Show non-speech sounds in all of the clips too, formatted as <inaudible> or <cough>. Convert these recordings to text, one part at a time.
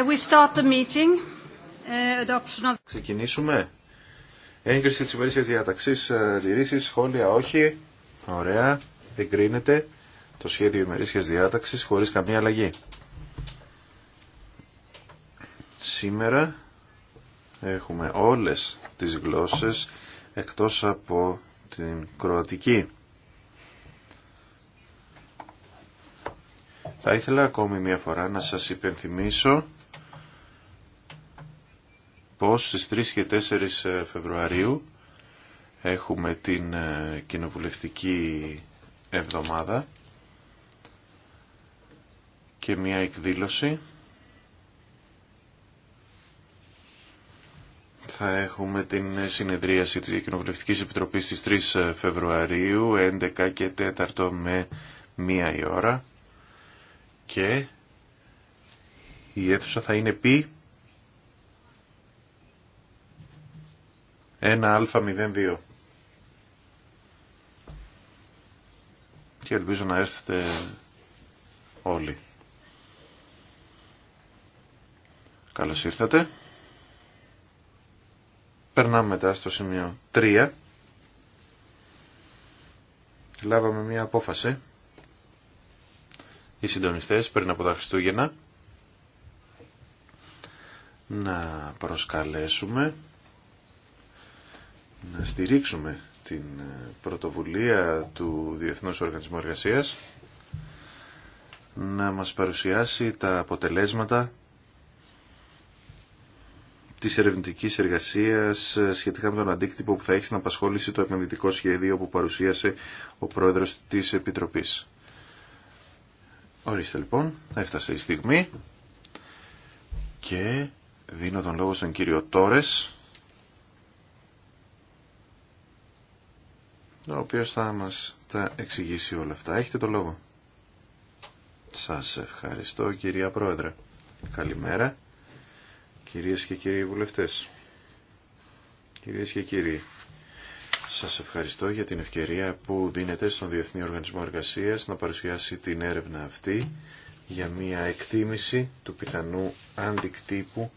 Uh, uh, Ξεκινήσουμε. Έγκριση τη ημερήσιας διαταξής, αντιρρήσεις, ε, σχόλια όχι. Ωραία. Εγκρίνεται το σχέδιο ημερήσιας διάταξης χωρίς καμία αλλαγή. Σήμερα έχουμε όλες τις γλώσσες εκτός από την Κροατική. Θα ήθελα ακόμη μια φορά να σας υπενθυμίσω πως στις 3 και 4 ε, Φεβρουαρίου έχουμε την ε, κοινοβουλευτική εβδομάδα και μια εκδήλωση θα έχουμε την συνεδρίαση της Κοινοβουλευτικής Επιτροπής στις 3 ε, Φεβρουαρίου 11 και 4 με μια η ώρα και η αίθουσα θα είναι πι 1α02. Και ελπίζω να έρθετε όλοι. Καλώς ήρθατε. Περνάμε μετά στο σημείο 3. Λάβαμε μία απόφαση. Οι συντονιστές πριν από τα Χριστούγεννα να προσκαλέσουμε να στηρίξουμε την ε, πρωτοβουλία του Διεθνούς Οργανισμού Εργασίας να μας παρουσιάσει τα αποτελέσματα της ερευνητικής εργασίας ε, σχετικά με τον αντίκτυπο που θα έχει στην απασχόληση το επενδυτικό σχέδιο που παρουσίασε ο πρόεδρος της Επιτροπής. Ορίστε λοιπόν, έφτασε η στιγμή και δίνω τον λόγο στον κύριο Τόρες ο οποίος θα μας τα εξηγήσει όλα αυτά. Έχετε το λόγο. Σας ευχαριστώ κυρία Πρόεδρε. Καλημέρα κυρίες και κύριοι βουλευτές. Κυρίες και κύριοι, σας ευχαριστώ για την ευκαιρία που δίνετε στον Διεθνή Οργανισμό Εργασίας να παρουσιάσει την έρευνα αυτή για μια εκτίμηση του πιθανού αντικτύπου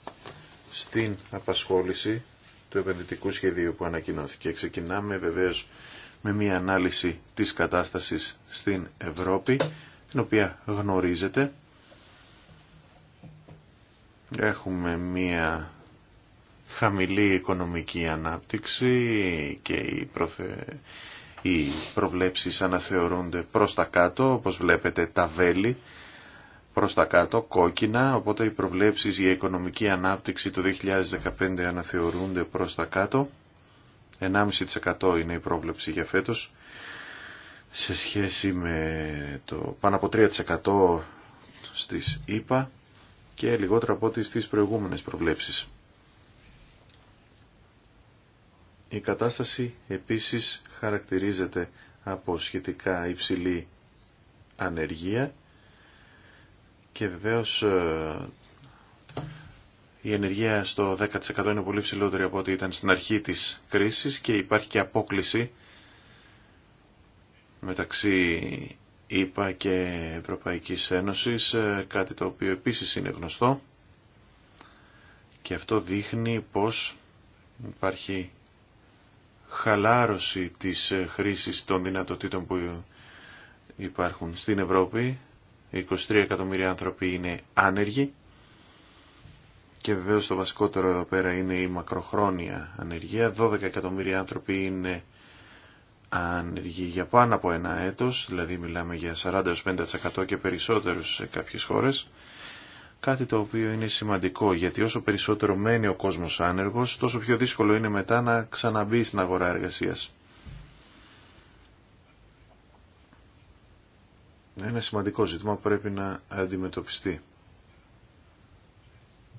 στην απασχόληση του επενδυτικού σχεδίου που ανακοινώθηκε. Ξεκινάμε βεβαίως με μια ανάλυση της κατάστασης στην Ευρώπη, την οποία γνωρίζετε. Έχουμε μια χαμηλή οικονομική ανάπτυξη και οι, προθε... προβλέψεις αναθεωρούνται προς τα κάτω, όπως βλέπετε τα βέλη προς τα κάτω, κόκκινα, οπότε οι προβλέψεις για οικονομική ανάπτυξη του 2015 αναθεωρούνται προς τα κάτω. 1,5% είναι η πρόβλεψη για φέτος σε σχέση με το πάνω από 3% στις ΙΠΑ και λιγότερο από ό,τι στις προηγούμενες προβλέψεις. Η κατάσταση επίσης χαρακτηρίζεται από σχετικά υψηλή ανεργία και βεβαίως ε, η ενεργεία στο 10% είναι πολύ ψηλότερη από ό,τι ήταν στην αρχή της κρίσης και υπάρχει και απόκληση μεταξύ ΕΠΑ και Ευρωπαϊκής Ένωσης, ε, κάτι το οποίο επίσης είναι γνωστό και αυτό δείχνει πως υπάρχει χαλάρωση της ε, χρήσης των δυνατοτήτων που υπάρχουν στην Ευρώπη. 23 εκατομμύρια άνθρωποι είναι άνεργοι και βεβαίω το βασικότερο εδώ πέρα είναι η μακροχρόνια ανεργία. 12 εκατομμύρια άνθρωποι είναι ανεργοί για πάνω από ένα έτος, δηλαδή μιλάμε για 40-50% και περισσότερους σε κάποιες χώρες. Κάτι το οποίο είναι σημαντικό, γιατί όσο περισσότερο μένει ο κόσμος άνεργος, τόσο πιο δύσκολο είναι μετά να ξαναμπεί στην αγορά εργασίας. Ένα σημαντικό ζήτημα που πρέπει να αντιμετωπιστεί.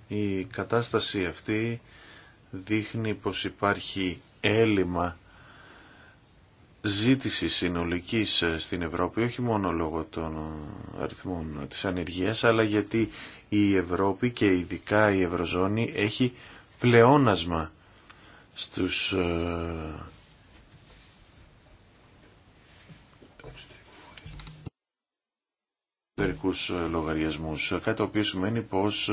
Η κατάσταση αυτή δείχνει πως υπάρχει έλλειμμα ζήτηση συνολικής ε, στην Ευρώπη, όχι μόνο λόγω των αριθμών της ανεργίας, αλλά γιατί η Ευρώπη και ειδικά η Ευρωζώνη έχει πλεόνασμα στους ε, εξωτερικούς ε, λογαριασμούς, κάτι το οποίο σημαίνει πως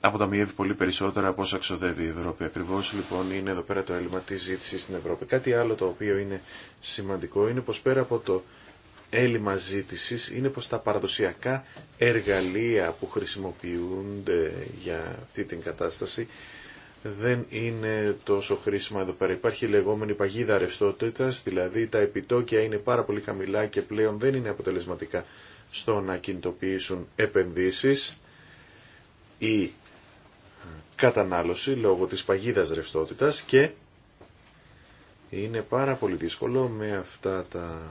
αποταμιεύει πολύ περισσότερα από όσα ξοδεύει η Ευρώπη. Ακριβώς λοιπόν είναι εδώ πέρα το έλλειμμα της ζήτησης στην Ευρώπη. Κάτι άλλο το οποίο είναι σημαντικό είναι πως πέρα από το έλλειμμα ζήτησης είναι πως τα παραδοσιακά εργαλεία που χρησιμοποιούνται για αυτή την κατάσταση δεν είναι τόσο χρήσιμα εδώ πέρα. Υπάρχει η λεγόμενη παγίδα ρευστότητα, δηλαδή τα επιτόκια είναι πάρα πολύ χαμηλά και πλέον δεν είναι αποτελεσματικά στο να κινητοποιήσουν επενδύσεις ή κατανάλωση λόγω της παγίδας ρευστότητας και είναι πάρα πολύ δύσκολο με αυτά τα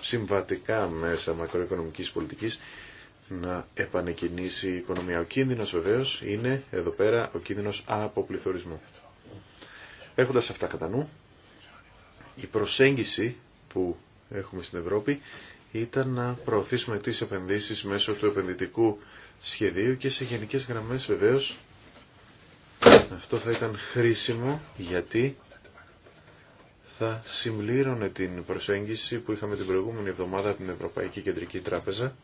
συμβατικά μέσα μακροοικονομικής πολιτικής να επανεκκινήσει η οικονομία. Ο κίνδυνος βεβαίως είναι εδώ πέρα ο κίνδυνος αποπληθωρισμού. Έχοντας αυτά κατά νου, η προσέγγιση που έχουμε στην Ευρώπη ήταν να προωθήσουμε τις επενδύσεις μέσω του επενδυτικού σχεδίου και σε γενικές γραμμές βεβαίως αυτό θα ήταν χρήσιμο γιατί θα συμπλήρωνε την προσέγγιση που είχαμε την προηγούμενη εβδομάδα από την Ευρωπαϊκή Κεντρική Τράπεζα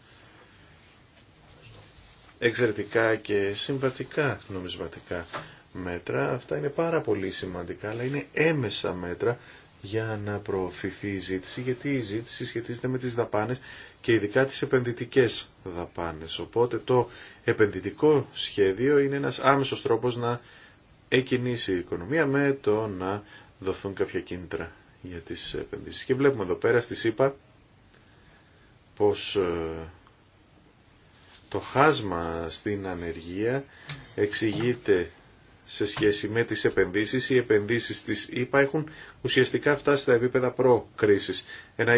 εξαιρετικά και συμβατικά νομισματικά μέτρα. Αυτά είναι πάρα πολύ σημαντικά, αλλά είναι έμεσα μέτρα για να προωθηθεί η ζήτηση, γιατί η ζήτηση σχετίζεται με τις δαπάνες και ειδικά τις επενδυτικές δαπάνες. Οπότε το επενδυτικό σχέδιο είναι ένας άμεσος τρόπος να εκκινήσει η οικονομία με το να δοθούν κάποια κίνητρα για τις επενδύσεις. Και βλέπουμε εδώ πέρα στη ΣΥΠΑ πως ε, το χάσμα στην ανεργία εξηγείται σε σχέση με τις επενδύσεις. Οι επενδύσεις της ΕΠΑ έχουν ουσιαστικά φτάσει στα επίπεδα προ-κρίσης. Ένα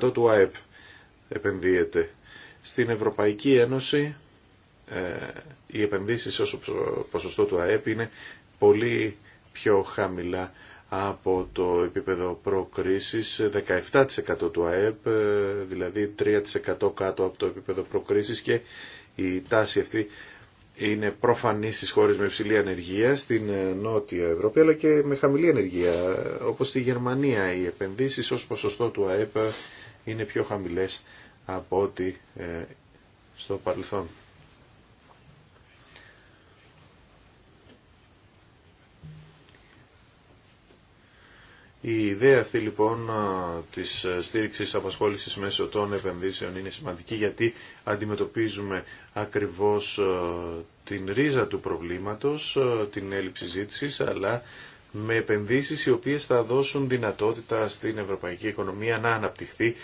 20% του ΑΕΠ επενδύεται. Στην Ευρωπαϊκή Ένωση ε, οι επενδύσεις ως ποσοστό του ΑΕΠ είναι πολύ πιο χαμηλά από το επίπεδο προ-κρίσης. 17% του ΑΕΠ, ε, δηλαδή 3% κάτω από το επίπεδο προ-κρίσης και η τάση αυτή είναι προφανή στις χώρες με υψηλή ανεργία, στην ε, Νότια Ευρώπη, αλλά και με χαμηλή ανεργία, όπως στη Γερμανία. Οι επενδύσεις ως ποσοστό του ΑΕΠ είναι πιο χαμηλές από ό,τι ε, στο παρελθόν. Η ιδέα αυτή λοιπόν της ε, στήριξης απασχόλησης μέσω των επενδύσεων είναι σημαντική γιατί αντιμετωπίζουμε ακριβώς ε, την ρίζα του προβλήματος, ε, την έλλειψη ζήτηση, αλλά με επενδύσεις οι οποίες θα δώσουν δυνατότητα στην ευρωπαϊκή οικονομία να αναπτυχθεί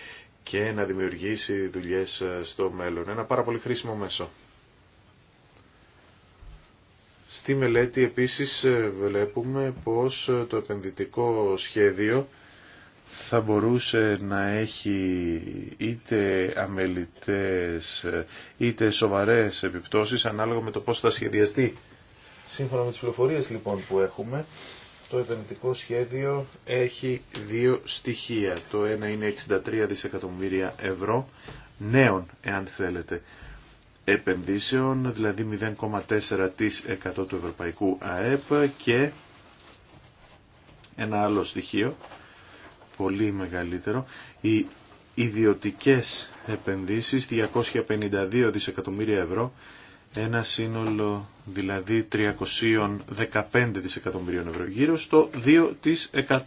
και να δημιουργήσει δουλειές στο μέλλον. Ένα πάρα πολύ χρήσιμο μέσο. Στη μελέτη επίσης ε, βλέπουμε πως ε, το επενδυτικό σχέδιο θα μπορούσε να έχει είτε αμελητές ε, είτε σοβαρές επιπτώσεις ανάλογα με το πώς θα σχεδιαστεί. Σύμφωνα με τις πληροφορίες λοιπόν που έχουμε, το επενδυτικό σχέδιο έχει δύο στοιχεία. Το ένα είναι 63 δισεκατομμύρια ευρώ νέων, εάν θέλετε, επενδύσεων, δηλαδή 0,4% του ευρωπαϊκού ΑΕΠ και ένα άλλο στοιχείο, πολύ μεγαλύτερο, οι ιδιωτικές επενδύσεις, 252 δισεκατομμύρια ευρώ, ένα σύνολο δηλαδή 315 δισεκατομμυρίων ευρώ, γύρω στο 2%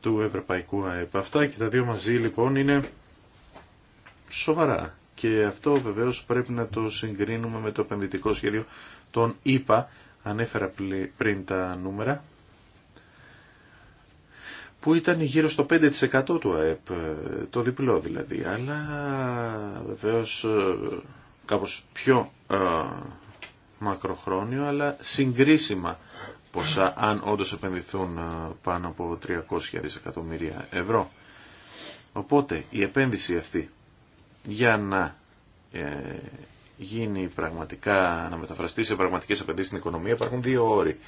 του ευρωπαϊκού ΑΕΠ. Αυτά και τα δύο μαζί λοιπόν είναι σοβαρά. Και αυτό βεβαίως πρέπει να το συγκρίνουμε με το επενδυτικό σχέδιο των ΙΠΑ, ανέφερα πριν τα νούμερα, που ήταν γύρω στο 5% του ΑΕΠ, ε, το διπλό δηλαδή, αλλά βεβαίως ε, κάπως πιο ε, μακροχρόνιο, αλλά συγκρίσιμα ποσά, αν όντως επενδυθούν πάνω από 300 δισεκατομμύρια ευρώ. Οπότε η επένδυση αυτή για να ε, γίνει πραγματικά, να μεταφραστεί σε πραγματικές επενδύσεις στην οικονομία υπάρχουν δύο όροι.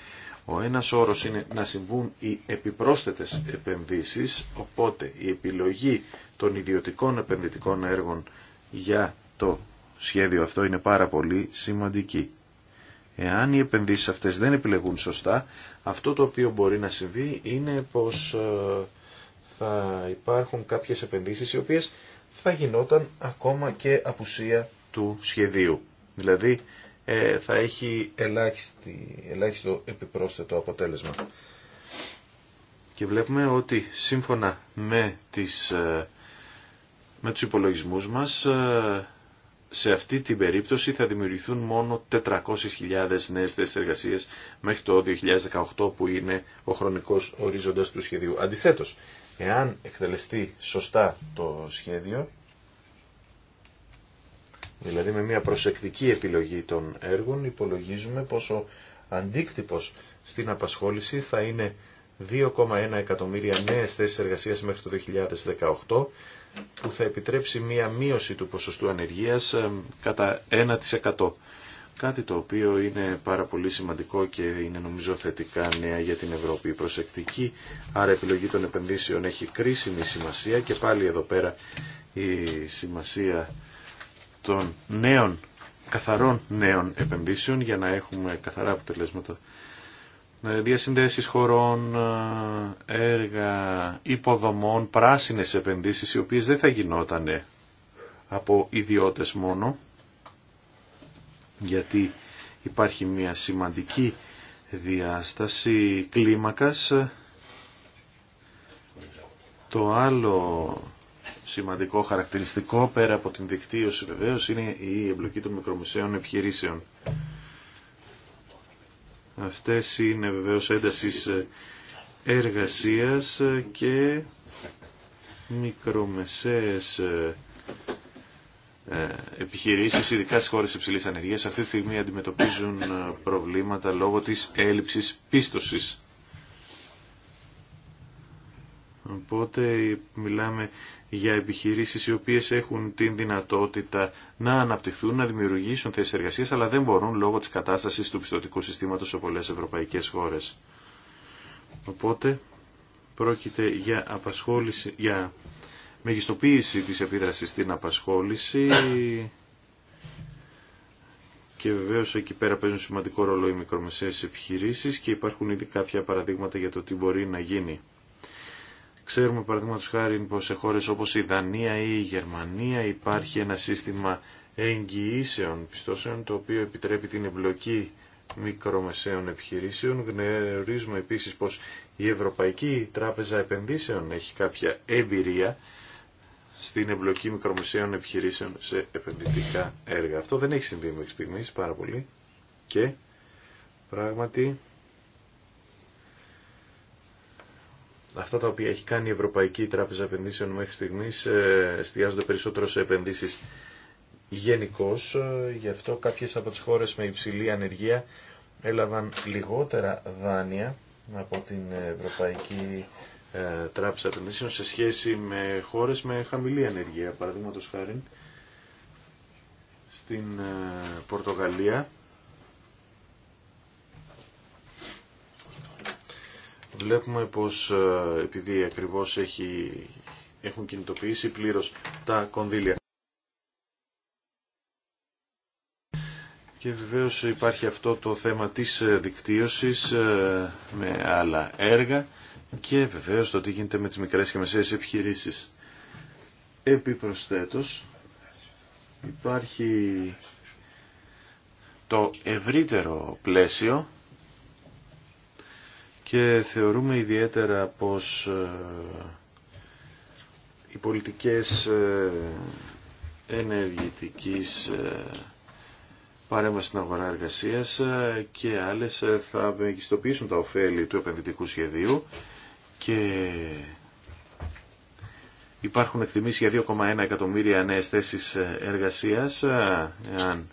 Ο ένας όρος είναι να συμβούν οι επιπρόσθετες επενδύσεις, οπότε η επιλογή των ιδιωτικών επενδυτικών έργων για το σχέδιο αυτό είναι πάρα πολύ σημαντική. Εάν οι επενδύσεις αυτές δεν επιλεγούν σωστά, αυτό το οποίο μπορεί να συμβεί είναι πως ε, θα υπάρχουν κάποιες επενδύσεις οι οποίες θα γινόταν ακόμα και απουσία του σχεδίου. Δηλαδή ε, θα έχει ελάχιστη, ελάχιστο επιπρόσθετο αποτέλεσμα. Και βλέπουμε ότι σύμφωνα με, τις, ε, με τους υπολογισμούς μας ε, σε αυτή την περίπτωση θα δημιουργηθούν μόνο 400.000 νέες θέσεις εργασίας μέχρι το 2018 που είναι ο χρονικός ορίζοντας του σχεδίου. Αντιθέτως, Εάν εκτελεστεί σωστά το σχέδιο, δηλαδή με μια προσεκτική επιλογή των έργων, υπολογίζουμε πως ο αντίκτυπος στην απασχόληση θα είναι 2,1 εκατομμύρια νέες θέσεις εργασίας μέχρι το 2018, που θα επιτρέψει μία μείωση του ποσοστού ανεργίας κατά 1%. Κάτι το οποίο είναι πάρα πολύ σημαντικό και είναι νομίζω θετικά νέα για την Ευρώπη. Η προσεκτική άρα επιλογή των επενδύσεων έχει κρίσιμη σημασία και πάλι εδώ πέρα η σημασία των νέων, καθαρών νέων επενδύσεων για να έχουμε καθαρά αποτελέσματα. Ε, διασυνδέσεις χωρών, ε, έργα, υποδομών, πράσινες επενδύσεις οι οποίες δεν θα γινόταν από ιδιώτες μόνο γιατί υπάρχει μια σημαντική διάσταση κλίμακας. Το άλλο σημαντικό χαρακτηριστικό πέρα από την δικτύωση βεβαίως είναι η εμπλοκή των μικρομεσαίων επιχειρήσεων. Αυτές είναι βεβαίως έντασης εργασίας και μικρομεσαίες ε, επιχειρήσεις, ειδικά στις χώρες υψηλής ανεργίας, αυτή τη στιγμή αντιμετωπίζουν ε, προβλήματα λόγω της έλλειψης πίστοσης. Οπότε ε, μιλάμε για επιχειρήσεις οι οποίες έχουν την δυνατότητα να αναπτυχθούν, να δημιουργήσουν θέσεις εργασίας, αλλά δεν μπορούν λόγω της κατάστασης του πιστοτικού συστήματος σε πολλές ευρωπαϊκές χώρες. Οπότε πρόκειται για, απασχόληση, για μεγιστοποίηση της επίδρασης στην απασχόληση και βεβαίως εκεί πέρα παίζουν σημαντικό ρόλο οι μικρομεσαίες επιχειρήσεις και υπάρχουν ήδη κάποια παραδείγματα για το τι μπορεί να γίνει. Ξέρουμε παραδείγματο χάρη πως σε χώρες όπως η Δανία ή η Γερμανία υπάρχει ένα σύστημα εγγυήσεων πιστώσεων το οποίο επιτρέπει την εμπλοκή μικρομεσαίων επιχειρήσεων. Γνωρίζουμε επίσης πως η Ευρωπαϊκή Τράπεζα Επενδύσεων έχει κάποια εμπειρία στην εμπλοκή μικρομεσαίων επιχειρήσεων σε επενδυτικά έργα. Αυτό δεν έχει συμβεί μέχρι στιγμής πάρα πολύ και πράγματι αυτά τα οποία έχει κάνει η Ευρωπαϊκή Τράπεζα Επενδύσεων μέχρι στιγμής ε, εστιάζονται περισσότερο σε επενδύσεις γενικώ, γι' αυτό κάποιες από τις χώρες με υψηλή ανεργία έλαβαν λιγότερα δάνεια από την Ευρωπαϊκή ε, τράπεζα Επενδύσεων σε σχέση με χώρες με χαμηλή ανεργία. Παραδείγματο χάρη στην ε, Πορτογαλία βλέπουμε πως ε, επειδή ακριβώς έχει, έχουν κινητοποιήσει πλήρως τα κονδύλια Και βεβαίως υπάρχει αυτό το θέμα της δικτύωσης με άλλα έργα και βεβαίως το τι γίνεται με τις μικρές και μεσαίες επιχειρήσεις. Επιπροσθέτως υπάρχει το ευρύτερο πλαίσιο και θεωρούμε ιδιαίτερα πως ε, οι πολιτικές ε, ενεργητικής ε, παρέμβαση στην αγορά εργασίας και άλλες θα μεγιστοποιήσουν τα ωφέλη του επενδυτικού σχεδίου και υπάρχουν εκτιμήσεις για 2,1 εκατομμύρια νέες θέσεις εργασίας ε, εάν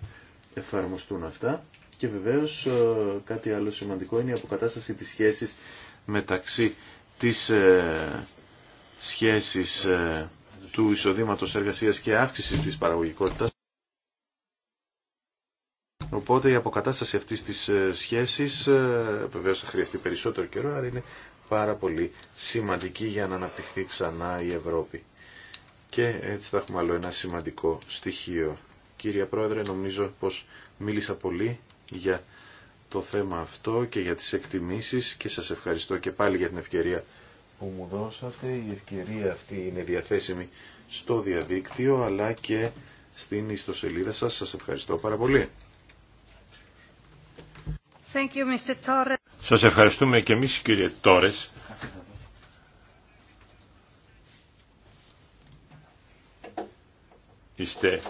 εφαρμοστούν αυτά και βεβαίως ε, κάτι άλλο σημαντικό είναι η αποκατάσταση της σχέσης μεταξύ της ε, σχέσης του εισοδήματος εργασίας και αύξησης της παραγωγικότητας. Οπότε η αποκατάσταση αυτής της σχέσης βεβαίως θα χρειαστεί περισσότερο καιρό, αλλά είναι πάρα πολύ σημαντική για να αναπτυχθεί ξανά η Ευρώπη. Και έτσι θα έχουμε άλλο ένα σημαντικό στοιχείο. Κύριε Πρόεδρε, νομίζω πως μίλησα πολύ για το θέμα αυτό και για τις εκτιμήσεις και σας ευχαριστώ και πάλι για την ευκαιρία που μου δώσατε. Η ευκαιρία αυτή είναι διαθέσιμη στο διαδίκτυο αλλά και στην ιστοσελίδα σας. Σας ευχαριστώ πάρα πολύ. Thank Σας ευχαριστούμε και εμείς κύριε Τόρες. Είστε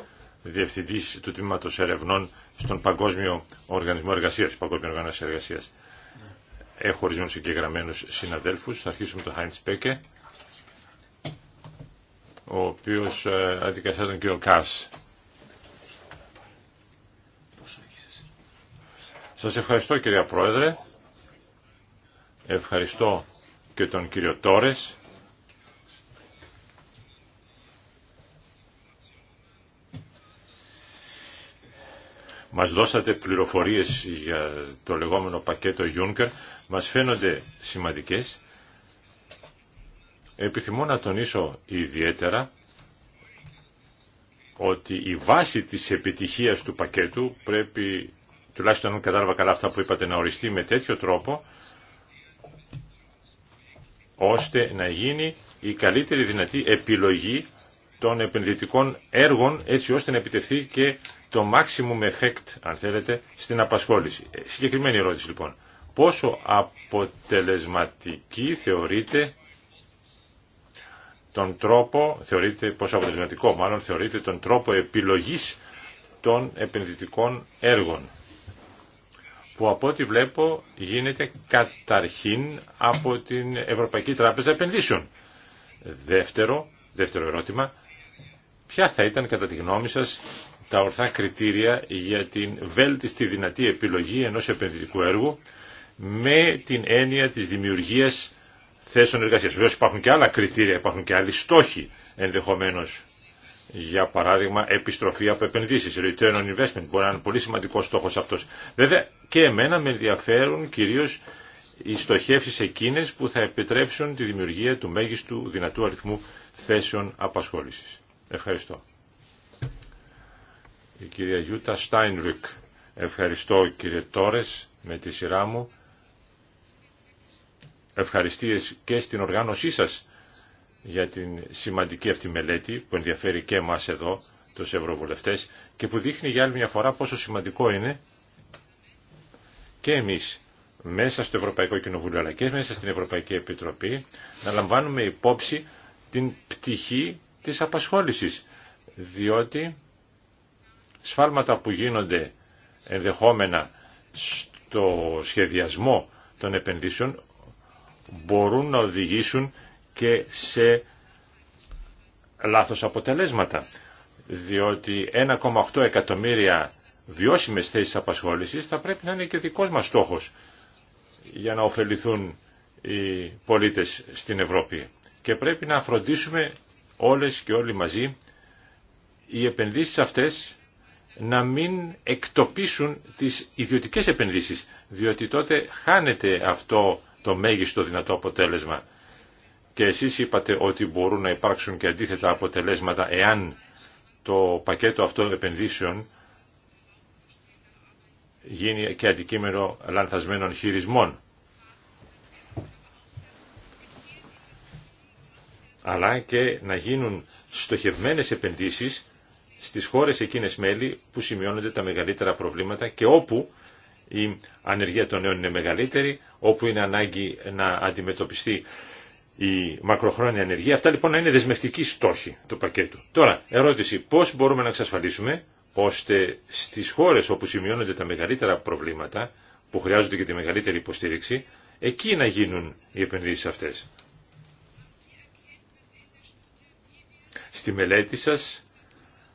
διευθυντής του Τμήματος Ερευνών στον Παγκόσμιο Οργανισμό Εργασίας, Παγκόσμιο Οργανισμό Εργασίας. Έχω ορισμένου εγγεγραμμένους συναδέλφους. Θα αρχίσουμε τον Χάιντς Πέκε, ο οποίος ε, αντικαθέτων τον κύριο Κάς. Σας ευχαριστώ κυρία Πρόεδρε. Ευχαριστώ και τον κύριο Τόρες. Μας δώσατε πληροφορίες για το λεγόμενο πακέτο Juncker. Μας φαίνονται σημαντικές. Επιθυμώ να τονίσω ιδιαίτερα ότι η βάση της επιτυχίας του πακέτου πρέπει τουλάχιστον αν κατάλαβα καλά αυτά που είπατε, να οριστεί με τέτοιο τρόπο, ώστε να γίνει η καλύτερη δυνατή επιλογή των επενδυτικών έργων, έτσι ώστε να επιτευθεί και το maximum effect, αν θέλετε, στην απασχόληση. Ε, συγκεκριμένη ερώτηση λοιπόν. Πόσο αποτελεσματική θεωρείτε τον τρόπο, θεωρείτε, πόσο αποτελεσματικό μάλλον θεωρείτε τον τρόπο επιλογής των επενδυτικών έργων που από ό,τι βλέπω γίνεται καταρχήν από την Ευρωπαϊκή Τράπεζα Επενδύσεων. Δεύτερο, δεύτερο ερώτημα, ποια θα ήταν κατά τη γνώμη σας τα ορθά κριτήρια για την βέλτιστη δυνατή επιλογή ενός επενδυτικού έργου με την έννοια της δημιουργίας θέσεων εργασίας. Βεβαίως υπάρχουν και άλλα κριτήρια, υπάρχουν και άλλοι στόχοι ενδεχομένως για παράδειγμα, επιστροφή από επενδύσεις, return on investment, μπορεί να είναι πολύ σημαντικός στόχος αυτός. Βέβαια και εμένα με ενδιαφέρουν κυρίως οι στοχεύσεις εκείνες που θα επιτρέψουν τη δημιουργία του μέγιστου δυνατού αριθμού θέσεων απασχόλησης. Ευχαριστώ. Η κυρία Γιούτα Στάινρουκ. Ευχαριστώ κύριε Τόρες με τη σειρά μου. Ευχαριστίες και στην οργάνωσή σας για την σημαντική αυτή μελέτη που ενδιαφέρει και εμάς εδώ τους ευρωβουλευτές και που δείχνει για άλλη μια φορά πόσο σημαντικό είναι και εμείς μέσα στο Ευρωπαϊκό Κοινοβούλιο αλλά και μέσα στην Ευρωπαϊκή Επιτροπή να λαμβάνουμε υπόψη την πτυχή της απασχόλησης διότι σφάλματα που γίνονται ενδεχόμενα στο σχεδιασμό των επενδύσεων μπορούν να οδηγήσουν και σε λάθος αποτελέσματα. Διότι 1,8 εκατομμύρια βιώσιμες θέσεις απασχόλησης θα πρέπει να είναι και δικός μας στόχος για να ωφεληθούν οι πολίτες στην Ευρώπη. Και πρέπει να φροντίσουμε όλες και όλοι μαζί οι επενδύσεις αυτές να μην εκτοπίσουν τις ιδιωτικές επενδύσεις, διότι τότε χάνεται αυτό το μέγιστο δυνατό αποτέλεσμα και εσείς είπατε ότι μπορούν να υπάρξουν και αντίθετα αποτελέσματα εάν το πακέτο αυτό επενδύσεων γίνει και αντικείμενο λανθασμένων χειρισμών. αλλά και να γίνουν στοχευμένες επενδύσεις στις χώρες εκείνες μέλη που σημειώνονται τα μεγαλύτερα προβλήματα και όπου η ανεργία των νέων είναι μεγαλύτερη, όπου είναι ανάγκη να αντιμετωπιστεί η μακροχρόνια ενεργεία. Αυτά λοιπόν να είναι δεσμευτικοί στόχοι του πακέτου. Τώρα, ερώτηση, πώς μπορούμε να εξασφαλίσουμε ώστε στις χώρες όπου σημειώνονται τα μεγαλύτερα προβλήματα, που χρειάζονται και τη μεγαλύτερη υποστήριξη, εκεί να γίνουν οι επενδύσεις αυτές. Στη μελέτη σας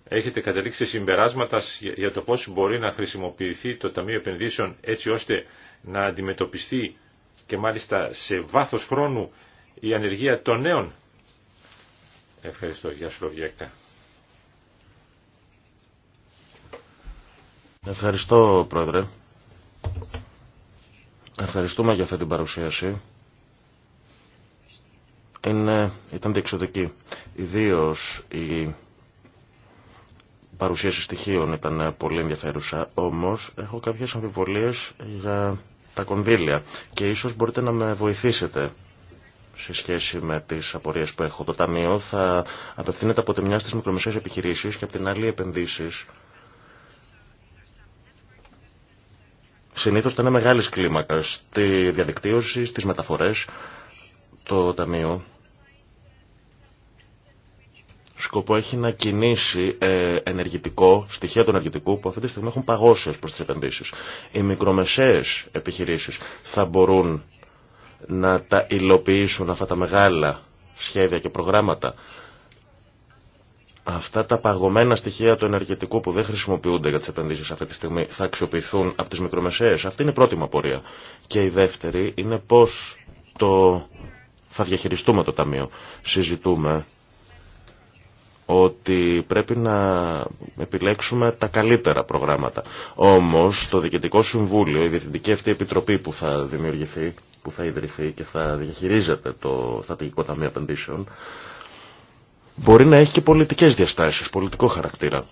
έχετε καταλήξει συμπεράσματα για το πώς μπορεί να χρησιμοποιηθεί το Ταμείο Επενδύσεων έτσι ώστε να αντιμετωπιστεί και μάλιστα σε βάθος χρόνου η ανεργία των νέων. Ευχαριστώ. Γεια σου Ευχαριστώ Πρόεδρε. Ευχαριστούμε για αυτή την παρουσίαση. Είναι, ήταν διεξοδική. Ιδίω η παρουσίαση στοιχείων ήταν πολύ ενδιαφέρουσα, όμως έχω κάποιες αμφιβολίες για τα κονδύλια και ίσως μπορείτε να με βοηθήσετε σε σχέση με τι απορίε που έχω. Το Ταμείο θα απευθύνεται από τη μια στι μικρομεσαίε επιχειρήσει και από την άλλη επενδύσει. συνήθω ήταν μεγάλη κλίμακα στη διαδικτύωση, στι μεταφορέ Το Ταμείο σκοπό έχει να κινήσει ε, ενεργητικό, στοιχεία του ενεργητικού που αυτή τη στιγμή έχουν παγώσει προ τι επενδύσει. Οι μικρομεσαίε επιχειρήσει θα μπορούν να τα υλοποιήσουν αυτά τα μεγάλα σχέδια και προγράμματα. Αυτά τα παγωμένα στοιχεία του ενεργετικού που δεν χρησιμοποιούνται για τι επενδύσει αυτή τη στιγμή θα αξιοποιηθούν από τι μικρομεσαίε. Αυτή είναι η πρώτη μου απορία. Και η δεύτερη είναι πώ το... θα διαχειριστούμε το Ταμείο. Συζητούμε ότι πρέπει να επιλέξουμε τα καλύτερα προγράμματα. Όμω, το Διοικητικό Συμβούλιο, η Διευθυντική αυτή Επιτροπή που θα δημιουργηθεί που θα ιδρυθεί και θα διαχειρίζεται το Στατηγικό Ταμείο Επενδύσεων μπορεί να έχει και πολιτικές διαστάσεις, πολιτικό χαρακτήρα.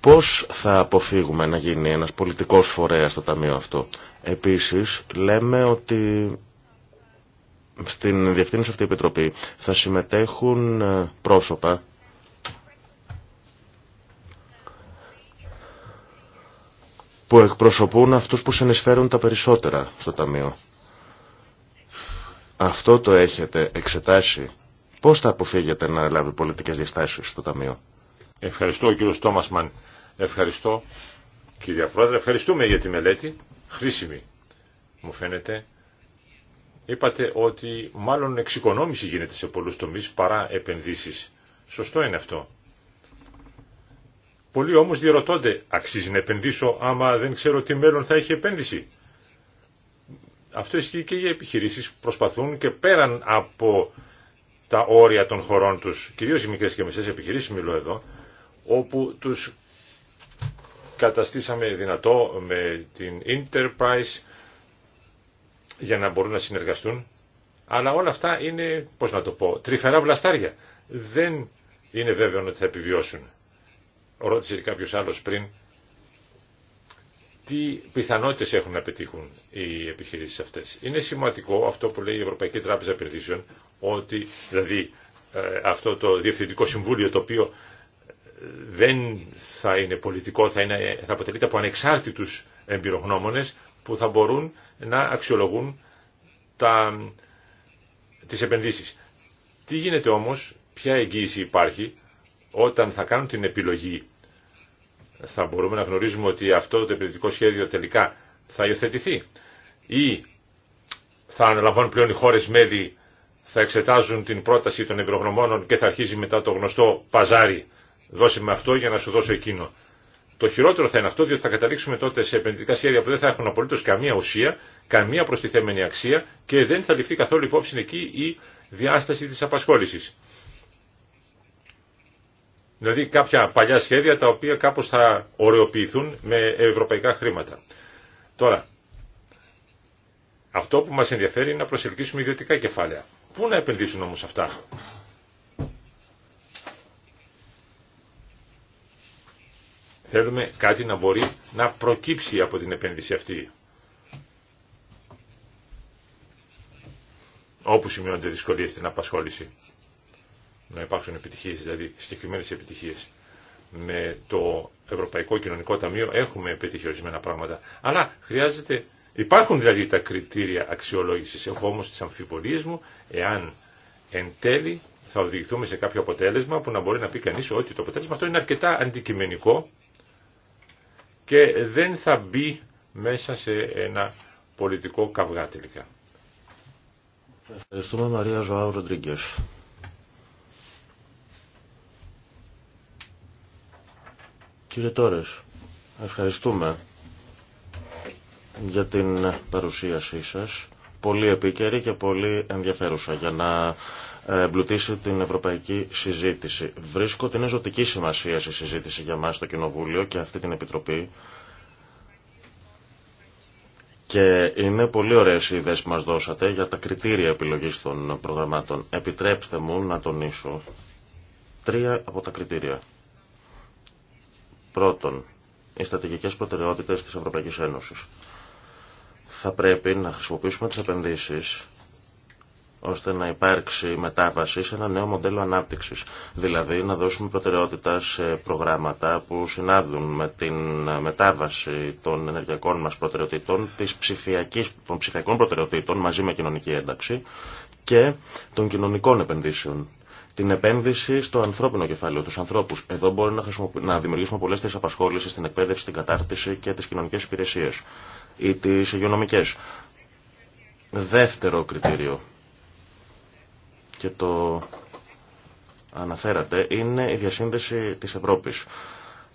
Πώς θα αποφύγουμε να γίνει ένας πολιτικός φορέας στο Ταμείο αυτό. Επίσης λέμε ότι στην Διευθύνουσα αυτή η Επιτροπή θα συμμετέχουν ε, πρόσωπα που εκπροσωπούν αυτούς που συνεισφέρουν τα περισσότερα στο Ταμείο. Αυτό το έχετε εξετάσει. Πώς θα αποφύγετε να λάβει πολιτικές διαστάσεις στο Ταμείο. Ευχαριστώ κύριο Στόμασμαν. Ευχαριστώ κύριε Πρόεδρε. Ευχαριστούμε για τη μελέτη. Χρήσιμη μου φαίνεται. Είπατε ότι μάλλον εξοικονόμηση γίνεται σε πολλούς τομείς παρά επενδύσεις. Σωστό είναι αυτό. Πολλοί όμως διερωτώνται, αξίζει να επενδύσω άμα δεν ξέρω τι μέλλον θα έχει επένδυση. Αυτό ισχύει και για επιχειρήσεις που προσπαθούν και πέραν από τα όρια των χωρών τους, κυρίως οι μικρές και μισές επιχειρήσεις μιλώ εδώ, όπου τους καταστήσαμε δυνατό με την Enterprise για να μπορούν να συνεργαστούν. Αλλά όλα αυτά είναι, πώς να το πω, τρυφερά βλαστάρια. Δεν είναι βέβαιο ότι θα επιβιώσουν. Ρώτησε κάποιος άλλος πριν τι πιθανότητες έχουν να πετύχουν οι επιχειρήσεις αυτές. Είναι σημαντικό αυτό που λέει η Ευρωπαϊκή Τράπεζα Επενδύσεων, ότι δηλαδή ε, αυτό το Διευθυντικό Συμβούλιο το οποίο ε, δεν θα είναι πολιτικό, θα, είναι, θα αποτελείται από ανεξάρτητους εμπειρογνώμονες που θα μπορούν να αξιολογούν τα, τις επενδύσεις. Τι γίνεται όμως, ποια εγγύηση υπάρχει όταν θα κάνουν την επιλογή θα μπορούμε να γνωρίζουμε ότι αυτό το επενδυτικό σχέδιο τελικά θα υιοθετηθεί ή θα αναλαμβάνουν πλέον οι χώρες μέλη, θα εξετάζουν την πρόταση των εμπειρογνωμόνων και θα αρχίζει μετά το γνωστό παζάρι. Δώσε με αυτό για να σου δώσω εκείνο. Το χειρότερο θα είναι αυτό, διότι θα καταλήξουμε τότε σε επενδυτικά σχέδια που δεν θα έχουν απολύτω καμία ουσία, καμία προστιθέμενη αξία και δεν θα ληφθεί καθόλου υπόψη εκεί η διάσταση τη απασχόληση. Δηλαδή κάποια παλιά σχέδια τα οποία κάπως θα ωρεοποιηθούν με ευρωπαϊκά χρήματα. Τώρα, αυτό που μας ενδιαφέρει είναι να προσελκύσουμε ιδιωτικά κεφάλαια. Πού να επενδύσουν όμως αυτά. Θέλουμε κάτι να μπορεί να προκύψει από την επένδυση αυτή. Όπου σημειώνονται δυσκολίες στην απασχόληση να υπάρξουν επιτυχίε, δηλαδή συγκεκριμένε επιτυχίε Με το Ευρωπαϊκό Κοινωνικό Ταμείο έχουμε πετύχει ορισμένα πράγματα. Αλλά χρειάζεται, υπάρχουν δηλαδή τα κριτήρια αξιολόγηση Έχω όμω τι αμφιβολίε μου εάν εν τέλει θα οδηγηθούμε σε κάποιο αποτέλεσμα που να μπορεί να πει κανεί ότι το αποτέλεσμα αυτό είναι αρκετά αντικειμενικό και δεν θα μπει μέσα σε ένα πολιτικό καυγά τελικά. Ευχαριστούμε Μαρία Ζωάου Ροντρίγκεφ. Κύριε Τόρες, ευχαριστούμε για την παρουσίασή σας. Πολύ επίκαιρη και πολύ ενδιαφέρουσα για να ε, εμπλουτίσει την ευρωπαϊκή συζήτηση. Βρίσκω την εζωτική σημασία στη συζήτηση για μας στο Κοινοβούλιο και αυτή την Επιτροπή. Και είναι πολύ ωραίες οι ιδέες που μας δώσατε για τα κριτήρια επιλογής των προγραμμάτων. Επιτρέψτε μου να τονίσω τρία από τα κριτήρια. Πρώτον, οι στρατηγικές προτεραιότητες της Ευρωπαϊκής Ένωσης. Θα πρέπει να χρησιμοποιήσουμε τις επενδύσεις ώστε να υπάρξει μετάβαση σε ένα νέο μοντέλο ανάπτυξης. Δηλαδή να δώσουμε προτεραιότητα σε προγράμματα που συνάδουν με την μετάβαση των ενεργειακών μας προτεραιοτήτων, της των ψηφιακών προτεραιοτήτων μαζί με κοινωνική ένταξη και των κοινωνικών επενδύσεων την επένδυση στο ανθρώπινο κεφάλαιο, του ανθρώπου. Εδώ μπορούμε να, να δημιουργήσουμε πολλέ θέσει απασχόληση στην εκπαίδευση, την κατάρτιση και τι κοινωνικέ υπηρεσίε ή τι υγειονομικέ. Δεύτερο κριτήριο και το αναφέρατε είναι η διασύνδεση της Ευρώπης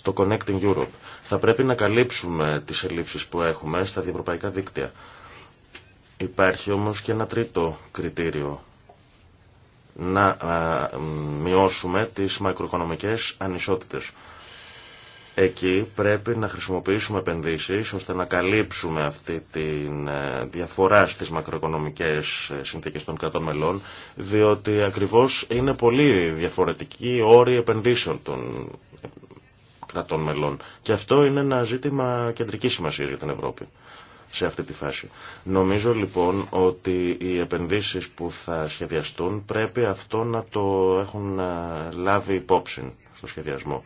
το Connecting Europe. Θα πρέπει να καλύψουμε τις ελλείψεις που έχουμε στα διευρωπαϊκά δίκτυα. Υπάρχει όμως και ένα τρίτο κριτήριο να μειώσουμε τις μακροοικονομικές ανισότητες. Εκεί πρέπει να χρησιμοποιήσουμε επενδύσεις ώστε να καλύψουμε αυτή τη ε, διαφορά στις μακροοικονομικές ε, συνθήκες των κρατών μελών διότι ακριβώς είναι πολύ διαφορετική όρη επενδύσεων των κρατών μελών και αυτό είναι ένα ζήτημα κεντρικής σημασίας για την Ευρώπη σε αυτή τη φάση. Νομίζω λοιπόν ότι οι επενδύσεις που θα σχεδιαστούν πρέπει αυτό να το έχουν ε, λάβει υπόψη στο σχεδιασμό.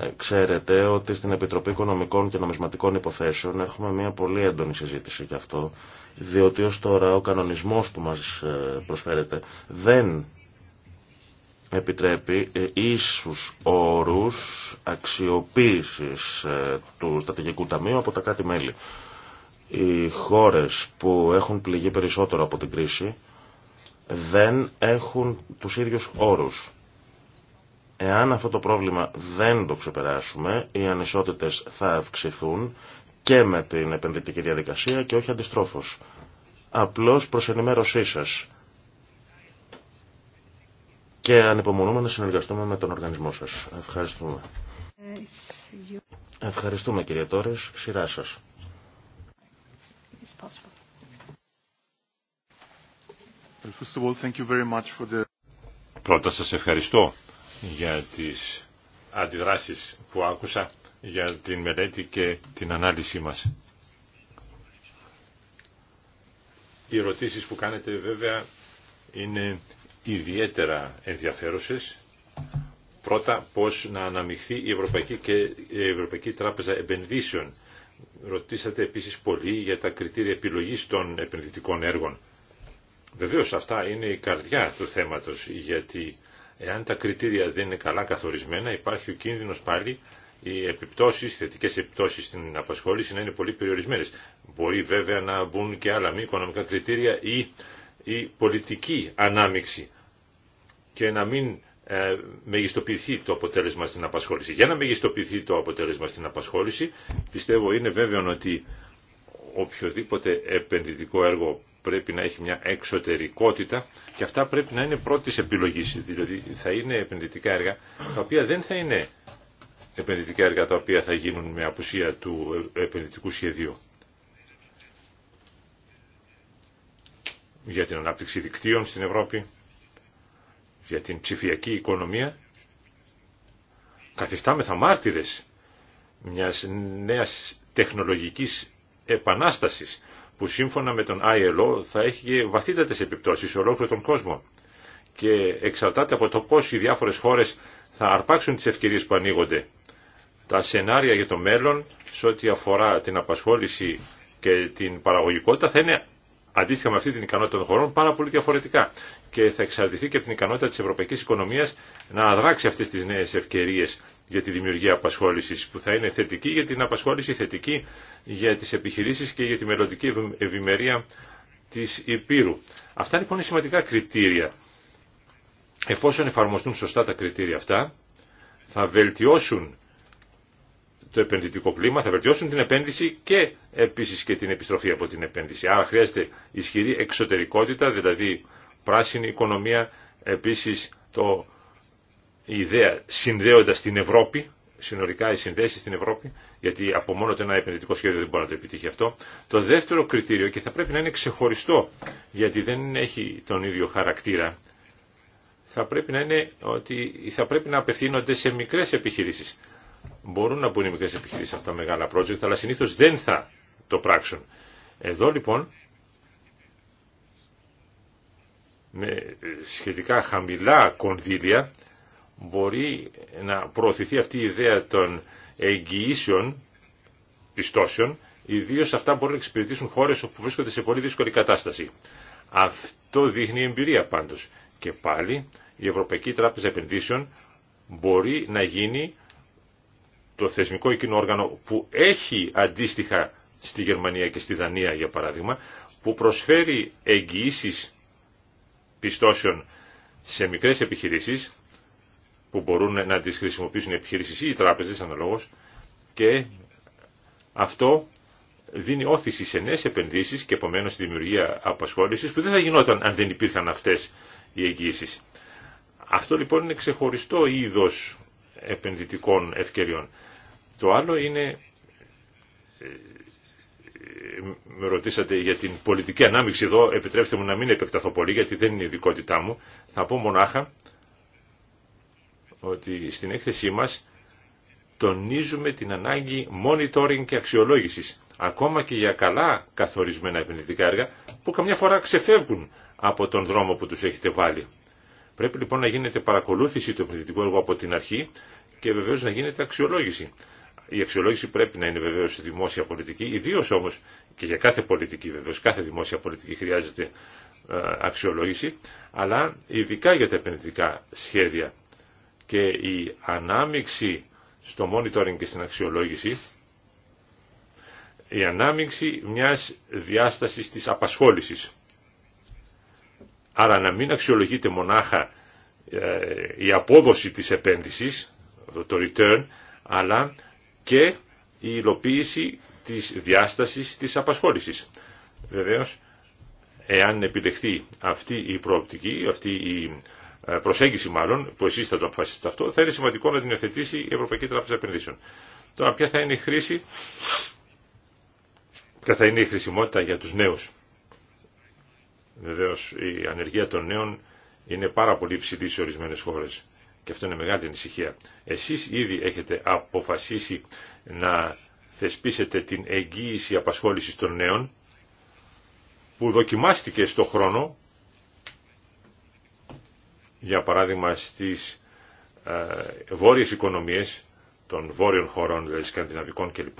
Ε, ξέρετε ότι στην Επιτροπή Οικονομικών και Νομισματικών Υποθέσεων έχουμε μια πολύ έντονη συζήτηση για αυτό, διότι ως τώρα ο κανονισμός που μας ε, προσφέρεται δεν επιτρέπει ίσους όρους αξιοποίησης του Στατηγικού Ταμείου από τα κράτη-μέλη οι χώρες που έχουν πληγεί περισσότερο από την κρίση δεν έχουν τους ίδιους όρους. Εάν αυτό το πρόβλημα δεν το ξεπεράσουμε, οι ανισότητες θα αυξηθούν και με την επενδυτική διαδικασία και όχι αντιστρόφως. Απλώς προς ενημέρωσή σας. Και ανυπομονούμε να συνεργαστούμε με τον οργανισμό σας. Ευχαριστούμε. Ευχαριστούμε κύριε Τόρες. Σειρά σας possible. Πρώτα σας ευχαριστώ για τις αντιδράσεις που άκουσα για την μελέτη και την ανάλυση μας. Οι ερωτήσεις που κάνετε βέβαια είναι ιδιαίτερα ενδιαφέρουσες. Πρώτα, πώς να αναμειχθεί η Ευρωπαϊκή, και η Ευρωπαϊκή Τράπεζα Επενδύσεων Ρωτήσατε επίσης πολύ για τα κριτήρια επιλογής των επενδυτικών έργων. Βεβαίως αυτά είναι η καρδιά του θέματος, γιατί εάν τα κριτήρια δεν είναι καλά καθορισμένα, υπάρχει ο κίνδυνος πάλι οι επιπτώσεις, οι θετικές επιπτώσεις στην απασχόληση να είναι πολύ περιορισμένες. Μπορεί βέβαια να μπουν και άλλα μη οικονομικά κριτήρια ή η πολιτική ανάμειξη και να μην ε, μεγιστοποιηθεί το αποτέλεσμα στην απασχόληση. Για να μεγιστοποιηθεί το αποτέλεσμα στην απασχόληση, πιστεύω είναι βέβαιο ότι οποιοδήποτε επενδυτικό έργο πρέπει να έχει μια εξωτερικότητα και αυτά πρέπει να είναι πρώτη επιλογή. Δηλαδή θα είναι επενδυτικά έργα τα οποία δεν θα είναι επενδυτικά έργα τα οποία θα γίνουν με απουσία του επενδυτικού σχεδίου. Για την ανάπτυξη δικτύων στην Ευρώπη, για την ψηφιακή οικονομία, καθιστάμεθα μάρτυρες μιας νέας τεχνολογικής επανάστασης που σύμφωνα με τον ILO θα έχει βαθύτατες επιπτώσεις σε ολόκληρο τον κόσμο και εξαρτάται από το πώς οι διάφορες χώρες θα αρπάξουν τις ευκαιρίες που ανοίγονται. Τα σενάρια για το μέλλον σε ό,τι αφορά την απασχόληση και την παραγωγικότητα θα είναι αντίστοιχα με αυτή την ικανότητα των χωρών πάρα πολύ διαφορετικά και θα εξαρτηθεί και από την ικανότητα τη Ευρωπαϊκή οικονομίας να αδράξει αυτές τις νέες ευκαιρίε για τη δημιουργία απασχόλησης που θα είναι θετική για την απασχόληση, θετική για τις επιχειρήσεις και για τη μελλοντική ευημερία της Υπήρου. Αυτά λοιπόν είναι σημαντικά κριτήρια. Εφόσον εφαρμοστούν σωστά τα κριτήρια αυτά, θα βελτιώσουν το επενδυτικό κλίμα, θα βελτιώσουν την επένδυση και επίσης και την επιστροφή από την επένδυση. Άρα χρειάζεται ισχυρή εξωτερικότητα, δηλαδή πράσινη οικονομία, επίσης το η ιδέα συνδέοντας την Ευρώπη, συνολικά οι συνδέσεις στην Ευρώπη, γιατί από μόνο το ένα επενδυτικό σχέδιο δεν μπορεί να το επιτύχει αυτό. Το δεύτερο κριτήριο, και θα πρέπει να είναι ξεχωριστό, γιατί δεν έχει τον ίδιο χαρακτήρα, θα πρέπει να είναι ότι θα πρέπει να απευθύνονται σε μικρές επιχειρήσεις. Μπορούν να μπουν οι μικρές επιχειρήσεις σε αυτά τα μεγάλα project, αλλά συνήθως δεν θα το πράξουν. Εδώ λοιπόν, με σχετικά χαμηλά κονδύλια, μπορεί να προωθηθεί αυτή η ιδέα των εγγυήσεων πιστώσεων, ιδίω αυτά μπορούν να εξυπηρετήσουν χώρε όπου βρίσκονται σε πολύ δύσκολη κατάσταση. Αυτό δείχνει η εμπειρία πάντω. Και πάλι η Ευρωπαϊκή Τράπεζα Επενδύσεων μπορεί να γίνει το θεσμικό εκείνο όργανο που έχει αντίστοιχα στη Γερμανία και στη Δανία για παράδειγμα, που προσφέρει εγγυήσει πιστώσεων σε μικρές επιχειρήσεις που μπορούν να τις χρησιμοποιήσουν οι επιχειρήσεις ή οι τράπεζες αναλόγως και αυτό δίνει όθηση σε νέες επενδύσεις και επομένως στη δημιουργία απασχόλησης που δεν θα γινόταν αν δεν υπήρχαν αυτές οι εγγύησεις. Αυτό λοιπόν είναι ξεχωριστό είδος επενδυτικών ευκαιριών. Το άλλο είναι, ε, με ρωτήσατε για την πολιτική ανάμειξη εδώ, επιτρέψτε μου να μην επεκταθώ πολύ γιατί δεν είναι η ειδικότητά μου, θα πω μονάχα ότι στην έκθεσή μας τονίζουμε την ανάγκη monitoring και αξιολόγησης, ακόμα και για καλά καθορισμένα επενδυτικά έργα που καμιά φορά ξεφεύγουν από τον δρόμο που τους έχετε βάλει. Πρέπει λοιπόν να γίνεται παρακολούθηση του επενδυτικού έργου από την αρχή και βεβαίω να γίνεται αξιολόγηση. Η αξιολόγηση πρέπει να είναι βεβαίως δημόσια πολιτική, ιδίω όμως και για κάθε πολιτική βεβαίω, κάθε δημόσια πολιτική χρειάζεται ε, αξιολόγηση, αλλά ειδικά για τα επενδυτικά σχέδια. Και η ανάμειξη στο monitoring και στην αξιολόγηση, η ανάμειξη μιας διάστασης της απασχόλησης. Άρα να μην αξιολογείται μονάχα ε, η απόδοση της επένδυσης, το return, αλλά και η υλοποίηση της διάστασης της απασχόλησης. Βεβαίως, εάν επιλεχθεί αυτή η προοπτική, αυτή η ε, προσέγγιση μάλλον, που εσείς θα το αποφασίσετε αυτό, θα είναι σημαντικό να την υιοθετήσει η Ευρωπαϊκή Τράπεζα Επενδύσεων. Τώρα, ποια θα είναι η χρήση, ποια θα είναι η χρησιμότητα για τους νέους. Βεβαίω η ανεργία των νέων είναι πάρα πολύ ψηλή σε ορισμένες χώρες και αυτό είναι μεγάλη ανησυχία. Εσείς ήδη έχετε αποφασίσει να θεσπίσετε την εγγύηση απασχόλησης των νέων που δοκιμάστηκε στο χρόνο, για παράδειγμα στις ε, βόρειες οικονομίες των βόρειων χωρών, δηλαδή σκανδιναβικών κλπ.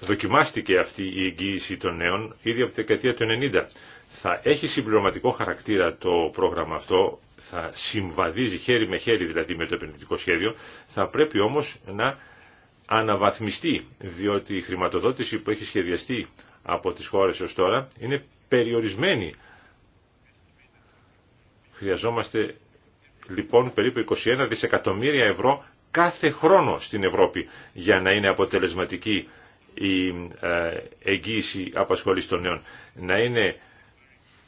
Δοκιμάστηκε αυτή η εγγύηση των νέων ήδη από τη δεκαετία του 90. Θα έχει συμπληρωματικό χαρακτήρα το πρόγραμμα αυτό, θα συμβαδίζει χέρι με χέρι δηλαδή με το επενδυτικό σχέδιο, θα πρέπει όμως να αναβαθμιστεί, διότι η χρηματοδότηση που έχει σχεδιαστεί από τις χώρες ως τώρα είναι περιορισμένη. Χρειαζόμαστε λοιπόν περίπου 21 δισεκατομμύρια ευρώ κάθε χρόνο στην Ευρώπη για να είναι αποτελεσματική η ε, εγγύηση απασχόληση των νέων. Να είναι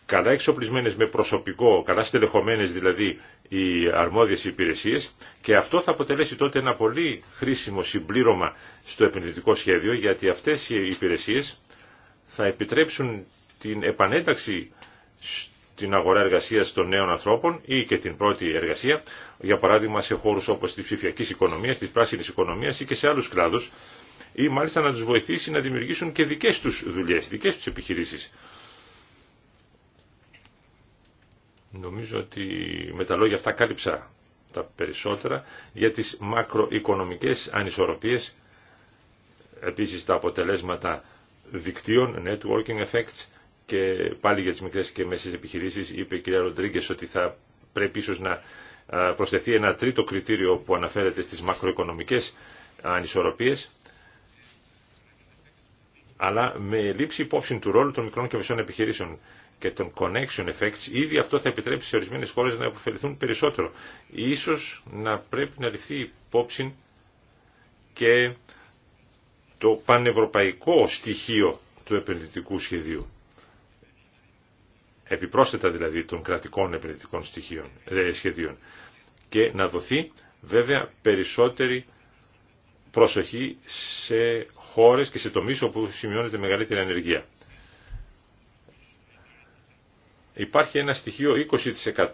καλά εξοπλισμένες με προσωπικό, καλά στελεχωμένες δηλαδή οι αρμόδιες υπηρεσίες και αυτό θα αποτελέσει τότε ένα πολύ χρήσιμο συμπλήρωμα στο επενδυτικό σχέδιο γιατί αυτές οι υπηρεσίες θα επιτρέψουν την επανένταξη στην αγορά εργασίας των νέων ανθρώπων ή και την πρώτη εργασία, για παράδειγμα σε χώρους όπως της ψηφιακής οικονομίας, της πράσινης οικονομίας ή και σε άλλους κλάδους, ή μάλιστα να τους βοηθήσει να δημιουργήσουν και δικές τους δουλειέ, δικέ του επιχειρήσεις. Νομίζω ότι με τα λόγια αυτά κάλυψα τα περισσότερα για τις μακροοικονομικές ανισορροπίες, επίσης τα αποτελέσματα δικτύων, networking effects και πάλι για τις μικρές και μέσες επιχειρήσεις είπε η κυρία Ροντρίγκες ότι θα πρέπει ίσως να προσθεθεί ένα τρίτο κριτήριο που αναφέρεται στις μακροοικονομικές ανισορροπίες αλλά με λήψη υπόψη του ρόλου των μικρών και μεσών επιχειρήσεων και των connection effects, ήδη αυτό θα επιτρέψει σε ορισμένες χώρες να αποφεληθούν περισσότερο. Ίσως να πρέπει να ληφθεί υπόψη και το πανευρωπαϊκό στοιχείο του επενδυτικού σχεδίου. Επιπρόσθετα δηλαδή των κρατικών επενδυτικών στοιχείων, ε, σχεδίων. Και να δοθεί βέβαια περισσότερη προσοχή σε χώρες και σε τομείς όπου σημειώνεται μεγαλύτερη ανεργία υπάρχει ένα στοιχείο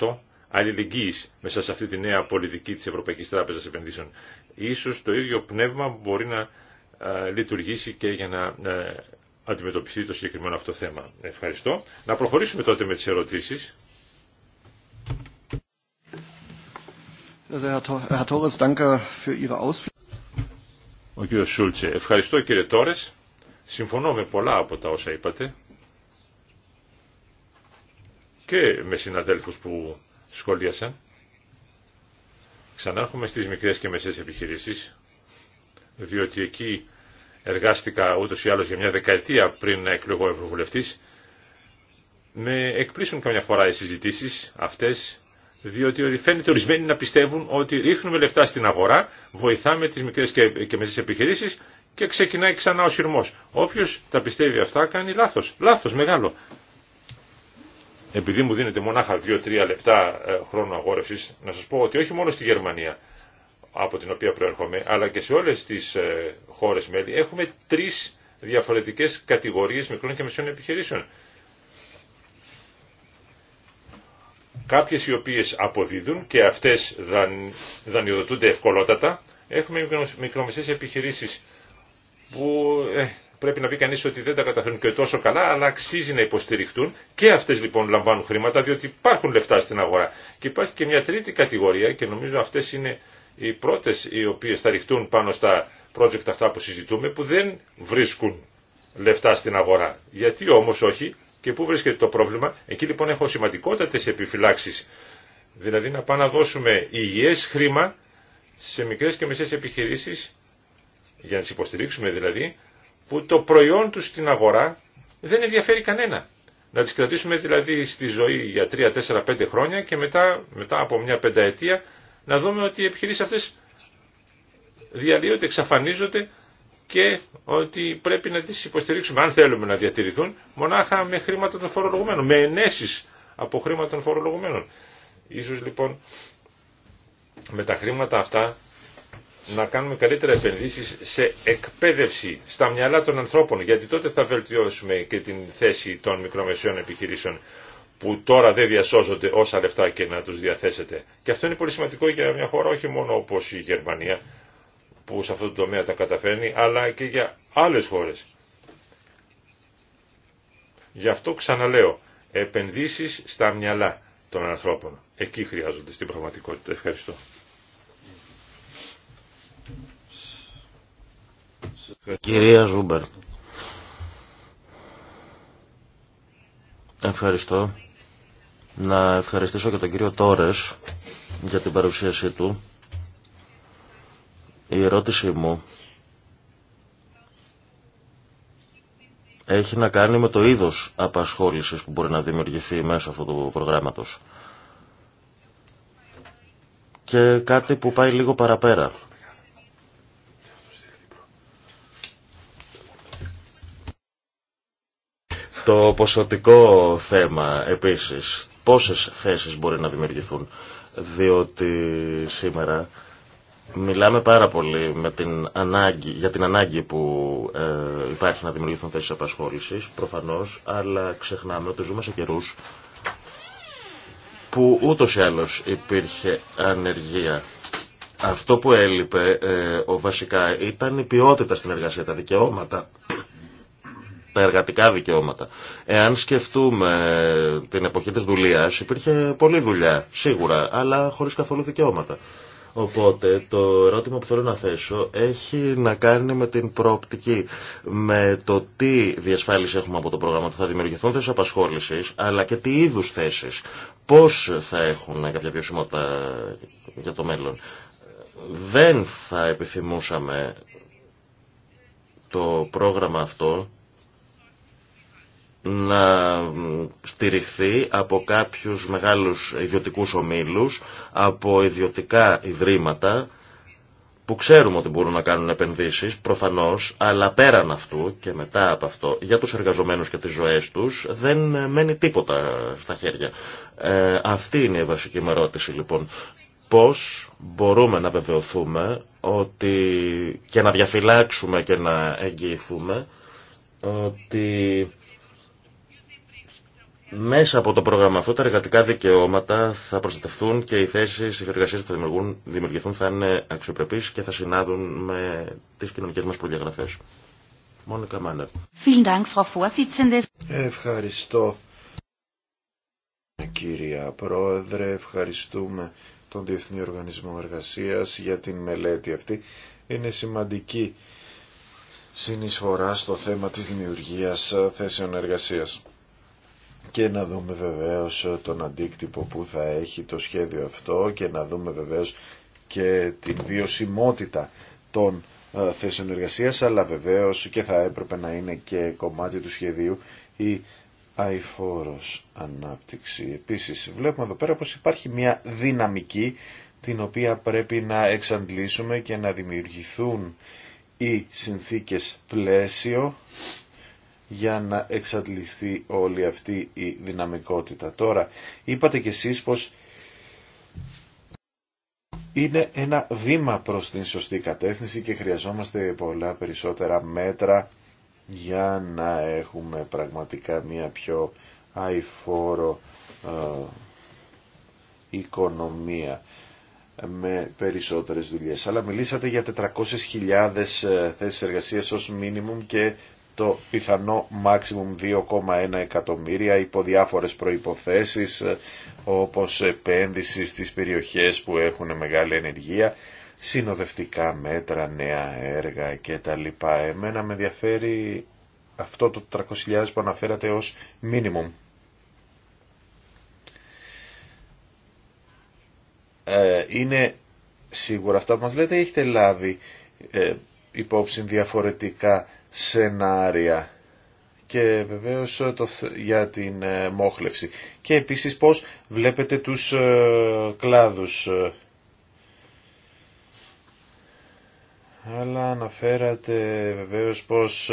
20% αλληλεγγύης μέσα σε αυτή τη νέα πολιτική της Ευρωπαϊκής Τράπεζας Επενδύσεων. Ίσως το ίδιο πνεύμα μπορεί να λειτουργήσει και για να ε, αντιμετωπιστεί το συγκεκριμένο αυτό θέμα. Ευχαριστώ. Να προχωρήσουμε τότε με τις ερωτήσεις. Ο κύριος Σούλτσε, ευχαριστώ κύριε Τόρες. Συμφωνώ με πολλά από τα όσα είπατε και με συναδέλφους που σχολίασαν. Ξανά στις μικρές και μεσές επιχειρήσεις, διότι εκεί εργάστηκα ούτως ή άλλως για μια δεκαετία πριν να εκλογώ ευρωβουλευτής. Με εκπλήσουν καμιά φορά οι συζητήσεις αυτές, διότι φαίνεται ορισμένοι να πιστεύουν ότι ρίχνουμε λεφτά στην αγορά, βοηθάμε τις μικρές και, και μεσές επιχειρήσεις και ξεκινάει ξανά ο σειρμός. Όποιος τα πιστεύει αυτά κάνει λάθος, λάθος μεγάλο επειδή μου δίνετε μονάχα 2-3 λεπτά ε, χρόνο αγόρευσης, να σας πω ότι όχι μόνο στη Γερμανία, από την οποία προέρχομαι, αλλά και σε όλες τις ε, χώρες μέλη, έχουμε τρεις διαφορετικές κατηγορίες μικρών και μεσαίων επιχειρήσεων. Κάποιες οι οποίες αποδίδουν και αυτές δαν, δανειοδοτούνται ευκολότατα. Έχουμε μικρομεσαίες επιχειρήσεις που ε, πρέπει να πει κανεί ότι δεν τα καταφέρνουν και τόσο καλά, αλλά αξίζει να υποστηριχτούν και αυτέ λοιπόν λαμβάνουν χρήματα, διότι υπάρχουν λεφτά στην αγορά. Και υπάρχει και μια τρίτη κατηγορία, και νομίζω αυτέ είναι οι πρώτε οι οποίε θα ρηχτούν πάνω στα project αυτά που συζητούμε, που δεν βρίσκουν λεφτά στην αγορά. Γιατί όμω όχι, και πού βρίσκεται το πρόβλημα, εκεί λοιπόν έχω σημαντικότατε επιφυλάξει. Δηλαδή να πάμε να δώσουμε υγιέ χρήμα σε μικρέ και μεσές επιχειρήσει για να τι υποστηρίξουμε δηλαδή, που το προϊόν τους στην αγορά δεν ενδιαφέρει κανένα. Να τις κρατήσουμε δηλαδή στη ζωή για 3, 4, 5 χρόνια και μετά, μετά από μια πενταετία να δούμε ότι οι επιχειρήσεις αυτές διαλύονται, εξαφανίζονται και ότι πρέπει να τις υποστηρίξουμε αν θέλουμε να διατηρηθούν μονάχα με χρήματα των φορολογουμένων, με ενέσεις από χρήματα των φορολογουμένων. Ίσως λοιπόν με τα χρήματα αυτά να κάνουμε καλύτερα επενδύσεις σε εκπαίδευση στα μυαλά των ανθρώπων, γιατί τότε θα βελτιώσουμε και την θέση των μικρομεσαίων επιχειρήσεων που τώρα δεν διασώζονται όσα λεφτά και να τους διαθέσετε. Και αυτό είναι πολύ σημαντικό για μια χώρα όχι μόνο όπως η Γερμανία που σε αυτό το τομέα τα καταφέρνει, αλλά και για άλλες χώρες. Γι' αυτό ξαναλέω, επενδύσεις στα μυαλά των ανθρώπων. Εκεί χρειάζονται στην πραγματικότητα. Ευχαριστώ. Κυρία Ζούμπερ. Ευχαριστώ. Να ευχαριστήσω και τον κύριο Τόρες για την παρουσίασή του. Η ερώτησή μου έχει να κάνει με το είδος απασχόλησης που μπορεί να δημιουργηθεί μέσω αυτού του προγράμματος. Και κάτι που πάει λίγο παραπέρα Το ποσοτικό θέμα επίσης, πόσες θέσεις μπορεί να δημιουργηθούν, διότι σήμερα μιλάμε πάρα πολύ με την ανάγκη, για την ανάγκη που ε, υπάρχει να δημιουργηθούν θέσεις απασχόλησης, προφανώς, αλλά ξεχνάμε ότι ζούμε σε καιρούς που ούτως ή άλλως υπήρχε ανεργία. Αυτό που έλειπε ε, ο βασικά ήταν η ποιότητα στην εργασία, τα δικαιώματα τα εργατικά δικαιώματα. Εάν σκεφτούμε την εποχή της δουλείας, υπήρχε πολλή δουλειά, σίγουρα, αλλά χωρίς καθόλου δικαιώματα. Οπότε το ερώτημα που θέλω να θέσω έχει να κάνει με την προοπτική, με το τι διασφάλιση έχουμε από το πρόγραμμα, ότι θα δημιουργηθούν θέσει απασχόληση, αλλά και τι είδου θέσει, πώ θα έχουν κάποια βιωσιμότητα για το μέλλον. Δεν θα επιθυμούσαμε το πρόγραμμα αυτό να στηριχθεί από κάποιους μεγάλους ιδιωτικούς ομίλους, από ιδιωτικά ιδρύματα που ξέρουμε ότι μπορούν να κάνουν επενδύσεις, προφανώς, αλλά πέραν αυτού και μετά από αυτό, για τους εργαζομένους και τις ζωές τους, δεν μένει τίποτα στα χέρια. Ε, αυτή είναι η βασική μου ερώτηση, λοιπόν. Πώς μπορούμε να βεβαιωθούμε ότι και να διαφυλάξουμε και να εγγυηθούμε ότι μέσα από το πρόγραμμα αυτό τα εργατικά δικαιώματα θα προστατευτούν και οι θέσει εργασία που θα δημιουργηθούν θα είναι αξιοπρεπεί και θα συνάδουν με τι κοινωνικέ μα προδιαγραφέ. Μόνικα Μάνερ. Ευχαριστώ κυρία Πρόεδρε, ευχαριστούμε τον Διεθνή Οργανισμό Εργασίας για την μελέτη αυτή. Είναι σημαντική συνεισφορά στο θέμα της δημιουργίας θέσεων εργασίας και να δούμε βεβαίως ε, τον αντίκτυπο που θα έχει το σχέδιο αυτό και να δούμε βεβαίως και την βιωσιμότητα των ε, θέσεων εργασίας αλλά βεβαίως και θα έπρεπε να είναι και κομμάτι του σχεδίου η αηφόρος ανάπτυξη. Επίσης βλέπουμε εδώ πέρα πως υπάρχει μια δυναμική την οποία πρέπει να εξαντλήσουμε και να δημιουργηθούν οι συνθήκες πλαίσιο για να εξαντληθεί όλη αυτή η δυναμικότητα. Τώρα, είπατε κι εσείς πως είναι ένα βήμα προς την σωστή κατεύθυνση και χρειαζόμαστε πολλά περισσότερα μέτρα για να έχουμε πραγματικά μια πιο αηφόρο ε, οικονομία με περισσότερες δουλειές. Αλλά μιλήσατε για 400.000 ε, θέσεις εργασίας ως μίνιμουμ και το πιθανό maximum 2,1 εκατομμύρια υπό διάφορες προϋποθέσεις ε, όπως επένδυση στις περιοχές που έχουν μεγάλη ενεργεία, συνοδευτικά μέτρα, νέα έργα κτλ. Εμένα με ενδιαφέρει αυτό το 300.000 που αναφέρατε ως minimum. Ε, είναι σίγουρα αυτά που μας λέτε έχετε λάβει ε, υπόψη διαφορετικά σενάρια και βεβαίως ε, το, για την ε, μόχλευση. Και επίσης πώς βλέπετε τους ε, κλάδους. Αλλά αναφέρατε βεβαίως πως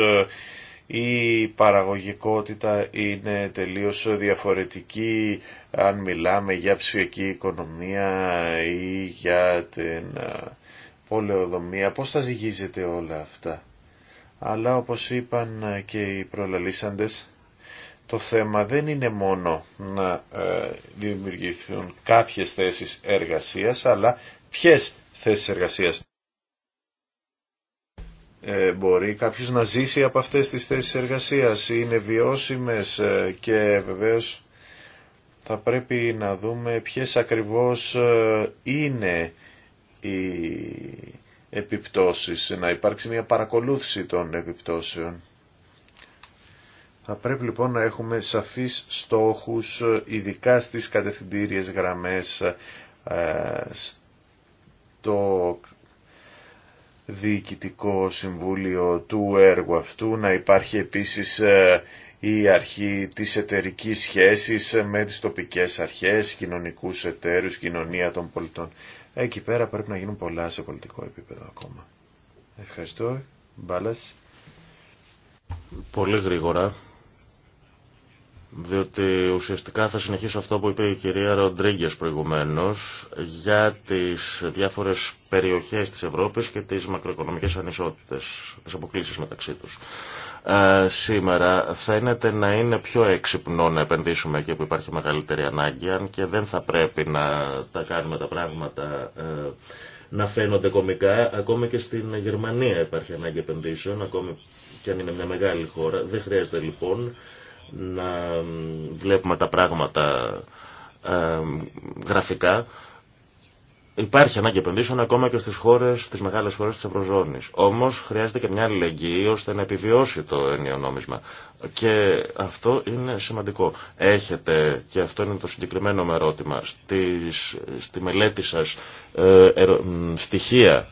η παραγωγικότητα είναι τελείως διαφορετική αν μιλάμε για ψηφιακή οικονομία ή για την πολεοδομία, πώς θα ζυγίζεται όλα αυτά. Αλλά όπως είπαν και οι προλαλήσαντες, το θέμα δεν είναι μόνο να ε, δημιουργηθούν κάποιες θέσεις εργασίας, αλλά ποιες θέσεις εργασίας. Ε, μπορεί κάποιος να ζήσει από αυτές τις θέσεις εργασίας, είναι βιώσιμες ε, και βεβαίως θα πρέπει να δούμε ποιες ακριβώς είναι οι επιπτώσεις, να υπάρξει μια παρακολούθηση των επιπτώσεων. Θα πρέπει λοιπόν να έχουμε σαφείς στόχους, ειδικά στις κατευθυντήριες γραμμές, ε, στο Διοικητικό Συμβούλιο του έργου αυτού, να υπάρχει επίσης ε, η αρχή της εταιρική σχέσης με τις τοπικές αρχές, κοινωνικούς εταίρους, κοινωνία των πολιτών. Εκεί πέρα πρέπει να γίνουν πολλά σε πολιτικό επίπεδο ακόμα. Ευχαριστώ. Μπάλας. Πολύ γρήγορα διότι ουσιαστικά θα συνεχίσω αυτό που είπε η κυρία Ροντρίγκες προηγουμένως για τις διάφορες περιοχές της Ευρώπης και τις μακροοικονομικές ανισότητες, τις αποκλήσεις μεταξύ τους. Ε, σήμερα φαίνεται να είναι πιο έξυπνο να επενδύσουμε εκεί που υπάρχει μεγαλύτερη ανάγκη αν και δεν θα πρέπει να τα κάνουμε τα πράγματα ε, να φαίνονται κομικά. Ακόμα και στην Γερμανία υπάρχει ανάγκη επενδύσεων, ακόμη και αν είναι μια μεγάλη χώρα. Δεν χρειάζεται λοιπόν να βλέπουμε τα πράγματα ε, γραφικά. Υπάρχει ανάγκη επενδύσεων ακόμα και στις χώρες, στις μεγάλες χώρες της Ευρωζώνης. Όμως χρειάζεται και μια αλληλεγγύη ώστε να επιβιώσει το ενιαίο νόμισμα. Και αυτό είναι σημαντικό. Έχετε, και αυτό είναι το συγκεκριμένο με ερώτημα, στη μελέτη σας ε, στοιχεία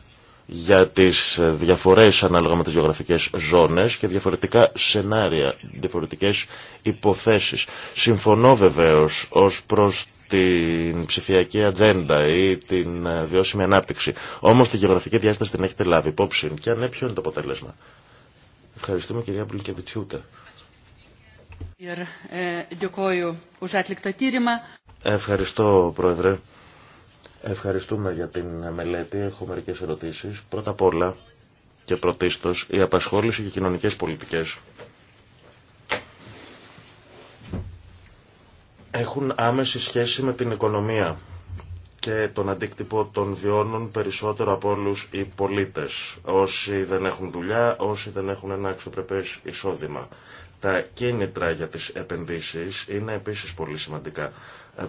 για τις διαφορές ανάλογα με τις γεωγραφικές ζώνες και διαφορετικά σενάρια, διαφορετικές υποθέσεις. Συμφωνώ βεβαίως ως προς την ψηφιακή ατζέντα ή την ε, βιώσιμη ανάπτυξη. Όμως τη γεωγραφική διάσταση την έχετε λάβει υπόψη και αν ναι, είναι το αποτέλεσμα. Ευχαριστούμε κυρία Μπουλκεβιτσιούτα. Ε, ε, Ευχαριστώ πρόεδρε. Ευχαριστούμε για την μελέτη. Έχω μερικέ ερωτήσει. Πρώτα απ' όλα και πρωτίστως η απασχόληση και κοινωνικέ πολιτικέ. Έχουν άμεση σχέση με την οικονομία και τον αντίκτυπο των βιώνουν περισσότερο από όλους οι πολίτες. Όσοι δεν έχουν δουλειά, όσοι δεν έχουν ένα αξιοπρεπές εισόδημα. Τα κίνητρα για τις επενδύσεις είναι επίσης πολύ σημαντικά.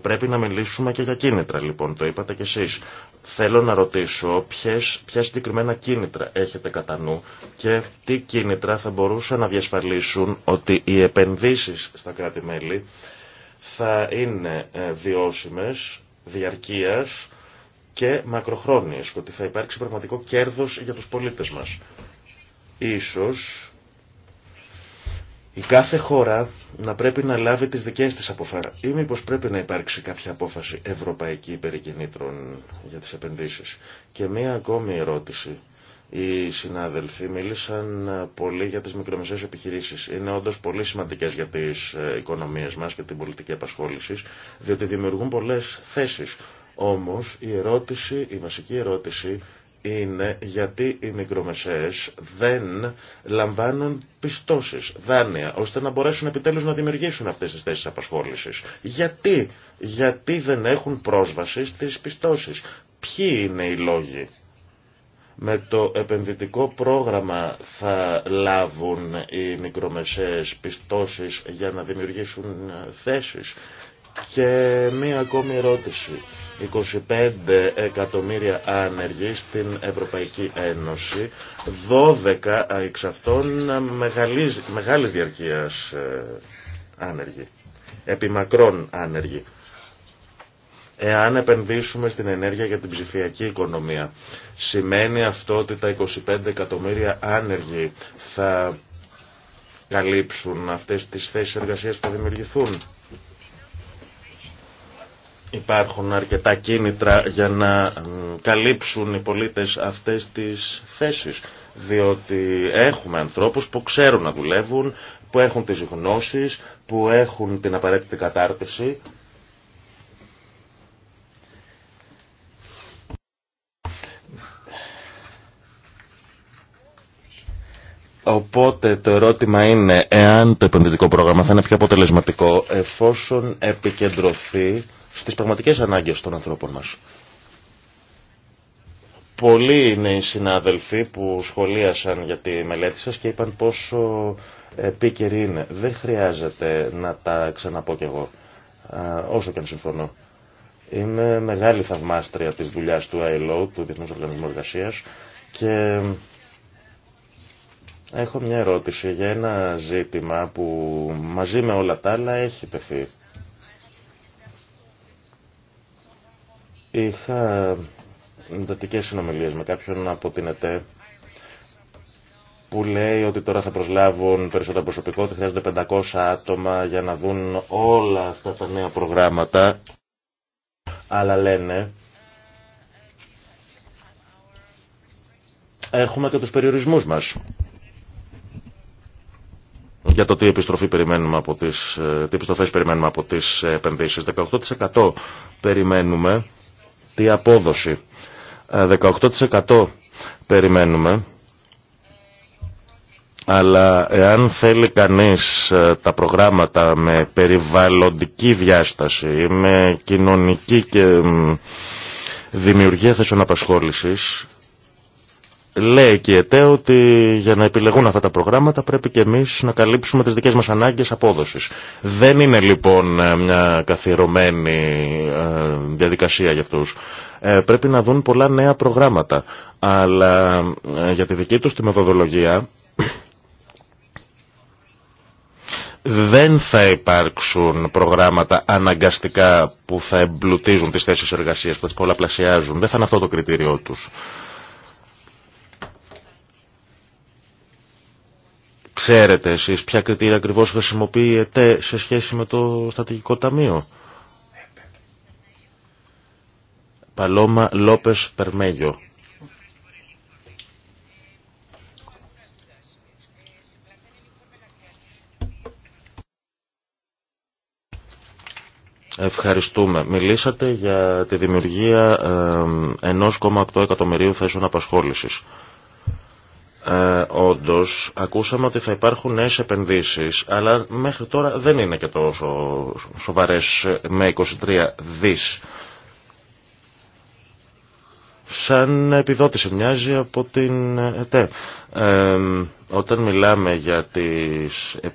Πρέπει να μιλήσουμε και για κίνητρα λοιπόν, το είπατε κι εσείς. Θέλω να ρωτήσω ποιες, ποια συγκεκριμένα κίνητρα έχετε κατά νου και τι κίνητρα θα μπορούσαν να διασφαλίσουν ότι οι επενδύσεις στα κράτη-μέλη θα είναι ε, βιώσιμες, διαρκείας και μακροχρόνιες και ότι θα υπάρξει πραγματικό κέρδος για τους πολίτες μας. Ίσως η κάθε χώρα να πρέπει να λάβει τις δικές της αποφάσεις ή μήπως πρέπει να υπάρξει κάποια απόφαση ευρωπαϊκή περί κινήτρων για τις επενδύσεις. Και μία ακόμη ερώτηση. Οι συνάδελφοι μίλησαν πολύ για τις μικρομεσαίες επιχειρήσεις. Είναι όντως πολύ σημαντικές για τις οικονομίες μας και την πολιτική απασχόληση, διότι δημιουργούν πολλές θέσεις. Όμως η ερώτηση, η βασική ερώτηση είναι γιατί οι μικρομεσαίες δεν λαμβάνουν πιστώσεις, δάνεια, ώστε να μπορέσουν επιτέλους να δημιουργήσουν αυτές τις θέσεις απασχόλησης. Γιατί, γιατί δεν έχουν πρόσβαση στις πιστώσεις. Ποιοι είναι οι λόγοι. Με το επενδυτικό πρόγραμμα θα λάβουν οι μικρομεσαίες πιστώσεις για να δημιουργήσουν θέσεις. Και μία ακόμη ερώτηση. 25 εκατομμύρια άνεργοι στην Ευρωπαϊκή Ένωση, 12 εξ αυτών μεγάλης, μεγάλης διαρκείας ε, άνεργοι, επιμακρών άνεργοι. Εάν επενδύσουμε στην ενέργεια για την ψηφιακή οικονομία, σημαίνει αυτό ότι τα 25 εκατομμύρια άνεργοι θα καλύψουν αυτές τις θέσεις εργασίας που θα δημιουργηθούν υπάρχουν αρκετά κίνητρα για να καλύψουν οι πολίτες αυτές τις θέσεις. Διότι έχουμε ανθρώπους που ξέρουν να δουλεύουν, που έχουν τις γνώσεις, που έχουν την απαραίτητη κατάρτιση. Οπότε το ερώτημα είναι εάν το επενδυτικό πρόγραμμα θα είναι πιο αποτελεσματικό εφόσον επικεντρωθεί στις πραγματικές ανάγκες των ανθρώπων μας. Πολλοί είναι οι συνάδελφοι που σχολίασαν για τη μελέτη σας και είπαν πόσο επίκαιρη είναι. Δεν χρειάζεται να τα ξαναπώ κι εγώ, όσο και αν συμφωνώ. Είμαι μεγάλη θαυμάστρια της δουλειάς του ILO, του Διεθνούς Οργανισμού Εργασίας και έχω μια ερώτηση για ένα ζήτημα που μαζί με όλα τα άλλα έχει τεθεί Είχα εντατικές συνομιλίες με κάποιον από την ΕΤΕ που λέει ότι τώρα θα προσλάβουν περισσότερο προσωπικό, ότι χρειάζονται 500 άτομα για να δουν όλα αυτά τα νέα προγράμματα. Αλλά λένε, έχουμε και τους περιορισμούς μας για το τι, επιστροφή περιμένουμε από τις, ε, τι επιστροφές περιμένουμε από τις επενδύσεις. 18% περιμένουμε τη απόδοση. 18% ε, περιμένουμε. Αλλά εάν θέλει κανείς ε, τα προγράμματα με περιβαλλοντική διάσταση, ή με κοινωνική και δημιουργία θέσεων απασχόλησης, Λέει και η ΕΤΕ ότι για να επιλεγούν αυτά τα προγράμματα πρέπει και εμείς να καλύψουμε τις δικές μας ανάγκες απόδοσης. Δεν είναι λοιπόν ε, μια καθιερωμένη ε, διαδικασία για αυτούς. Ε, πρέπει να δουν πολλά νέα προγράμματα. Αλλά για τη δική τους τη μεθοδολογία <clears throat> δεν θα υπάρξουν προγράμματα αναγκαστικά που θα εμπλουτίζουν τις θέσεις εργασίας, που θα τις πολλαπλασιάζουν. Δεν θα είναι αυτό το κριτήριό τους. Ξέρετε εσείς ποια κριτήρια ακριβώς χρησιμοποιείτε σε σχέση με το στατηγικό ταμείο. Παλώμα Λόπες Περμέγιο. Ευχαριστούμε. Μιλήσατε για τη δημιουργία 1,8 ε, εκατομμυρίου θέσεων απασχόλησης. Ε, Όντω, ακούσαμε ότι θα υπάρχουν νέε επενδύσει, αλλά μέχρι τώρα δεν είναι και τόσο σοβαρέ με 23 δι. Σαν επιδότηση μοιάζει από την ΕΤΕ. Ε, όταν μιλάμε για τις ε,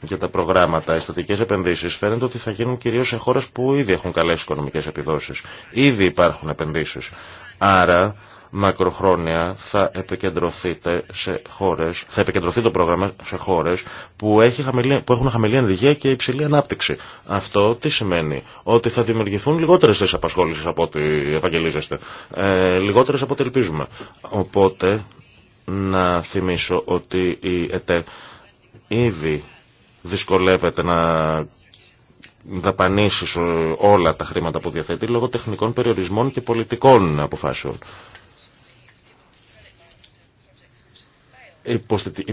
για τα προγράμματα, οι επενδύσει φαίνεται ότι θα γίνουν κυρίω σε χώρε που ήδη έχουν καλέ οικονομικέ επιδόσεις. Ήδη υπάρχουν επενδύσει. Άρα μακροχρόνια θα επικεντρωθείτε σε χώρες, θα επικεντρωθεί το πρόγραμμα σε χώρες που, που έχουν χαμηλή ενεργεία και υψηλή ανάπτυξη. Αυτό τι σημαίνει, ότι θα δημιουργηθούν λιγότερες θέσεις απασχόλησης από ό,τι ευαγγελίζεστε, ε, λιγότερες από ό,τι ελπίζουμε. Οπότε να θυμίσω ότι η ΕΤΕ ήδη δυσκολεύεται να δαπανίσει όλα τα χρήματα που διαθέτει λόγω τεχνικών περιορισμών και πολιτικών αποφάσεων.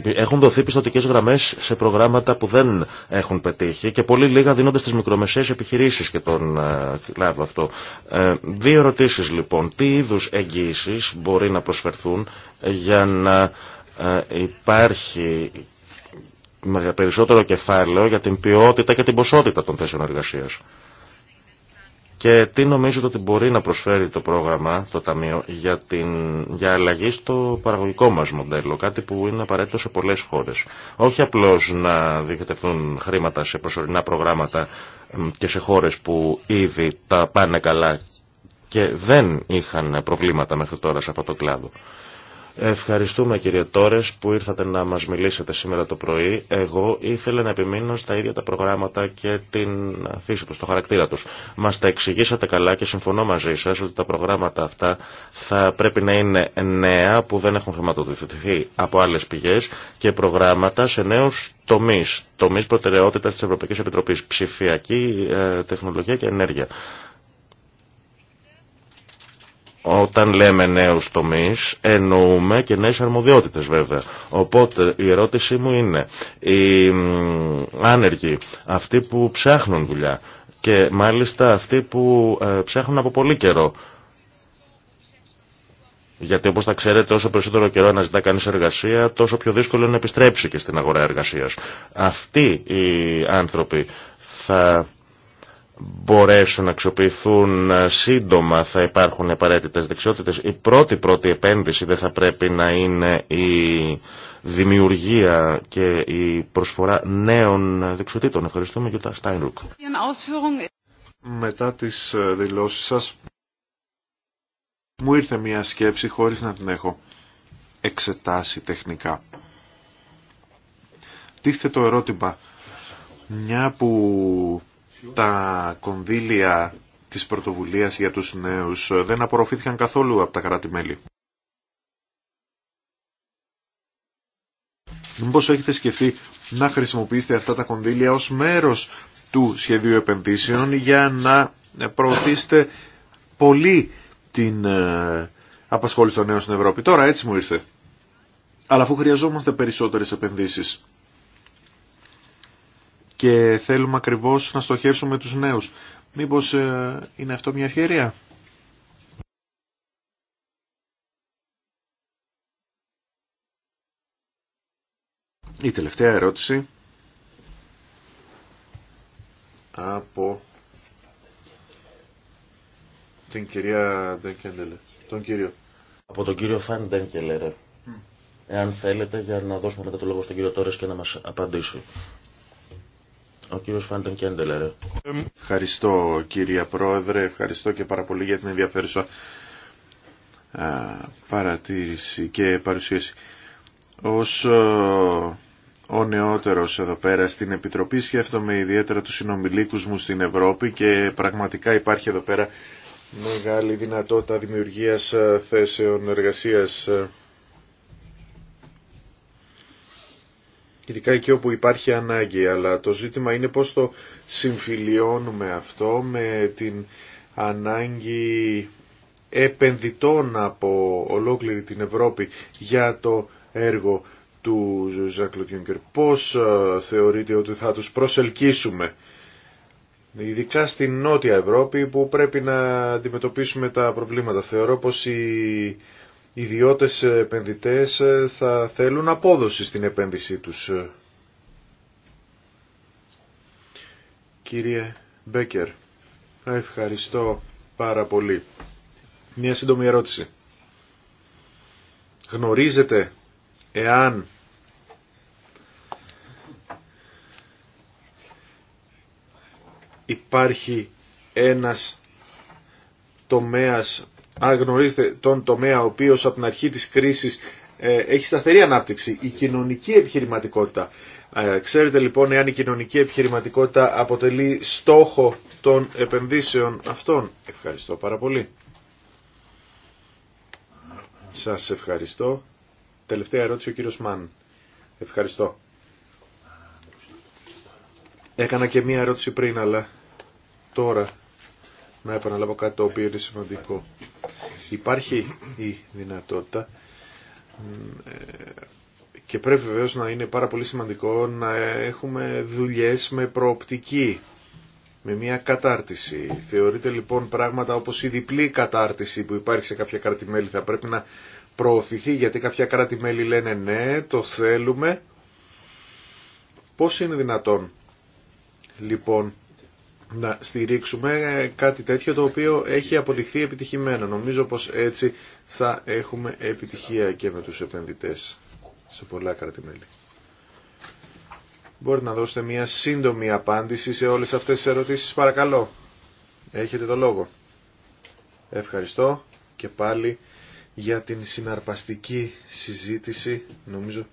Έχουν δοθεί πιστοτικές γραμμές σε προγράμματα που δεν έχουν πετύχει και πολύ λίγα δίνονται στις μικρομεσαίες επιχειρήσεις και τον ε, κλάδο αυτό. Ε, δύο ερωτήσεις λοιπόν. Τι είδους εγγύησεις μπορεί να προσφερθούν για να ε, υπάρχει περισσότερο κεφάλαιο για την ποιότητα και την ποσότητα των θέσεων εργασίας και τι νομίζετε ότι μπορεί να προσφέρει το πρόγραμμα, το Ταμείο, για, την, για αλλαγή στο παραγωγικό μας μοντέλο, κάτι που είναι απαραίτητο σε πολλές χώρες. Όχι απλώς να διοικητευτούν χρήματα σε προσωρινά προγράμματα και σε χώρες που ήδη τα πάνε καλά και δεν είχαν προβλήματα μέχρι τώρα σε αυτό το κλάδο. Ευχαριστούμε κύριε Τόρες που ήρθατε να μας μιλήσετε σήμερα το πρωί. Εγώ ήθελα να επιμείνω στα ίδια τα προγράμματα και την φύση τους, το χαρακτήρα τους. Μας τα εξηγήσατε καλά και συμφωνώ μαζί σας ότι τα προγράμματα αυτά θα πρέπει να είναι νέα που δεν έχουν χρηματοδοτηθεί από άλλες πηγές και προγράμματα σε νέους τομείς, τομείς προτεραιότητας της Ευρωπαϊκής Επιτροπής, ψηφιακή ε, τεχνολογία και ενέργεια. Όταν λέμε νέους τομείς, εννοούμε και νέες αρμοδιότητες βέβαια. Οπότε η ερώτησή μου είναι, οι άνεργοι, αυτοί που ψάχνουν δουλειά και μάλιστα αυτοί που ε, ψάχνουν από πολύ καιρό, γιατί όπως τα ξέρετε όσο περισσότερο καιρό αναζητά κανείς εργασία τόσο πιο δύσκολο είναι να επιστρέψει και στην αγορά εργασίας. Αυτοί οι άνθρωποι θα μπορέσουν να αξιοποιηθούν ε, σύντομα θα υπάρχουν απαραίτητε δεξιότητες. Η πρώτη πρώτη επένδυση δεν θα πρέπει να είναι η δημιουργία και η προσφορά νέων δεξιοτήτων. Ευχαριστούμε για τα Στάινρουκ. Μετά τις ε, δηλώσεις σας μου ήρθε μια σκέψη χωρίς να την έχω εξετάσει τεχνικά. Τίθεται το ερώτημα μια που τα κονδύλια της πρωτοβουλίας για τους νέους δεν απορροφήθηκαν καθόλου από τα κράτη-μέλη. Μήπως έχετε σκεφτεί να χρησιμοποιήσετε αυτά τα κονδύλια ως μέρος του σχεδίου επενδύσεων για να προωθήσετε πολύ την ε, απασχόληση των νέων στην Ευρώπη. Τώρα έτσι μου ήρθε. Αλλά αφού χρειαζόμαστε περισσότερες επενδύσεις και θέλουμε ακριβώς να στοχεύσουμε τους νέους. Μήπως ε, είναι αυτό μια ευκαιρία. Η τελευταία ερώτηση από την κυρία τον κύριο. Από τον κύριο Φαν Ντενκελερε. Εάν θέλετε για να δώσουμε μετά το λόγο στον κύριο Τόρες και να μας απαντήσει. Ο κύριος Φάντον Κέντελερ. Ε. Ευχαριστώ κύριε Πρόεδρε, ευχαριστώ και πάρα πολύ για την ενδιαφέρουσα παρατήρηση και παρουσίαση. Ως ε, ο νεότερος εδώ πέρα στην Επιτροπή σκέφτομαι ιδιαίτερα τους συνομιλίκους μου στην Ευρώπη και πραγματικά υπάρχει εδώ πέρα μεγάλη δυνατότητα δημιουργίας ε, θέσεων εργασίας ειδικά εκεί όπου υπάρχει ανάγκη, αλλά το ζήτημα είναι πώς το συμφιλιώνουμε αυτό με την ανάγκη επενδυτών από ολόκληρη την Ευρώπη για το έργο του Ζακλου Γιούγκερ. Πώς ε, θεωρείτε ότι θα τους προσελκύσουμε, ειδικά στην Νότια Ευρώπη που πρέπει να αντιμετωπίσουμε τα προβλήματα. Θεωρώ πως η ιδιώτες επενδυτές ε, θα θέλουν απόδοση στην επένδυσή τους. Κύριε Μπέκερ, ευχαριστώ πάρα πολύ. Μια σύντομη ερώτηση. Γνωρίζετε εάν υπάρχει ένας τομέας αν γνωρίζετε τον τομέα ο οποίος από την αρχή της κρίσης ε, έχει σταθερή ανάπτυξη, η κοινωνική επιχειρηματικότητα. Ε, ξέρετε λοιπόν εάν η κοινωνική επιχειρηματικότητα αποτελεί στόχο των επενδύσεων αυτών. Ευχαριστώ πάρα πολύ. Σας ευχαριστώ. Τελευταία ερώτηση ο κύριος Μάν. Ευχαριστώ. Έκανα και μία ερώτηση πριν, αλλά τώρα να επαναλάβω κάτι το οποίο είναι σημαντικό υπάρχει η δυνατότητα ε, και πρέπει βεβαίω να είναι πάρα πολύ σημαντικό να έχουμε δουλειές με προοπτική, με μια κατάρτιση. Θεωρείται λοιπόν πράγματα όπως η διπλή κατάρτιση που υπάρχει σε κάποια κράτη-μέλη θα πρέπει να προωθηθεί γιατί κάποια κράτη-μέλη λένε ναι, το θέλουμε. Πώς είναι δυνατόν λοιπόν να στηρίξουμε κάτι τέτοιο το οποίο έχει αποδειχθεί επιτυχημένο. Νομίζω πως έτσι θα έχουμε επιτυχία και με τους επενδυτές σε πολλά κρατημέλη. Μπορείτε να δώσετε μια σύντομη απάντηση σε όλες αυτές τις ερωτήσεις παρακαλώ. Έχετε το λόγο. Ευχαριστώ και πάλι για την συναρπαστική συζήτηση. Νομίζω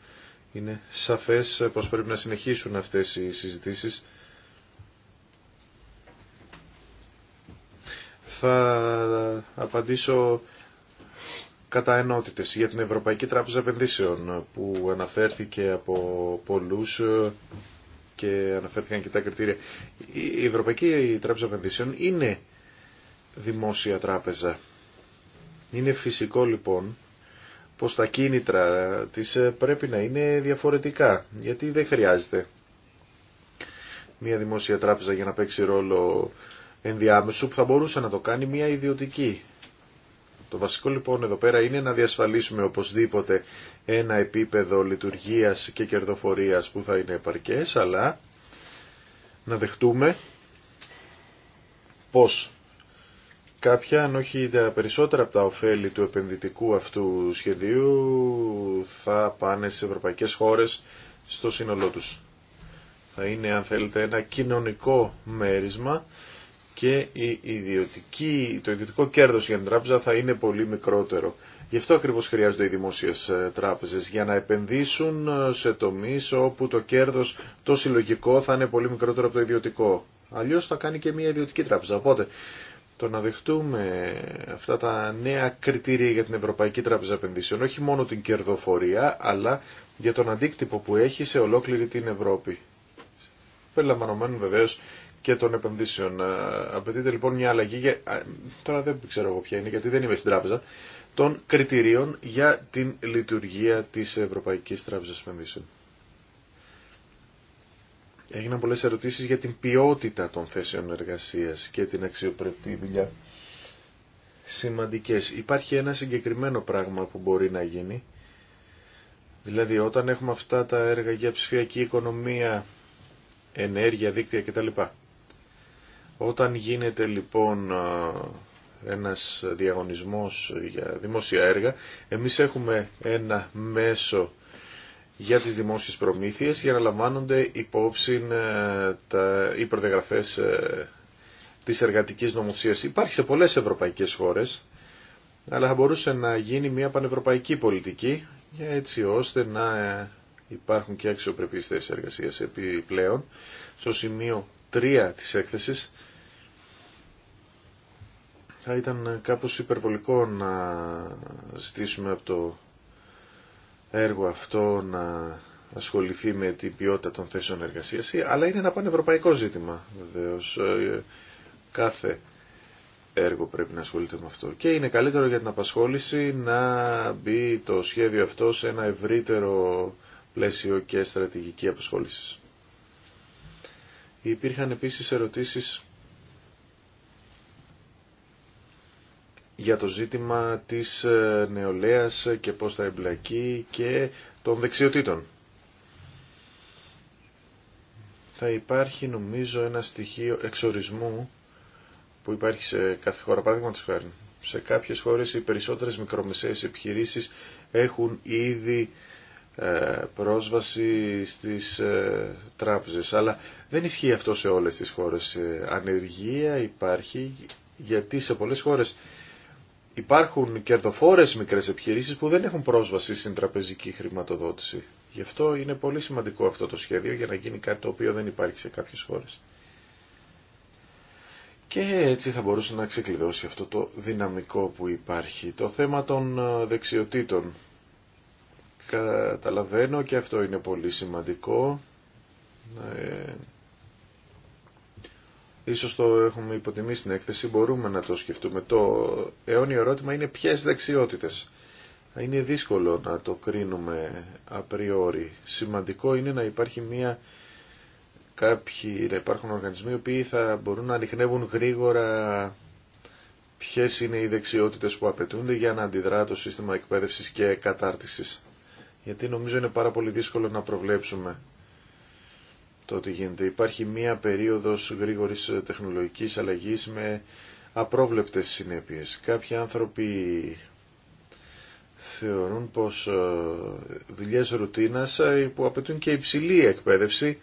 είναι σαφές πως πρέπει να συνεχίσουν αυτές οι συζητήσεις θα απαντήσω κατά ενότητες για την Ευρωπαϊκή Τράπεζα Επενδύσεων που αναφέρθηκε από πολλούς και αναφέρθηκαν και τα κριτήρια. Η Ευρωπαϊκή Τράπεζα Επενδύσεων είναι δημόσια τράπεζα. Είναι φυσικό λοιπόν πως τα κίνητρα της πρέπει να είναι διαφορετικά, γιατί δεν χρειάζεται μια δημόσια τράπεζα για να παίξει ρόλο ενδιάμεσου που θα μπορούσε να το κάνει μια ιδιωτική. Το βασικό λοιπόν εδώ πέρα είναι να διασφαλίσουμε οπωσδήποτε ένα επίπεδο λειτουργίας και κερδοφορίας που θα είναι επαρκές, αλλά να δεχτούμε πως κάποια, αν όχι τα περισσότερα από τα ωφέλη του επενδυτικού αυτού σχεδίου θα πάνε στις ευρωπαϊκές χώρες στο σύνολό τους. Θα είναι αν θέλετε ένα κοινωνικό μέρισμα και η ιδιωτική, το ιδιωτικό κέρδος για την τράπεζα θα είναι πολύ μικρότερο. Γι' αυτό ακριβώς χρειάζονται οι δημόσιες ε, τράπεζες, για να επενδύσουν ε, σε τομείς όπου το κέρδος το συλλογικό θα είναι πολύ μικρότερο από το ιδιωτικό. Αλλιώς θα κάνει και μια ιδιωτική τράπεζα. Οπότε το να δεχτούμε αυτά τα νέα κριτήρια για την Ευρωπαϊκή Τράπεζα Επενδύσεων, όχι μόνο την κερδοφορία, αλλά για τον αντίκτυπο που έχει σε ολόκληρη την Ευρώπη. Περιλαμβανομένων βεβαίω και των επενδύσεων. Ε, απαιτείται λοιπόν μια αλλαγή, για... τώρα δεν ξέρω εγώ ποια είναι γιατί δεν είμαι στην τράπεζα, των κριτηρίων για την λειτουργία της Ευρωπαϊκής Τράπεζας Επενδύσεων. Έγιναν πολλές ερωτήσεις για την ποιότητα των θέσεων εργασίας και την αξιοπρεπή δουλειά. Σημαντικές. Υπάρχει ένα συγκεκριμένο πράγμα που μπορεί να γίνει. Δηλαδή όταν έχουμε αυτά τα έργα για ψηφιακή οικονομία, ενέργεια, δίκτυα κτλ. Όταν γίνεται λοιπόν ένας διαγωνισμός για δημόσια έργα, εμείς έχουμε ένα μέσο για τις δημόσιες προμήθειες για να λαμβάνονται υπόψη ε, τα, οι προδιαγραφές ε, της εργατικής νομοθεσίας. Υπάρχει σε πολλές ευρωπαϊκές χώρες, αλλά θα μπορούσε να γίνει μια πανευρωπαϊκή πολιτική έτσι ώστε να ε, υπάρχουν και αξιοπρεπείς θέσεις εργασίας επιπλέον. Στο σημείο 3 της έκθεσης θα ήταν κάπως υπερβολικό να ζητήσουμε από το έργο αυτό να ασχοληθεί με την ποιότητα των θέσεων εργασίας, αλλά είναι ένα πανευρωπαϊκό ζήτημα βεβαίως. Ε, κάθε έργο πρέπει να ασχολείται με αυτό. Και είναι καλύτερο για την απασχόληση να μπει το σχέδιο αυτό σε ένα ευρύτερο πλαίσιο και στρατηγική απασχόλησης. Υπήρχαν επίσης ερωτήσεις για το ζήτημα της ε, νεολαίας και πώς θα εμπλακεί και των δεξιοτήτων. Θα υπάρχει νομίζω ένα στοιχείο εξορισμού που υπάρχει σε κάθε χώρα. Παράδειγμα της χάρη. Σε κάποιες χώρες οι περισσότερες μικρομεσαίες επιχειρήσεις έχουν ήδη ε, πρόσβαση στις ε, τράπεζες. Αλλά δεν ισχύει αυτό σε όλες τις χώρες. Ανεργία υπάρχει γιατί σε πολλές χώρες υπάρχουν κερδοφόρες μικρές επιχειρήσεις που δεν έχουν πρόσβαση στην τραπεζική χρηματοδότηση. Γι' αυτό είναι πολύ σημαντικό αυτό το σχέδιο για να γίνει κάτι το οποίο δεν υπάρχει σε κάποιες χώρες. Και έτσι θα μπορούσε να ξεκλειδώσει αυτό το δυναμικό που υπάρχει. Το θέμα των ε, δεξιοτήτων. Καταλαβαίνω και αυτό είναι πολύ σημαντικό. Ε, Ίσως το έχουμε υποτιμήσει στην έκθεση, μπορούμε να το σκεφτούμε. Το αιώνιο ερώτημα είναι ποιες δεξιότητες. Είναι δύσκολο να το κρίνουμε απριόρι. Σημαντικό είναι να υπάρχει μια κάποιοι, να υπάρχουν οργανισμοί οι οποίοι θα μπορούν να ανοιχνεύουν γρήγορα ποιες είναι οι δεξιότητες που απαιτούνται για να αντιδρά το σύστημα εκπαίδευσης και κατάρτισης. Γιατί νομίζω είναι πάρα πολύ δύσκολο να προβλέψουμε το Υπάρχει μία περίοδος γρήγορης ε, τεχνολογικής αλλαγής με απρόβλεπτες συνέπειες. Κάποιοι άνθρωποι θεωρούν πως ε, δουλειές ρουτίνας ε, που απαιτούν και υψηλή εκπαίδευση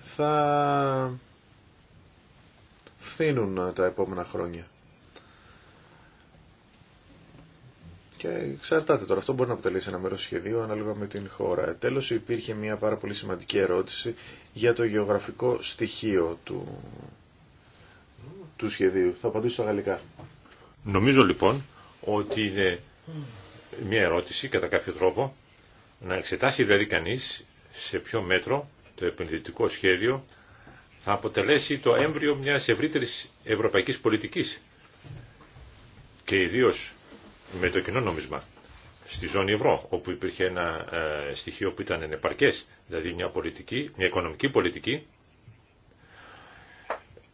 θα φθήνουν τα επόμενα χρόνια. Και εξαρτάται τώρα, αυτό μπορεί να αποτελέσει ένα μέρο σχεδίου ανάλογα με την χώρα. Τέλο, υπήρχε μια πάρα πολύ σημαντική ερώτηση για το γεωγραφικό στοιχείο του, του σχεδίου. Θα απαντήσω στα γαλλικά. Νομίζω λοιπόν ότι είναι μια ερώτηση κατά κάποιο τρόπο να εξετάσει δηλαδή κανεί σε ποιο μέτρο το επενδυτικό σχέδιο θα αποτελέσει το έμβριο μια ευρύτερης ευρωπαϊκής πολιτικής και ιδίως με το κοινό νόμισμα στη ζώνη ευρώ, όπου υπήρχε ένα ε, στοιχείο που ήταν ενεπαρκές, δηλαδή μια, πολιτική, μια οικονομική πολιτική.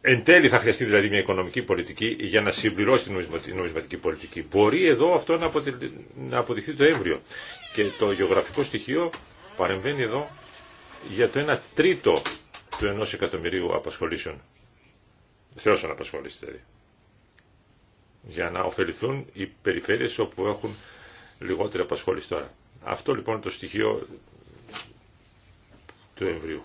Εν τέλει θα χρειαστεί δηλαδή μια οικονομική πολιτική για να συμπληρώσει την νομισματική πολιτική. Μπορεί εδώ αυτό να, αποδειχθεί το έμβριο. Και το γεωγραφικό στοιχείο παρεμβαίνει εδώ για το 1 τρίτο του 1 εκατομμυρίου απασχολήσεων. Θεώσεων απασχολήσει δηλαδή για να ωφεληθούν οι περιφέρειες όπου έχουν λιγότερη απασχόληση τώρα. Αυτό λοιπόν το στοιχείο του εμβρίου.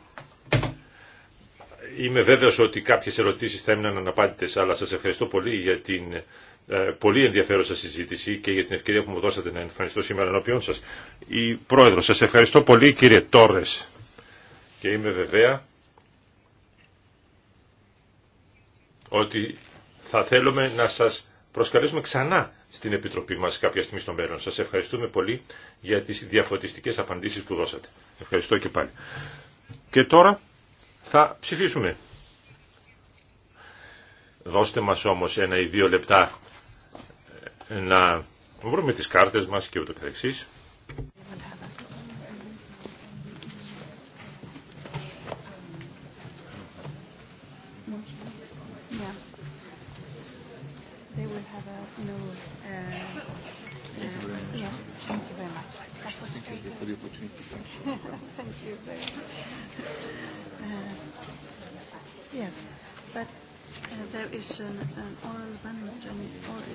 Είμαι βέβαιος ότι κάποιες ερωτήσεις θα έμειναν αναπάντητες, αλλά σας ευχαριστώ πολύ για την ε, πολύ ενδιαφέρουσα συζήτηση και για την ευκαιρία που μου δώσατε να εμφανιστώ σήμερα ενώπιον σας. Η Πρόεδρος, σας ευχαριστώ πολύ κύριε Τόρες και είμαι βεβαία ότι θα θέλουμε να σας προσκαλέσουμε ξανά στην Επιτροπή μας κάποια στιγμή στο μέλλον. Σας ευχαριστούμε πολύ για τις διαφωτιστικές απαντήσεις που δώσατε. Ευχαριστώ και πάλι. Και τώρα θα ψηφίσουμε. Δώστε μας όμως ένα ή δύο λεπτά ε, να βρούμε τις κάρτες μας και ούτω καθεξής. No. Thank you very much. Thank you very much. Thank you Yes, but there is an oral to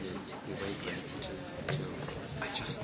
Yes. I just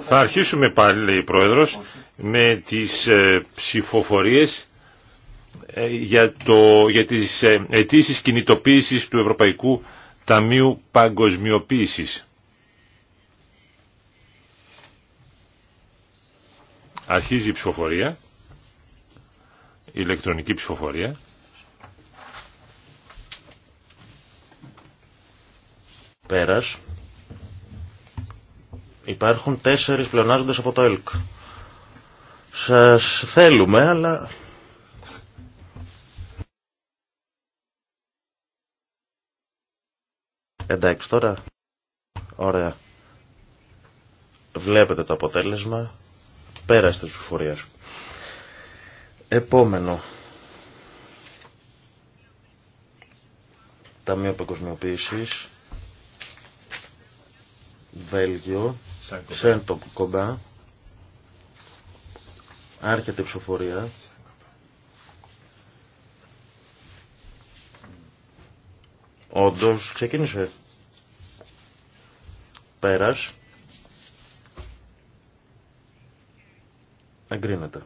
Θα αρχίσουμε πάλι, λέει η Πρόεδρος, με τις ε, ψηφοφορίες ε, για, το, για τις ε, αιτήσει κινητοποίησης του Ευρωπαϊκού Ταμείου Παγκοσμιοποίησης. Αρχίζει η ψηφοφορία, η ηλεκτρονική ψηφοφορία. Πέρας. Υπάρχουν τέσσερις πλεονάζοντες από το ΕΛΚ. Σας θέλουμε, αλλά... Εντάξει τώρα. Ωραία. Βλέπετε το αποτέλεσμα. Πέρασε τη Επόμενο. Ταμείο Παγκοσμιοποίησης. Βέλγιο, Σέντο κομπά, άρχεται η ψηφοφορία. Όντω ξεκίνησε. Πέρας. Εγκρίνεται.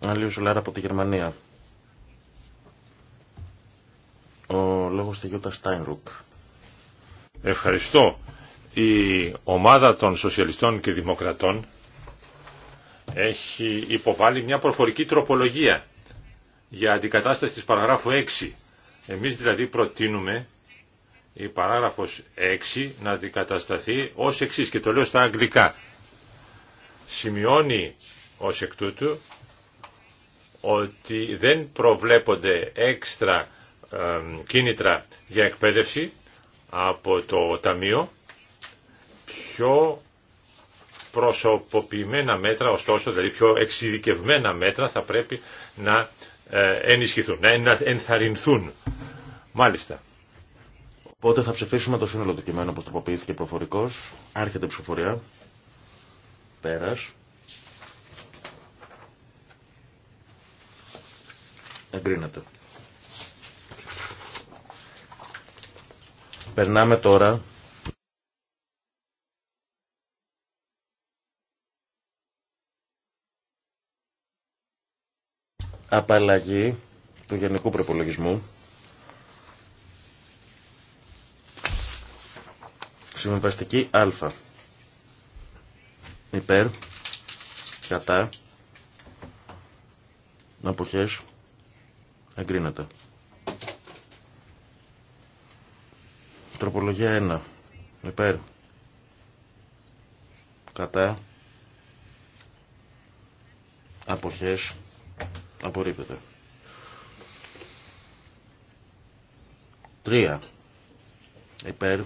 Αλλιώς Λάρα από τη Γερμανία. λόγος στη Γιώτα Ευχαριστώ. Η ομάδα των Σοσιαλιστών και Δημοκρατών έχει υποβάλει μια προφορική τροπολογία για αντικατάσταση της παραγράφου 6. Εμείς δηλαδή προτείνουμε η παράγραφος 6 να αντικατασταθεί ως εξή και το λέω στα αγγλικά. Σημειώνει ως εκ τούτου ότι δεν προβλέπονται έξτρα κίνητρα για εκπαίδευση από το Ταμείο, πιο προσωποποιημένα μέτρα, ωστόσο, δηλαδή πιο εξειδικευμένα μέτρα θα πρέπει να ε, ενισχυθούν, να ενθαρρυνθούν. Μάλιστα. Οπότε θα ψηφίσουμε το σύνολο του κειμένου που τροποποιήθηκε προφορικό. Άρχεται η ψηφοφορία. Πέρα. Εγκρίνεται. Περνάμε τώρα απαλλαγή του Γενικού Προπολογισμού. Συμβαστική Α. Υπέρ. Κατά. Αποχές. Εγκρίνεται. Ανθρωπολογία 1. Υπέρ. Κατά. Αποχές. Απορρίπτεται. 3. Υπέρ.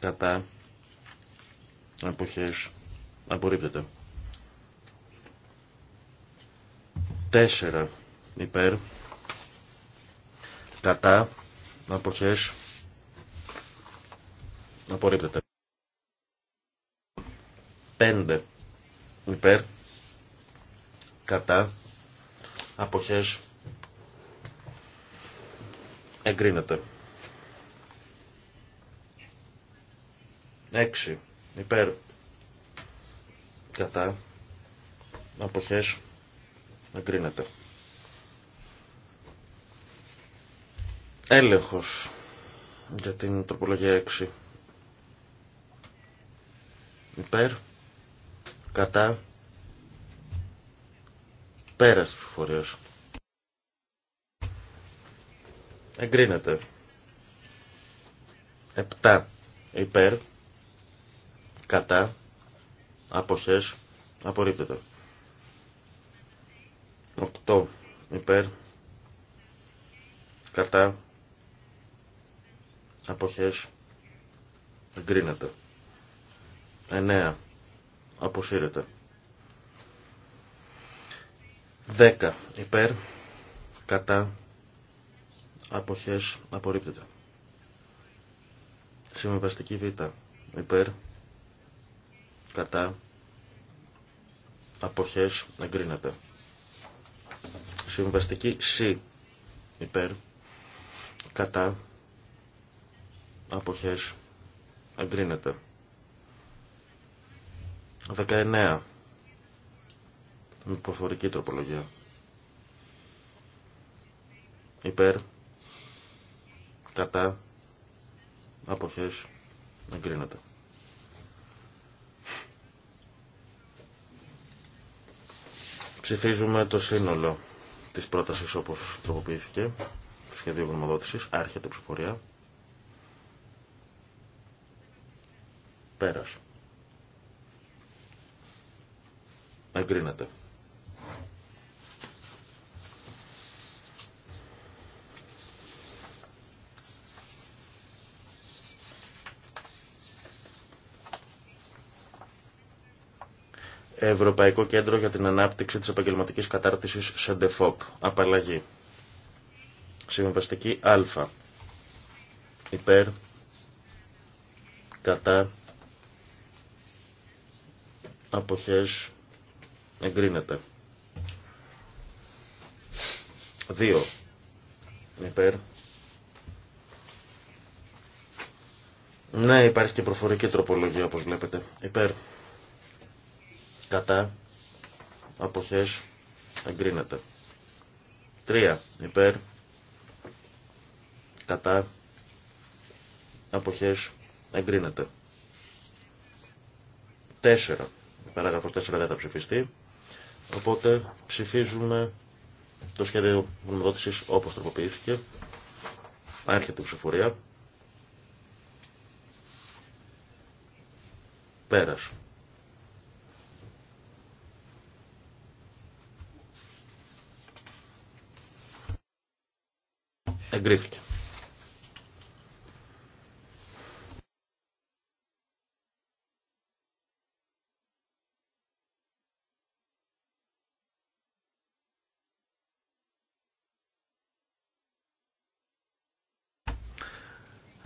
Κατά. Αποχές. Απορρίπτεται. 4. Υπέρ. Κατά. Αποχές Απορρίπτεται. 5 υπέρ κατά αποχές εγκρίνεται. 6 υπέρ κατά αποχές εγκρίνεται. Έλεγχος για την τροπολογία 6 υπέρ, κατά, πέρας της Εγκρίνεται. επτά υπέρ, κατά, αποσές, απορρίπτεται. οκτώ, υπέρ, κατά, αποχές, εγκρίνεται. 9. Αποσύρεται. 10. Υπέρ. Κατά. Αποχές. Απορρίπτεται. Συμβαστική Β. Υπέρ. Κατά. Αποχές. Εγκρίνεται. Συμβαστική Σ. Υπέρ. Κατά. Αποχές. Εγκρίνεται. 19. Με προφορική τροπολογία. Υπέρ. Κατά. Αποχές. Εγκρίνεται. Ψηφίζουμε το σύνολο της πρότασης όπως τροποποιήθηκε. Το σχεδίο γνωμοδότησης. Άρχεται ψηφορία. Πέρασε. Εγκρίνεται. Ευρωπαϊκό Κέντρο για την Ανάπτυξη της Επαγγελματικής Κατάρτισης ΣΕΝΤΕΦΟΠ. Απαλλαγή. Συμβαστική Α. Υπέρ. Κατά. Αποχές εγκρίνεται. 2 υπέρ. Ναι, υπάρχει και προφορική τροπολογία όπως βλέπετε. Υπέρ. Κατά. Αποχές. Εγκρίνεται. 3 υπέρ. Κατά. Αποχές. Εγκρίνεται. 4. Παράγραφος 4 δεν θα ψηφιστεί. Οπότε ψηφίζουμε το σχέδιο γνωμοδότηση όπως τροποποιήθηκε. Άρχεται η ψηφορία. Πέρας. Εγκρίθηκε.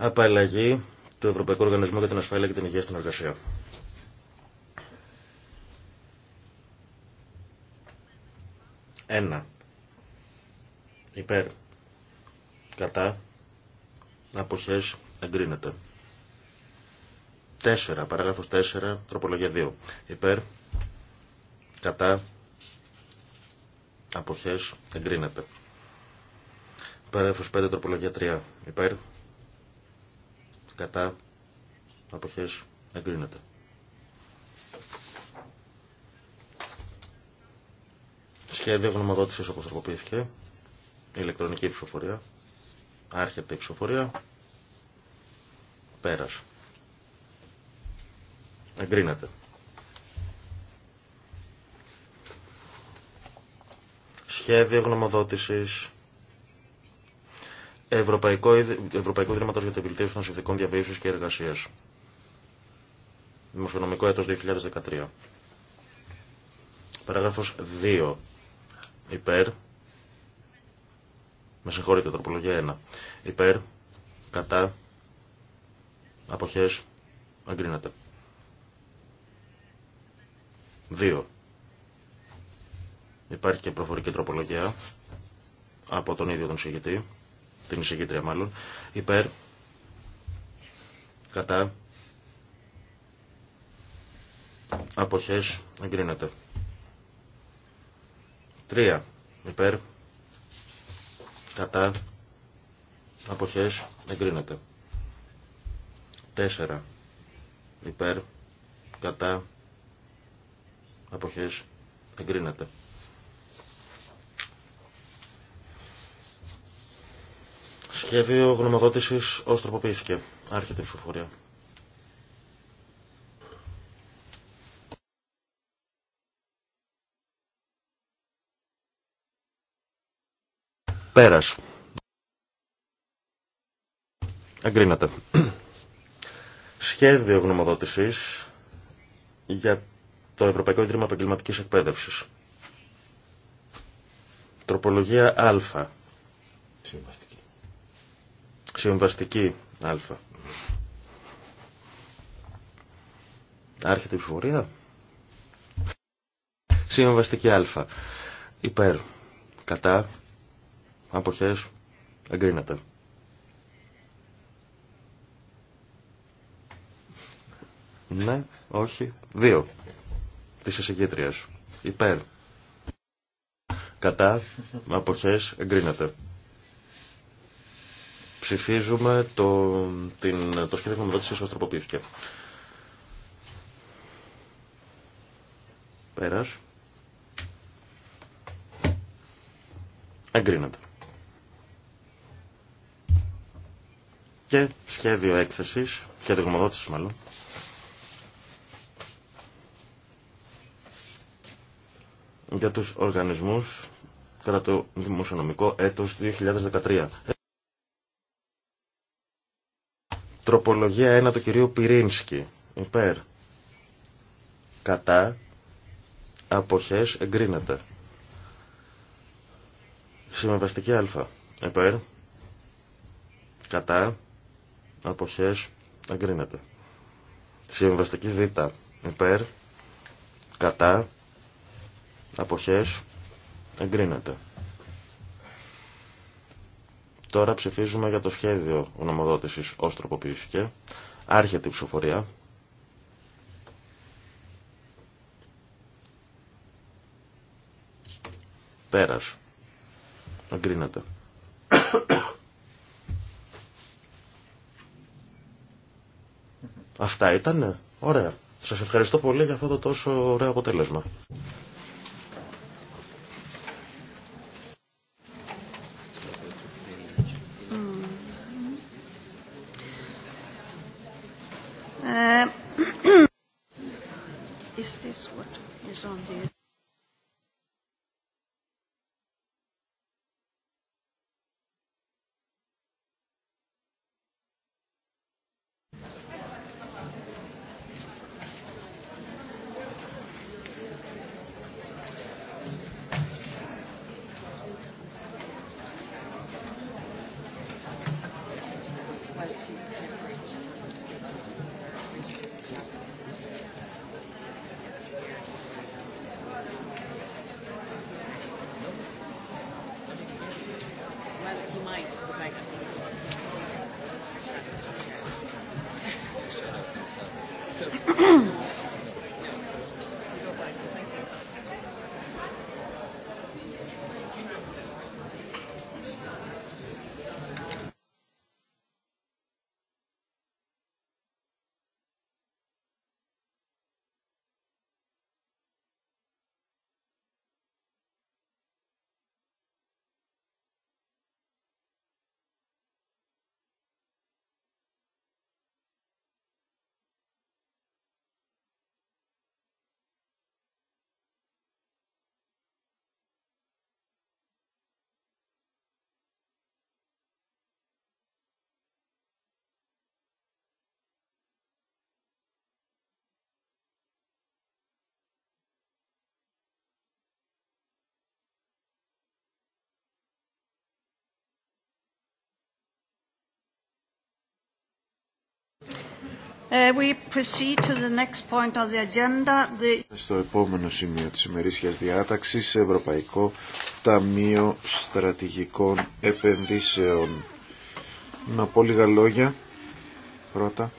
απαλλαγή του Ευρωπαϊκού Οργανισμού για την Ασφάλεια και την Υγεία στην Εργασία. 1. Υπέρ. Κατά. Αποχές. Εγκρίνεται. 4, παράγραφος 4, τροπολογία 2. Υπέρ, κατά, αποχές, εγκρίνεται. Παράγραφος 5, τροπολογία 3. Υπέρ, κατά αποχές εγκρίνεται. Σχέδιο γνωμοδότησης όπως τροποποιήθηκε, ηλεκτρονική ψηφοφορία, άρχεται η ψηφοφορία, πέρας. Εγκρίνεται. Σχέδιο γνωμοδότησης Ευρωπαϊκό, Ευρωπαϊκού Ιδρύματος για την Βελτίωση των Συνθηκών Διαβίωσης και Εργασίας. Δημοσιονομικό έτος 2013. Παράγραφος 2. Υπέρ. Με συγχωρείτε, τροπολογία 1. Υπέρ. Κατά. Αποχές. Αγκρίνεται. 2. Υπάρχει και προφορική τροπολογία από τον ίδιο τον συγγητή την εισηγήτρια μάλλον, υπέρ, κατά, αποχές, εγκρίνεται. Τρία, υπέρ, κατά, αποχές, εγκρίνεται. Τέσσερα, υπέρ, κατά, αποχές, εγκρίνεται. Σχέδιο γνωμοδότησης ως τροποποιήθηκε. Άρχεται η ψηφοφορία. Πέρας. Εγκρίνεται. Σχέδιο γνωμοδότησης για το Ευρωπαϊκό Ίδρυμα Επαγγελματικής Εκπαίδευσης. Τροπολογία Α. Συμβαστική α. Άρχεται η ψηφορία. Συμβαστική α. Υπέρ. Κατά. Αποχές. Εγκρίνεται. Ναι, όχι, δύο. Της εισηγήτριας. Υπέρ. Κατά. Αποχές. Εγκρίνεται. Ψηφίζουμε το, το σχέδιο νομοδότησης ω τροποποιήθηκε. Πέρα. Εγκρίνεται. Και σχέδιο έκθεση σχέδιο γνωμοδότηση μάλλον. για τους οργανισμούς κατά το δημοσιονομικό έτος 2013. Τροπολογία 1 του κυρίου Πυρίνσκι. Υπέρ. Κατά. Αποχές εγκρίνεται. Συμβαστική α. Υπέρ. Κατά. Αποχές εγκρίνεται. Συμβαστική β. Υπέρ. Κατά. Αποχές εγκρίνεται. Τώρα ψηφίζουμε για το σχέδιο γνωμοδότησης ως τροποποιήθηκε. Άρχεται η ψηφοφορία. Πέρας. Αγκρίνεται. Αυτά ήτανε. Ωραία. Σας ευχαριστώ πολύ για αυτό το τόσο ωραίο αποτέλεσμα. Ε, Στο επόμενο σημείο της ημερήσιας διάταξης, Ευρωπαϊκό Ταμείο Στρατηγικών Επενδύσεων. Να πω λίγα λόγια. Πρώτα,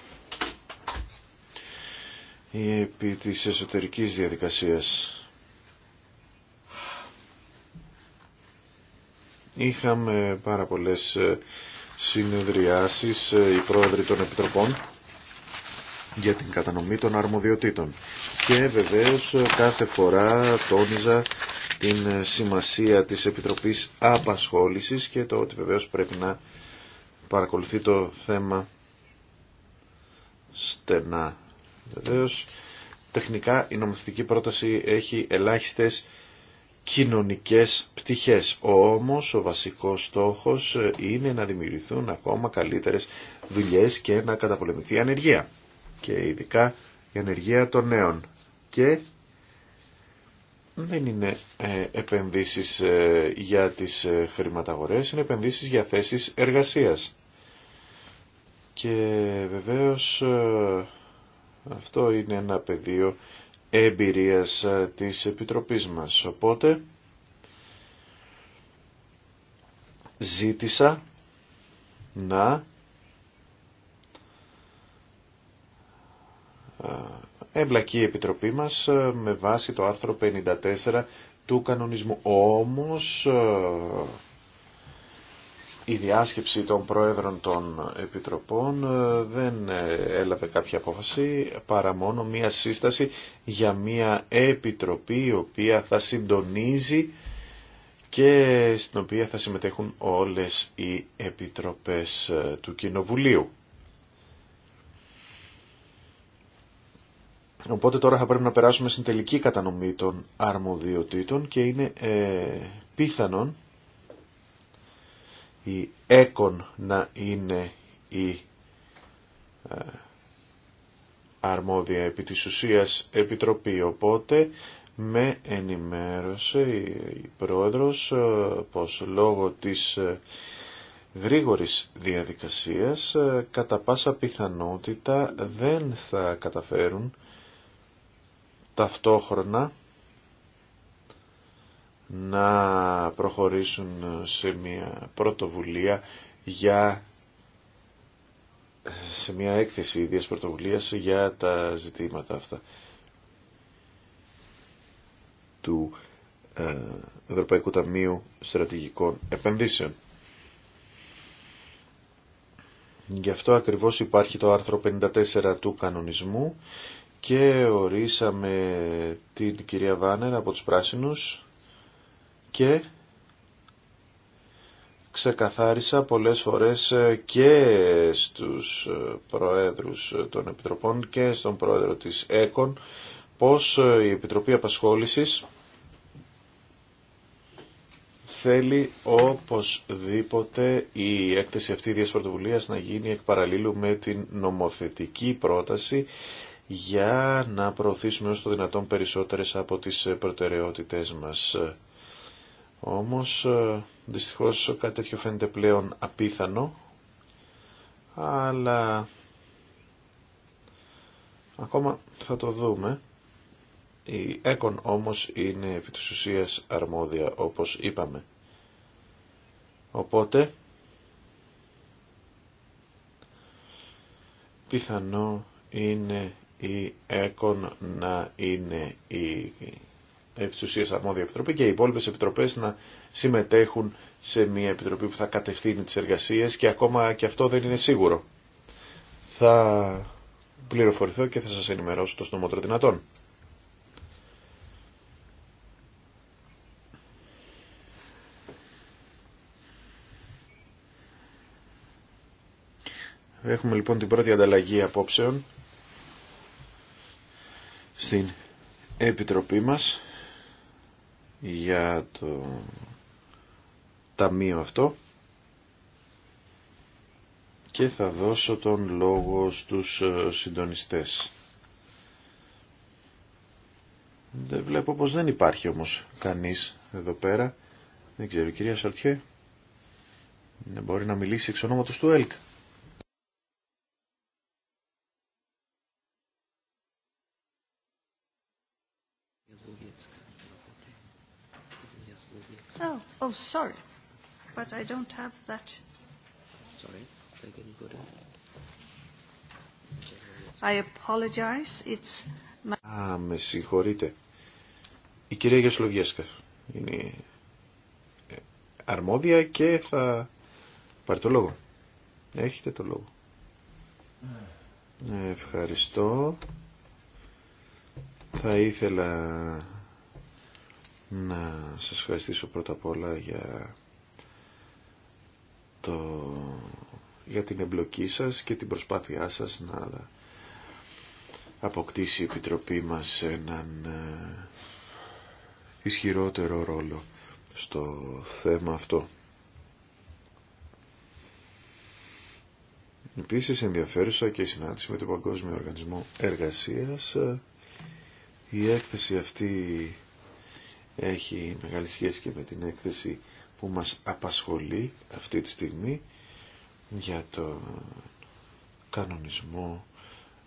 η επί της εσωτερικής διαδικασίας. Είχαμε πάρα πολλές ε, συνεδριάσεις, ε, οι πρόεδροι των επιτροπών για την κατανομή των αρμοδιοτήτων. Και βεβαίως κάθε φορά τόνιζα την σημασία της Επιτροπής Απασχόλησης και το ότι βεβαίως πρέπει να παρακολουθεί το θέμα στενά. Βεβαίως τεχνικά η νομοθετική πρόταση έχει ελάχιστες κοινωνικές πτυχές. Όμως ο βασικός στόχος ε, είναι να δημιουργηθούν ακόμα καλύτερες δουλειές και να καταπολεμηθεί η ανεργία και ειδικά η ανεργία των νέων. Και δεν είναι ε, επενδύσεις ε, για τις ε, χρηματαγορές, είναι επενδύσεις για θέσεις εργασίας. Και βεβαίως αυτό είναι ένα πεδίο εμπειρίας της Επιτροπής μας. Οπότε ζήτησα να εμπλακεί η Επιτροπή μας ε, με βάση το άρθρο 54 του κανονισμού. Όμως ε, η διάσκεψη των Πρόεδρων των Επιτροπών ε, δεν έλαβε κάποια απόφαση παρά μόνο μία σύσταση για μία Επιτροπή η οποία θα συντονίζει και στην οποία θα συμμετέχουν όλες οι Επιτροπές του Κοινοβουλίου. Οπότε τώρα θα πρέπει να περάσουμε στην τελική κατανομή των αρμοδιοτήτων και είναι ε, πιθανόν η έκον να είναι η ε, αρμόδια επί της ουσίας επιτροπή. Οπότε με ενημέρωσε η πρόεδρος ε, πως λόγω της ε, γρήγορης διαδικασίας κατά πάσα πιθανότητα δεν θα καταφέρουν ταυτόχρονα να προχωρήσουν σε μια πρωτοβουλία για σε μια έκθεση ίδιας πρωτοβουλίας για τα ζητήματα αυτά του ε, Ευρωπαϊκού Ταμείου Στρατηγικών Επενδύσεων. Γι' αυτό ακριβώς υπάρχει το άρθρο 54 του κανονισμού και ορίσαμε την κυρία Βάνερ από τους Πράσινους και ξεκαθάρισα πολλές φορές και στους προέδρους των Επιτροπών και στον πρόεδρο της ΕΚΟΝ πως η Επιτροπή Απασχόλησης θέλει οπωσδήποτε η έκθεση αυτή της πρωτοβουλίας να γίνει εκ παραλλήλου με την νομοθετική πρόταση για να προωθήσουμε όσο το δυνατόν περισσότερες από τις προτεραιότητές μας. Όμως δυστυχώς κάτι τέτοιο φαίνεται πλέον απίθανο, αλλά ακόμα θα το δούμε. Η ΕΚΟΝ όμως είναι επί αρμόδια όπως είπαμε. Οπότε πιθανό είναι η ΕΚΟΝ να είναι η επιστουσίας αρμόδια επιτροπή και οι υπόλοιπε επιτροπές να συμμετέχουν σε μια επιτροπή που θα κατευθύνει τις εργασίες και ακόμα και αυτό δεν είναι σίγουρο. Θα πληροφορηθώ και θα σας ενημερώσω το στομότερο δυνατόν. Έχουμε λοιπόν την πρώτη ανταλλαγή απόψεων στην Επιτροπή μας για το ταμείο αυτό και θα δώσω τον λόγο στους ε, συντονιστές. Δεν βλέπω πως δεν υπάρχει όμως κανείς εδώ πέρα. Δεν ξέρω, κυρία Σαρτιέ μπορεί να μιλήσει εξ ονόματος του ΕΛΚ. Oh, sorry. But I don't have that. Sorry, I you. put it. I apologize. It's... my... Α, με συγχωρείτε. Η κυρία Γιασλοβιέσκα είναι ε, αρμόδια και θα πάρει το λόγο. Έχετε το λόγο. Ναι. Ναι, ευχαριστώ. Θα ήθελα να σας ευχαριστήσω πρώτα απ' όλα για, το, για την εμπλοκή σας και την προσπάθειά σας να αποκτήσει η Επιτροπή μας έναν ε, ισχυρότερο ρόλο στο θέμα αυτό. Επίσης ενδιαφέρουσα και η συνάντηση με τον Παγκόσμιο Οργανισμό Εργασίας. Η έκθεση αυτή έχει μεγάλη σχέση και με την έκθεση που μας απασχολεί αυτή τη στιγμή για το κανονισμό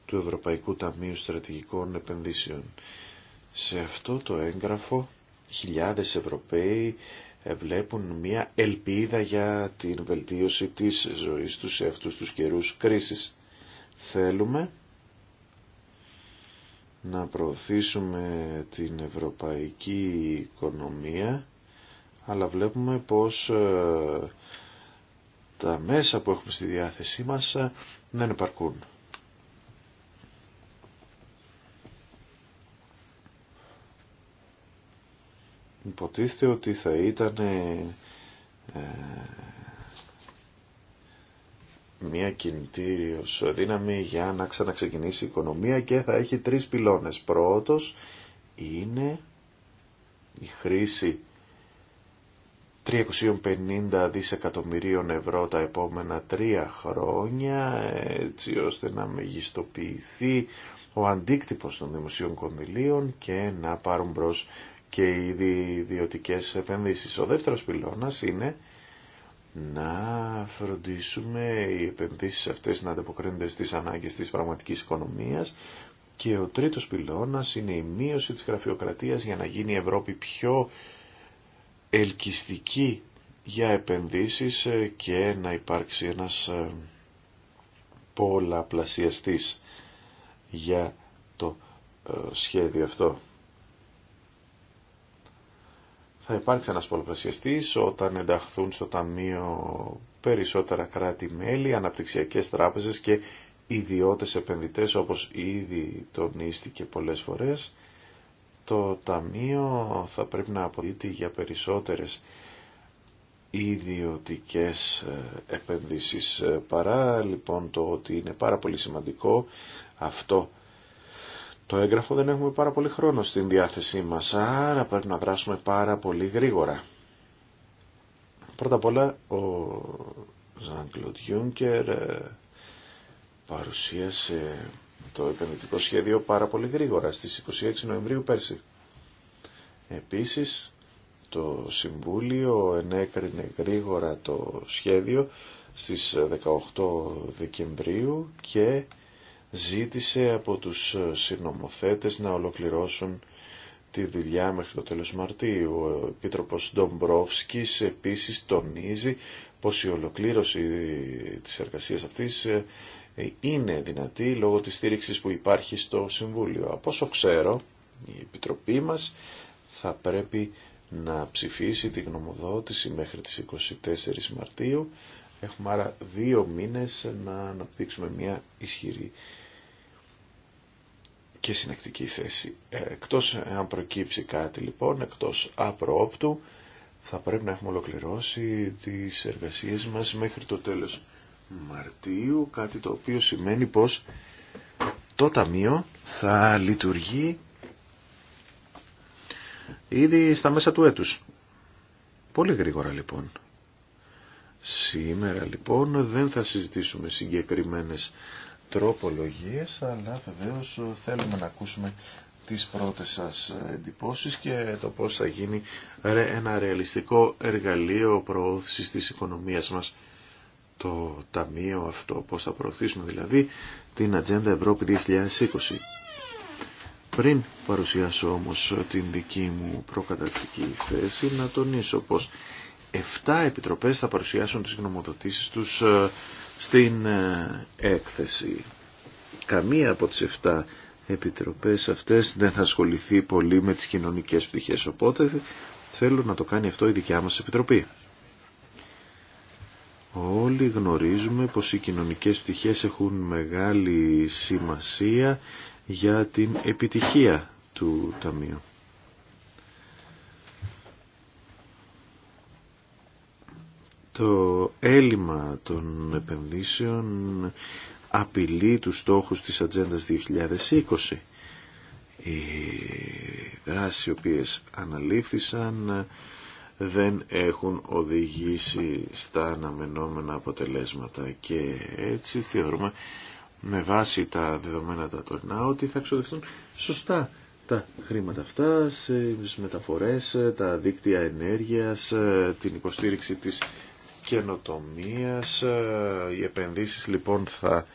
του Ευρωπαϊκού Ταμείου Στρατηγικών Επενδύσεων. Σε αυτό το έγγραφο χιλιάδες Ευρωπαίοι βλέπουν μια ελπίδα για την βελτίωση της ζωής τους σε αυτούς τους καιρούς κρίσης. Θέλουμε να προωθήσουμε την ευρωπαϊκή οικονομία αλλά βλέπουμε πως ε, τα μέσα που έχουμε στη διάθεσή μας ε, δεν επαρκούν. Υποτίθεται ότι θα ήταν ε, μια κινητήριος δύναμη για να ξαναξεκινήσει η οικονομία και θα έχει τρεις πυλώνες. Πρώτος είναι η χρήση 350 δισεκατομμυρίων ευρώ τα επόμενα τρία χρόνια έτσι ώστε να μεγιστοποιηθεί ο αντίκτυπος των δημοσίων κονδυλίων και να πάρουν μπρος και οι ιδιωτικέ επενδύσεις. Ο δεύτερος πυλώνας είναι να φροντίσουμε οι επενδύσεις αυτές να ανταποκρίνονται στις ανάγκες της πραγματικής οικονομίας και ο τρίτος πυλώνας είναι η μείωση της γραφειοκρατίας για να γίνει η Ευρώπη πιο ελκυστική για επενδύσεις και να υπάρξει ένας ε, πολλαπλασιαστής για το ε, σχέδιο αυτό θα υπάρξει ένας πολυπρασιαστής όταν ενταχθούν στο Ταμείο περισσότερα κράτη-μέλη, αναπτυξιακές τράπεζες και ιδιώτες επενδυτές όπως ήδη τονίστηκε πολλές φορές. Το Ταμείο θα πρέπει να αποδείται για περισσότερες ιδιωτικές ε, επενδύσεις ε, παρά λοιπόν το ότι είναι πάρα πολύ σημαντικό αυτό το έγγραφο δεν έχουμε πάρα πολύ χρόνο στην διάθεσή μας, άρα πρέπει να δράσουμε πάρα πολύ γρήγορα. Πρώτα απ' όλα ο Ζαν Κλοντ Γιούνκερ ε, παρουσίασε το επενδυτικό σχέδιο πάρα πολύ γρήγορα στις 26 Νοεμβρίου πέρσι. Επίσης το Συμβούλιο ενέκρινε γρήγορα το σχέδιο στις 18 Δεκεμβρίου και ζήτησε από τους συνομοθέτες να ολοκληρώσουν τη δουλειά μέχρι το τέλος Μαρτίου. Ο Επίτροπος Ντομπρόφσκης επίσης τονίζει πως η ολοκλήρωση της εργασίας αυτής ε, είναι δυνατή λόγω της στήριξης που υπάρχει στο Συμβούλιο. Από όσο ξέρω, η Επιτροπή μας θα πρέπει να ψηφίσει τη γνωμοδότηση μέχρι τις 24 Μαρτίου. Έχουμε άρα δύο μήνες να αναπτύξουμε μια ισχυρή και συνεκτική θέση. Ε, εκτός ε, αν προκύψει κάτι λοιπόν, εκτός απροόπτου, θα πρέπει να έχουμε ολοκληρώσει τις εργασίες μας μέχρι το τέλος Μαρτίου, κάτι το οποίο σημαίνει πως το Ταμείο θα λειτουργεί ήδη στα μέσα του έτους. Πολύ γρήγορα λοιπόν. Σήμερα λοιπόν δεν θα συζητήσουμε συγκεκριμένες τροπολογίες, αλλά βεβαίως θέλουμε να ακούσουμε τις πρώτες σας εντυπώσεις και το πώς θα γίνει ένα ρεαλιστικό εργαλείο προώθησης της οικονομίας μας το ταμείο αυτό, πώς θα προωθήσουμε δηλαδή την Ατζέντα Ευρώπη 2020. Πριν παρουσιάσω όμως την δική μου προκαταρκτική θέση, να τονίσω πως 7 επιτροπές θα παρουσιάσουν τις γνωμοδοτήσεις τους ε, στην ε, έκθεση. Καμία από τις 7 επιτροπές αυτές δεν θα ασχοληθεί πολύ με τις κοινωνικές πτυχές, οπότε θέλω να το κάνει αυτό η δικιά μας επιτροπή. Όλοι γνωρίζουμε πως οι κοινωνικές πτυχές έχουν μεγάλη σημασία για την επιτυχία του Ταμείου. το έλλειμμα των επενδύσεων απειλεί τους στόχους της Ατζέντα 2020. Οι δράσεις οι οποίες αναλήφθησαν δεν έχουν οδηγήσει στα αναμενόμενα αποτελέσματα και έτσι θεωρούμε με βάση τα δεδομένα τα τωρινά ότι θα εξοδευτούν σωστά τα χρήματα αυτά στις μεταφορές, τα δίκτυα ενέργειας, την υποστήριξη της καινοτομίας. Ε, οι επενδύσεις λοιπόν θα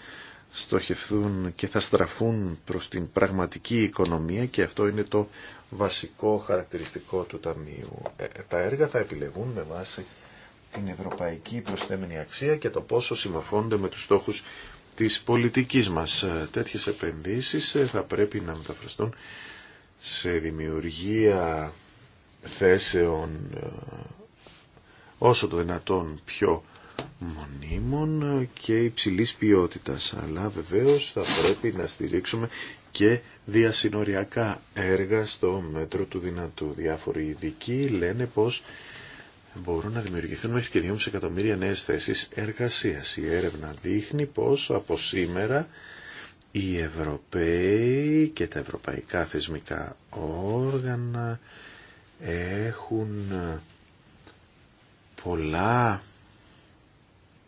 στοχευθούν και θα στραφούν προς την πραγματική οικονομία και αυτό είναι το βασικό χαρακτηριστικό του Ταμείου. Ε, τα έργα θα επιλεγούν με βάση την ευρωπαϊκή προσθέμενη αξία και το πόσο συμμορφώνονται με τους στόχους της πολιτικής μας. Ε, τέτοιες επενδύσεις θα πρέπει να μεταφραστούν σε δημιουργία θέσεων όσο το δυνατόν πιο μονίμων και υψηλής ποιότητας. Αλλά βεβαίως θα πρέπει να στηρίξουμε και διασυνοριακά έργα στο μέτρο του δυνατού. Διάφοροι ειδικοί λένε πως μπορούν να δημιουργηθούν μέχρι και 2,5 εκατομμύρια νέες θέσεις εργασίας. Η έρευνα δείχνει πως από σήμερα οι Ευρωπαίοι και τα ευρωπαϊκά θεσμικά όργανα έχουν πολλά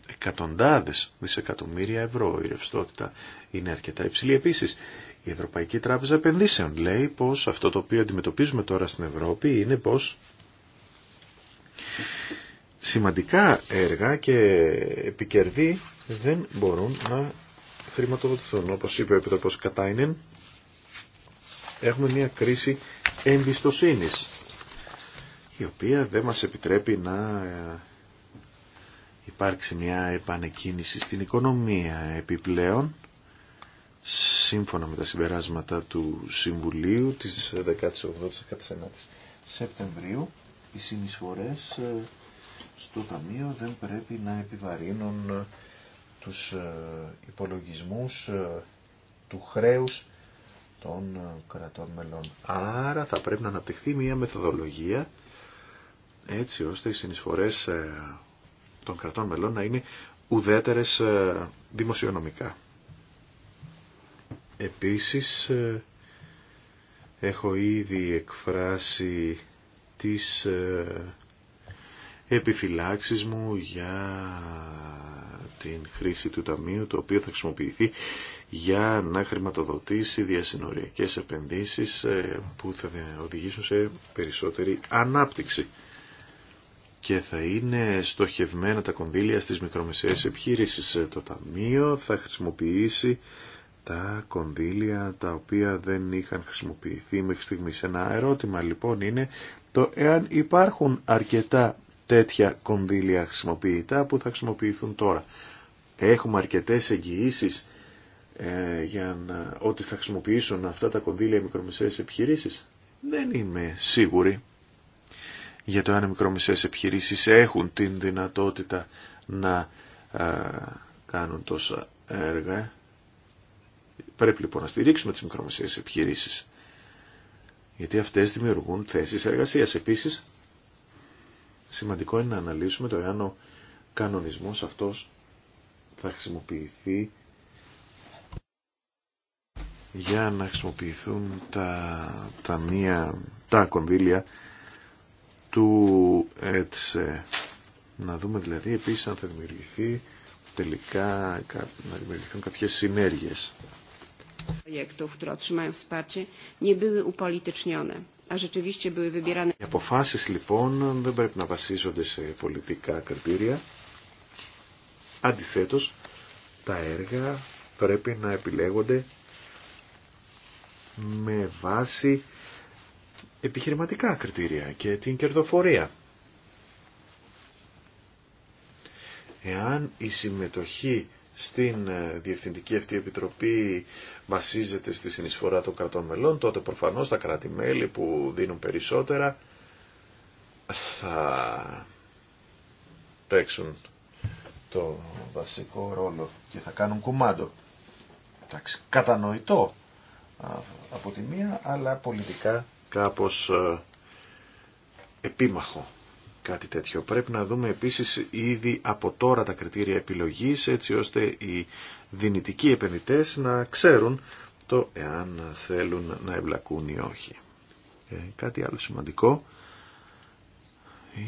εκατοντάδες δισεκατομμύρια ευρώ. Η ρευστότητα είναι αρκετά υψηλή. Επίσης, η Ευρωπαϊκή Τράπεζα Επενδύσεων λέει πως αυτό το οποίο αντιμετωπίζουμε τώρα στην Ευρώπη είναι πως σημαντικά έργα και επικερδοί δεν μπορούν να χρηματοδοτηθούν. Όπως είπε ο Επιτροπός Κατάινεν, έχουμε μια κρίση εμπιστοσύνης η οποία δεν μας επιτρέπει να ε, υπάρξει μια επανεκκίνηση στην οικονομία. Επιπλέον, σύμφωνα με τα συμπεράσματα του Συμβουλίου της 18 19 σεπτεμβριου οι συνεισφορές ε, στο Ταμείο δεν πρέπει να επιβαρύνουν ε, τους υπολογισμούς του χρέους των κρατών μελών. Άρα θα πρέπει να αναπτυχθεί μια μεθοδολογία έτσι ώστε οι συνεισφορές ε, των κρατών μελών να είναι ουδέτερες ε, δημοσιονομικά. Επίσης, ε, έχω ήδη εκφράσει τις επιφυλάξεις μου για την χρήση του Ταμείου, το οποίο θα χρησιμοποιηθεί για να χρηματοδοτήσει διασυνοριακές επενδύσεις που θα οδηγήσουν σε περισσότερη ανάπτυξη και θα είναι στοχευμένα τα κονδύλια στις μικρομεσαίες επιχειρήσεις. Ε, το Ταμείο θα χρησιμοποιήσει τα κονδύλια τα οποία δεν είχαν χρησιμοποιηθεί μέχρι στιγμής. Ένα ερώτημα λοιπόν είναι το εάν υπάρχουν αρκετά τέτοια κονδύλια χρησιμοποιητά που θα χρησιμοποιηθούν τώρα. Έχουμε αρκετές εγγυήσεις ε, για να, ότι θα χρησιμοποιήσουν αυτά τα κονδύλια μικρομεσαίες επιχειρήσεις. Δεν είμαι σίγουρη για το αν οι μικρομεσαίες επιχειρήσεις έχουν την δυνατότητα να ε, κάνουν τόσα έργα. Πρέπει λοιπόν να στηρίξουμε τις μικρομεσαίες επιχειρήσεις. Γιατί αυτές δημιουργούν θέσεις εργασίας. Επίσης, σημαντικό είναι να αναλύσουμε το εάν ο κανονισμός αυτός θα χρησιμοποιηθεί για να χρησιμοποιηθούν τα, τα, μία, τα κονδύλια του ΕΤΣΕ. Να δούμε δηλαδή επίσης αν θα δημιουργηθεί τελικά να δημιουργηθούν κάποιες συνέργειες. Οι αποφάσεις λοιπόν δεν πρέπει να βασίζονται σε πολιτικά κριτήρια. Αντιθέτως, τα έργα πρέπει να επιλέγονται με βάση επιχειρηματικά κριτήρια και την κερδοφορία. Εάν η συμμετοχή στην ε, Διευθυντική αυτή Επιτροπή βασίζεται στη συνεισφορά των κρατών μελών, τότε προφανώς τα κράτη-μέλη που δίνουν περισσότερα θα παίξουν το βασικό ρόλο και θα κάνουν κουμάντο. Εντάξει, κατανοητό από τη μία, αλλά πολιτικά κάπως ε, επίμαχο κάτι τέτοιο. Πρέπει να δούμε επίσης ήδη από τώρα τα κριτήρια επιλογής έτσι ώστε οι δυνητικοί επενδυτές να ξέρουν το εάν θέλουν να εμπλακούν ή όχι. Ε, κάτι άλλο σημαντικό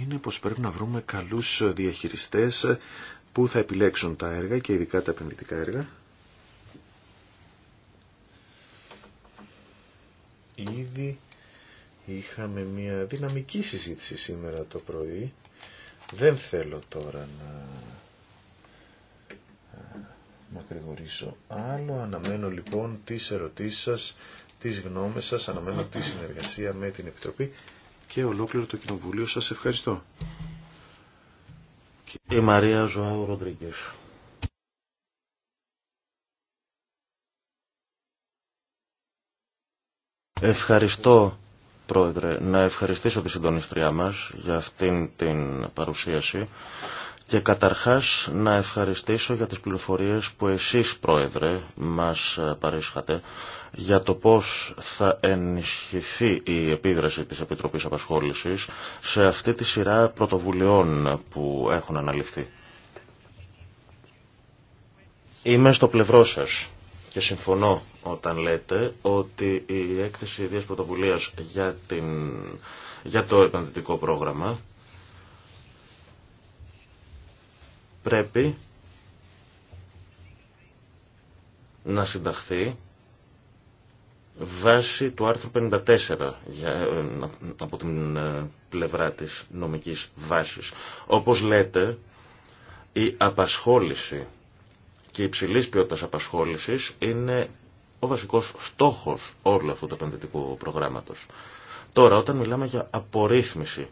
είναι πως πρέπει να βρούμε καλούς διαχειριστές που θα επιλέξουν τα έργα και ειδικά τα επενδυτικά έργα. Ήδη Είχαμε μια δυναμική συζήτηση σήμερα το πρωί. Δεν θέλω τώρα να μακρηγορήσω άλλο. Αναμένω λοιπόν τις ερωτήσεις σας, τις γνώμες σας, αναμένω τη συνεργασία με την Επιτροπή και ολόκληρο το Κοινοβουλίο. Σας ευχαριστώ. Η Μαρία Ζωάου Ευχαριστώ Πρόεδρε, να ευχαριστήσω τη συντονιστριά μας για αυτήν την παρουσίαση και καταρχάς να ευχαριστήσω για τις πληροφορίες που εσείς Πρόεδρε μας παρέσχατε για το πώς θα ενισχυθεί η επίδραση της Επιτροπής Απασχόλησης σε αυτή τη σειρά πρωτοβουλειών που έχουν αναλυφθεί. Είμαι στο πλευρό σας και συμφωνώ όταν λέτε ότι η έκθεση ιδίας πρωτοβουλία για, για το επενδυτικό πρόγραμμα πρέπει να συνταχθεί βάσει του άρθρου 54 ε, από την ε, πλευρά της νομικής βάσης. Όπως λέτε, η απασχόληση και υψηλή ποιότητας απασχόλησης είναι ο βασικός στόχος όλου αυτού του επενδυτικού προγράμματος. Τώρα, όταν μιλάμε για απορρίθμιση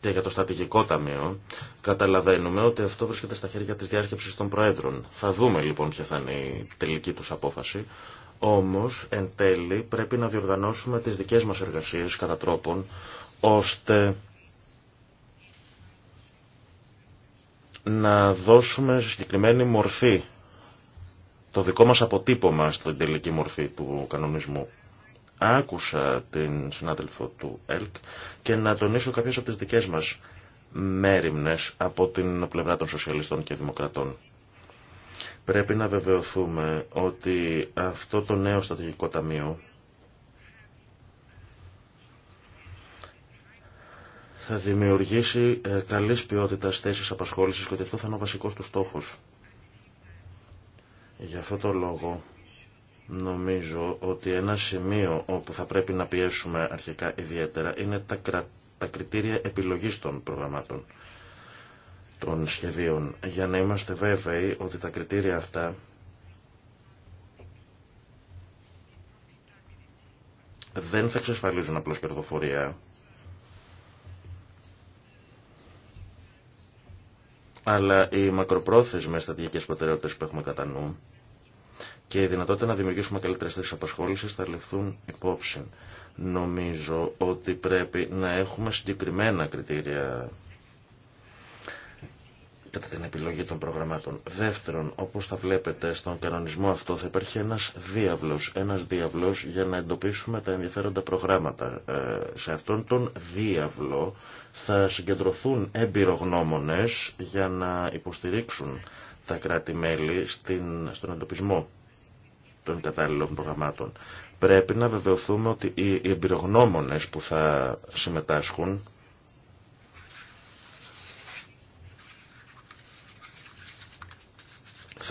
και για το στατηγικό ταμείο, καταλαβαίνουμε ότι αυτό βρίσκεται στα χέρια της διάσκεψης των Προέδρων. Θα δούμε λοιπόν ποια θα είναι η τελική του απόφαση. Όμως, εν τέλει, πρέπει να διοργανώσουμε τι δικέ μα εργασίε κατά τρόπον, ώστε να δώσουμε συγκεκριμένη μορφή, το δικό μας αποτύπωμα στην τελική μορφή του κανονισμού. Άκουσα την συνάδελφο του ΕΛΚ και να τονίσω κάποιες από τις δικές μας μέρημνες από την πλευρά των σοσιαλιστών και δημοκρατών. Πρέπει να βεβαιωθούμε ότι αυτό το νέο στρατηγικό ταμείο θα δημιουργήσει ε, καλής ποιότητας θέσεις απασχόλησης και ότι αυτό θα είναι ο βασικός του στόχος. Για αυτό το λόγο νομίζω ότι ένα σημείο όπου θα πρέπει να πιέσουμε αρχικά ιδιαίτερα είναι τα, κριτήρια επιλογής των προγραμμάτων των σχεδίων για να είμαστε βέβαιοι ότι τα κριτήρια αυτά δεν θα εξασφαλίζουν απλώς κερδοφορία αλλά οι μακροπρόθεσμες στρατηγικές προτεραιότητες που έχουμε κατά νου και η δυνατότητα να δημιουργήσουμε καλύτερες θέσεις απασχόλησης θα ληφθούν υπόψη. Νομίζω ότι πρέπει να έχουμε συγκεκριμένα κριτήρια την επιλογή των προγραμμάτων. Δεύτερον, όπως θα βλέπετε στον κανονισμό αυτό θα υπάρχει ένας διάβλος, ένας διάβλος για να εντοπίσουμε τα ενδιαφέροντα προγράμματα. Ε, σε αυτόν τον διάβλο θα συγκεντρωθούν εμπειρογνώμονες για να υποστηρίξουν τα κράτη-μέλη στον εντοπισμό των κατάλληλων προγραμμάτων. Πρέπει να βεβαιωθούμε ότι οι εμπειρογνώμονες που θα συμμετάσχουν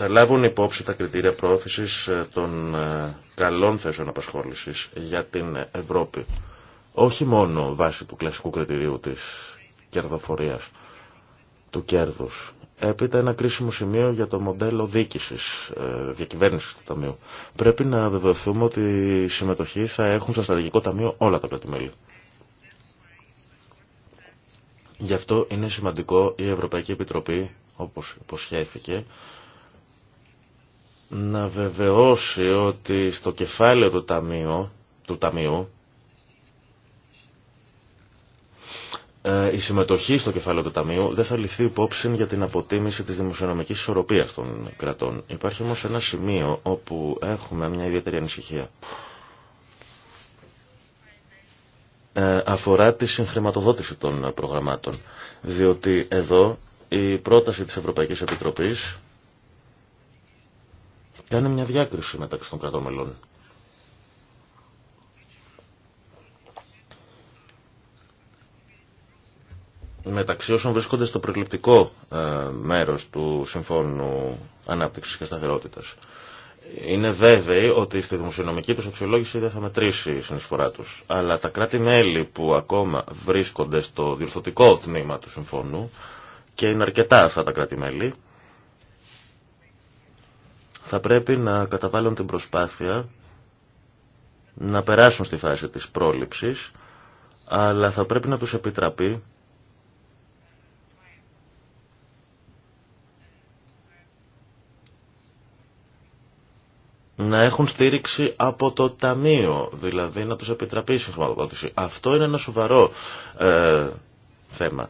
θα λάβουν υπόψη τα κριτήρια πρόθεσης ε, των ε, καλών θέσεων απασχόλησης για την Ευρώπη. Όχι μόνο βάσει του κλασικού κριτηρίου της κερδοφορίας, του κέρδους. Έπειτα ένα κρίσιμο σημείο για το μοντέλο δίκησης, ε, διακυβέρνησης του Ταμείου. Πρέπει να βεβαιωθούμε ότι η συμμετοχή θα έχουν στο στρατηγικό ταμείο όλα τα κρατημέλη. Γι' αυτό είναι σημαντικό η Ευρωπαϊκή Επιτροπή, όπως υποσχέθηκε, να βεβαιώσει ότι στο κεφάλαιο του ταμείου, του ταμείου ε, η συμμετοχή στο κεφάλαιο του Ταμείου δεν θα ληφθεί υπόψη για την αποτίμηση της δημοσιονομικής ισορροπίας των κρατών. Υπάρχει όμως ένα σημείο όπου έχουμε μια ιδιαίτερη ανησυχία. Ε, αφορά τη συγχρηματοδότηση των προγραμμάτων. Διότι εδώ η πρόταση της Ευρωπαϊκής Επιτροπής κάνει μια διάκριση μεταξύ των κρατών μελών. μεταξύ όσων βρίσκονται στο προκλητικό ε, μέρος του Συμφώνου Ανάπτυξης και Σταθερότητας. Είναι βέβαιοι ότι στη δημοσιονομική τους αξιολόγηση δεν θα μετρήσει η συνεισφορά τους. Αλλά τα κράτη-μέλη που ακόμα βρίσκονται στο διορθωτικό τμήμα του Συμφώνου και είναι αρκετά αυτά τα κράτη-μέλη, θα πρέπει να καταβάλουν την προσπάθεια να περάσουν στη φάση της πρόληψης, αλλά θα πρέπει να τους επιτραπεί να έχουν στήριξη από το ταμείο, δηλαδή να τους επιτραπεί η συγχρηματοδότηση. Αυτό είναι ένα σοβαρό ε, θέμα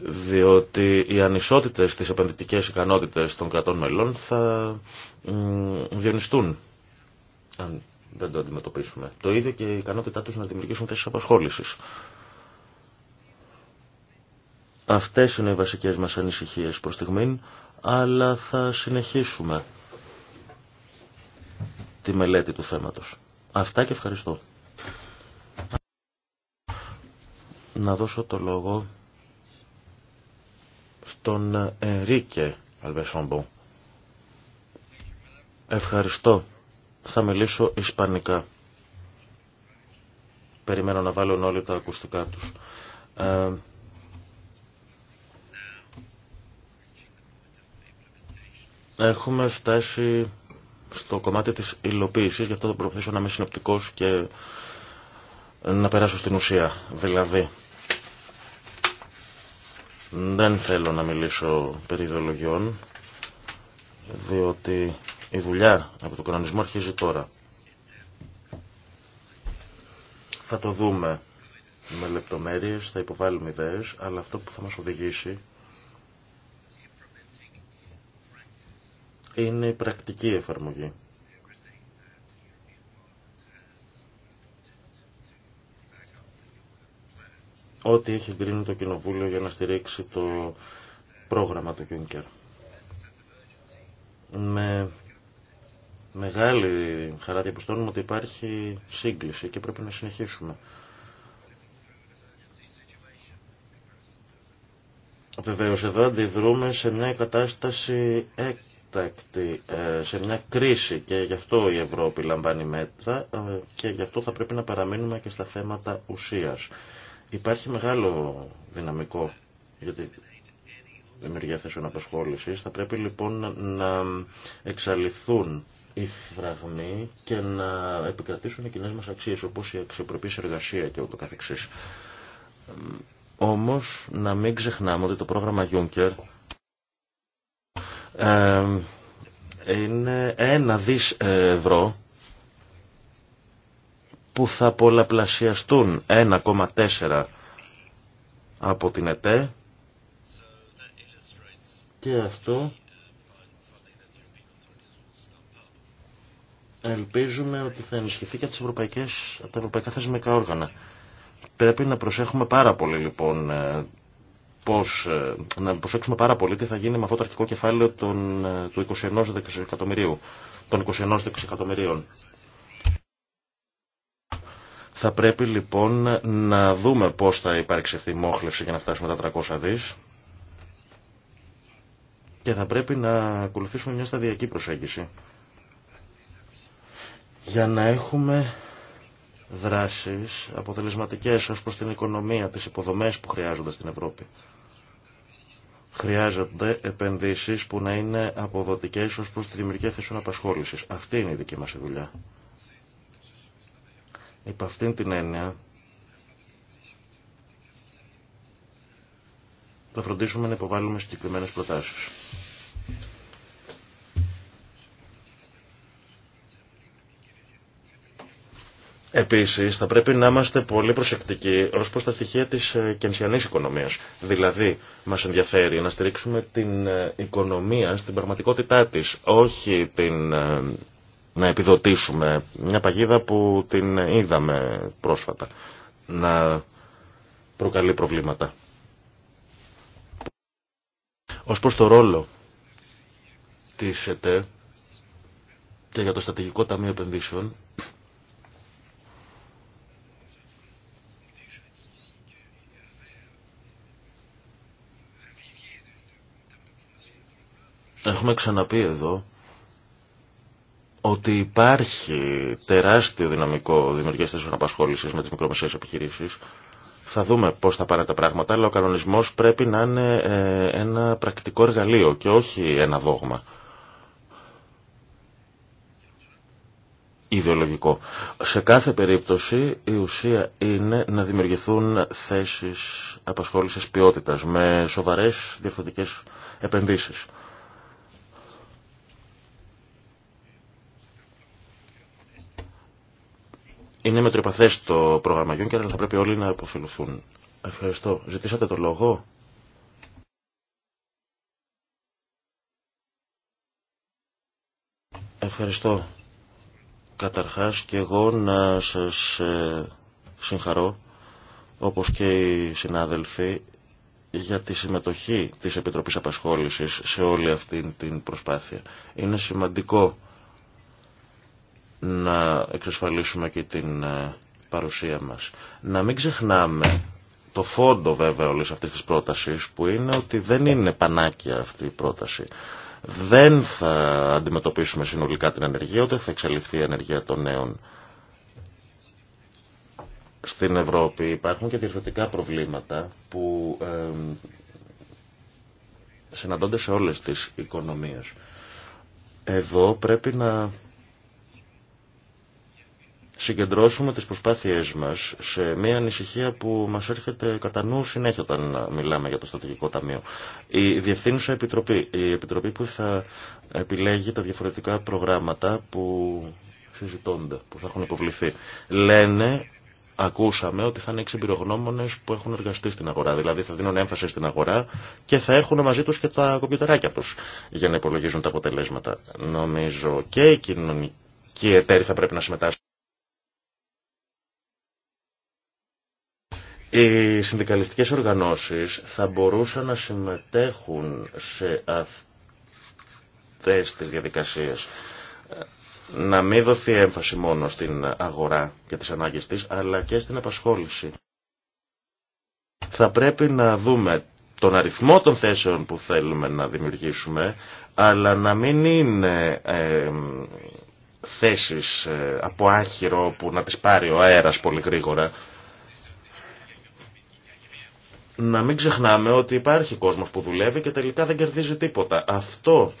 διότι οι ανισότητες στις επενδυτικές ικανότητες των κρατών μελών θα διονυστούν αν δεν το αντιμετωπίσουμε. Το ίδιο και η ικανότητά τους να δημιουργήσουν θέσεις απασχόλησης. Αυτές είναι οι βασικές μας ανησυχίες προς στιγμήν, αλλά θα συνεχίσουμε τη μελέτη του θέματος. Αυτά και ευχαριστώ. Να δώσω το λόγο τον Ενρίκε Αλβεσόμπο. Ευχαριστώ. Θα μιλήσω ισπανικά. Περιμένω να βάλουν όλοι τα ακουστικά τους. Ε, έχουμε φτάσει στο κομμάτι της υλοποίησης, γι' αυτό θα προσπαθήσω να είμαι συνοπτικός και να περάσω στην ουσία. Δηλαδή, δεν θέλω να μιλήσω περί ιδεολογιών, διότι η δουλειά από τον κανονισμό αρχίζει τώρα. Θα το δούμε με λεπτομέρειες, θα υποβάλουμε ιδέες, αλλά αυτό που θα μας οδηγήσει είναι η πρακτική εφαρμογή. ό,τι έχει εγκρίνει το Κοινοβούλιο για να στηρίξει το πρόγραμμα του Κιούνκερ. Με μεγάλη χαρά διαπιστώνουμε ότι υπάρχει σύγκληση και πρέπει να συνεχίσουμε. Βεβαίω εδώ αντιδρούμε σε μια κατάσταση έκτακτη, ε, σε μια κρίση και γι' αυτό η Ευρώπη λαμβάνει μέτρα ε, και γι' αυτό θα πρέπει να παραμείνουμε και στα θέματα ουσίας. Υπάρχει μεγάλο δυναμικό για τη δημιουργία θέσεων απασχόληση. Θα πρέπει λοιπόν να εξαλειφθούν οι φραγμοί και να επικρατήσουν οι κοινέ μα αξίε όπω η αξιοπρεπή εργασία και ούτω καθεξή. Όμω να μην ξεχνάμε ότι το πρόγραμμα Juncker ε, είναι ένα δις ευρώ που θα πολλαπλασιαστούν 1,4 από την ΕΤΕ και αυτό ελπίζουμε ότι θα ενισχυθεί και από, τα ευρωπαϊκά θεσμικά όργανα. Πρέπει να προσέχουμε πάρα πολύ λοιπόν ε, πώς, ε, να προσέξουμε πάρα πολύ τι θα γίνει με αυτό το αρχικό κεφάλαιο των, ε, του 21 δισεκατομμυρίου των 21 θα πρέπει λοιπόν να δούμε πώς θα υπάρξει αυτή η μόχλευση για να φτάσουμε τα 300 δις και θα πρέπει να ακολουθήσουμε μια σταδιακή προσέγγιση για να έχουμε δράσεις αποτελεσματικές ως προς την οικονομία, τις υποδομές που χρειάζονται στην Ευρώπη. Χρειάζονται επενδύσεις που να είναι αποδοτικές ως προς τη δημιουργία θέσεων απασχόλησης. Αυτή είναι η δική μας δουλειά. Υπ' αυτήν την έννοια θα φροντίσουμε να υποβάλουμε συγκεκριμένε προτάσεις. Επίσης θα πρέπει να είμαστε πολύ προσεκτικοί ως προς τα στοιχεία της ε, κενσιανής οικονομίας. Δηλαδή μας ενδιαφέρει να στηρίξουμε την ε, οικονομία στην πραγματικότητά της, όχι την ε, να επιδοτήσουμε. Μια παγίδα που την είδαμε πρόσφατα να προκαλεί προβλήματα. Ως προς το ρόλο της ΕΤ και για το Στατηγικό Ταμείο Επενδύσεων Έχουμε ξαναπεί εδώ ότι υπάρχει τεράστιο δυναμικό δημιουργία θέσεων απασχόληση με τι μικρομεσαίε επιχειρήσει. Θα δούμε πώ θα πάνε τα πράγματα, αλλά ο κανονισμό πρέπει να είναι ε, ένα πρακτικό εργαλείο και όχι ένα δόγμα. Ιδεολογικό. Σε κάθε περίπτωση η ουσία είναι να δημιουργηθούν θέσεις απασχόλησης ποιότητας με σοβαρές διευθυντικές επενδύσεις. Είναι μετροπαθέ το πρόγραμμα Γιούνκερ, αλλά θα πρέπει όλοι να αποφελουθούν. Ευχαριστώ. Ζητήσατε το λόγο. Ευχαριστώ. Καταρχάς και εγώ να σας ε, συγχαρώ, όπως και οι συνάδελφοι, για τη συμμετοχή της Επιτροπής Απασχόλησης σε όλη αυτή την προσπάθεια. Είναι σημαντικό να εξασφαλίσουμε και την ε, παρουσία μας. Να μην ξεχνάμε το φόντο βέβαια όλης αυτής της πρότασης που είναι ότι δεν είναι πανάκια αυτή η πρόταση. Δεν θα αντιμετωπίσουμε συνολικά την ενεργεία, ούτε θα εξαλειφθεί η ενεργεία των νέων. Στην Ευρώπη υπάρχουν και διευθυντικά προβλήματα που συναντώνται σε όλες τις οικονομίες. Εδώ πρέπει να συγκεντρώσουμε τις προσπάθειές μας σε μια ανησυχία που μας έρχεται κατά νου συνέχεια όταν μιλάμε για το Στρατηγικό Ταμείο. Η Διευθύνουσα Επιτροπή, η Επιτροπή που θα επιλέγει τα διαφορετικά προγράμματα που συζητώνται, που θα έχουν υποβληθεί. Λένε ακούσαμε ότι θα είναι εξυπηρογνώμονε που έχουν εργαστεί στην αγορά. Δηλαδή θα δίνουν έμφαση στην αγορά και θα έχουν μαζί του και τα κομπιουτεράκια του για να υπολογίζουν τα αποτελέσματα. Νομίζω και οι κοινωνικοί εταίροι θα πρέπει να συμμετάσχουν. Οι συνδικαλιστικές οργανώσεις θα μπορούσαν να συμμετέχουν σε αυτές τις διαδικασίες. Να μην δοθεί έμφαση μόνο στην αγορά και τις ανάγκες της, αλλά και στην απασχόληση. Θα πρέπει να δούμε τον αριθμό των θέσεων που θέλουμε να δημιουργήσουμε, αλλά να μην είναι θέσεις ε, από άχυρο που να τις πάρει ο αέρας πολύ γρήγορα να μην ξεχνάμε ότι υπάρχει κόσμος που δουλεύει και τελικά δεν κερδίζει τίποτα. Αυτό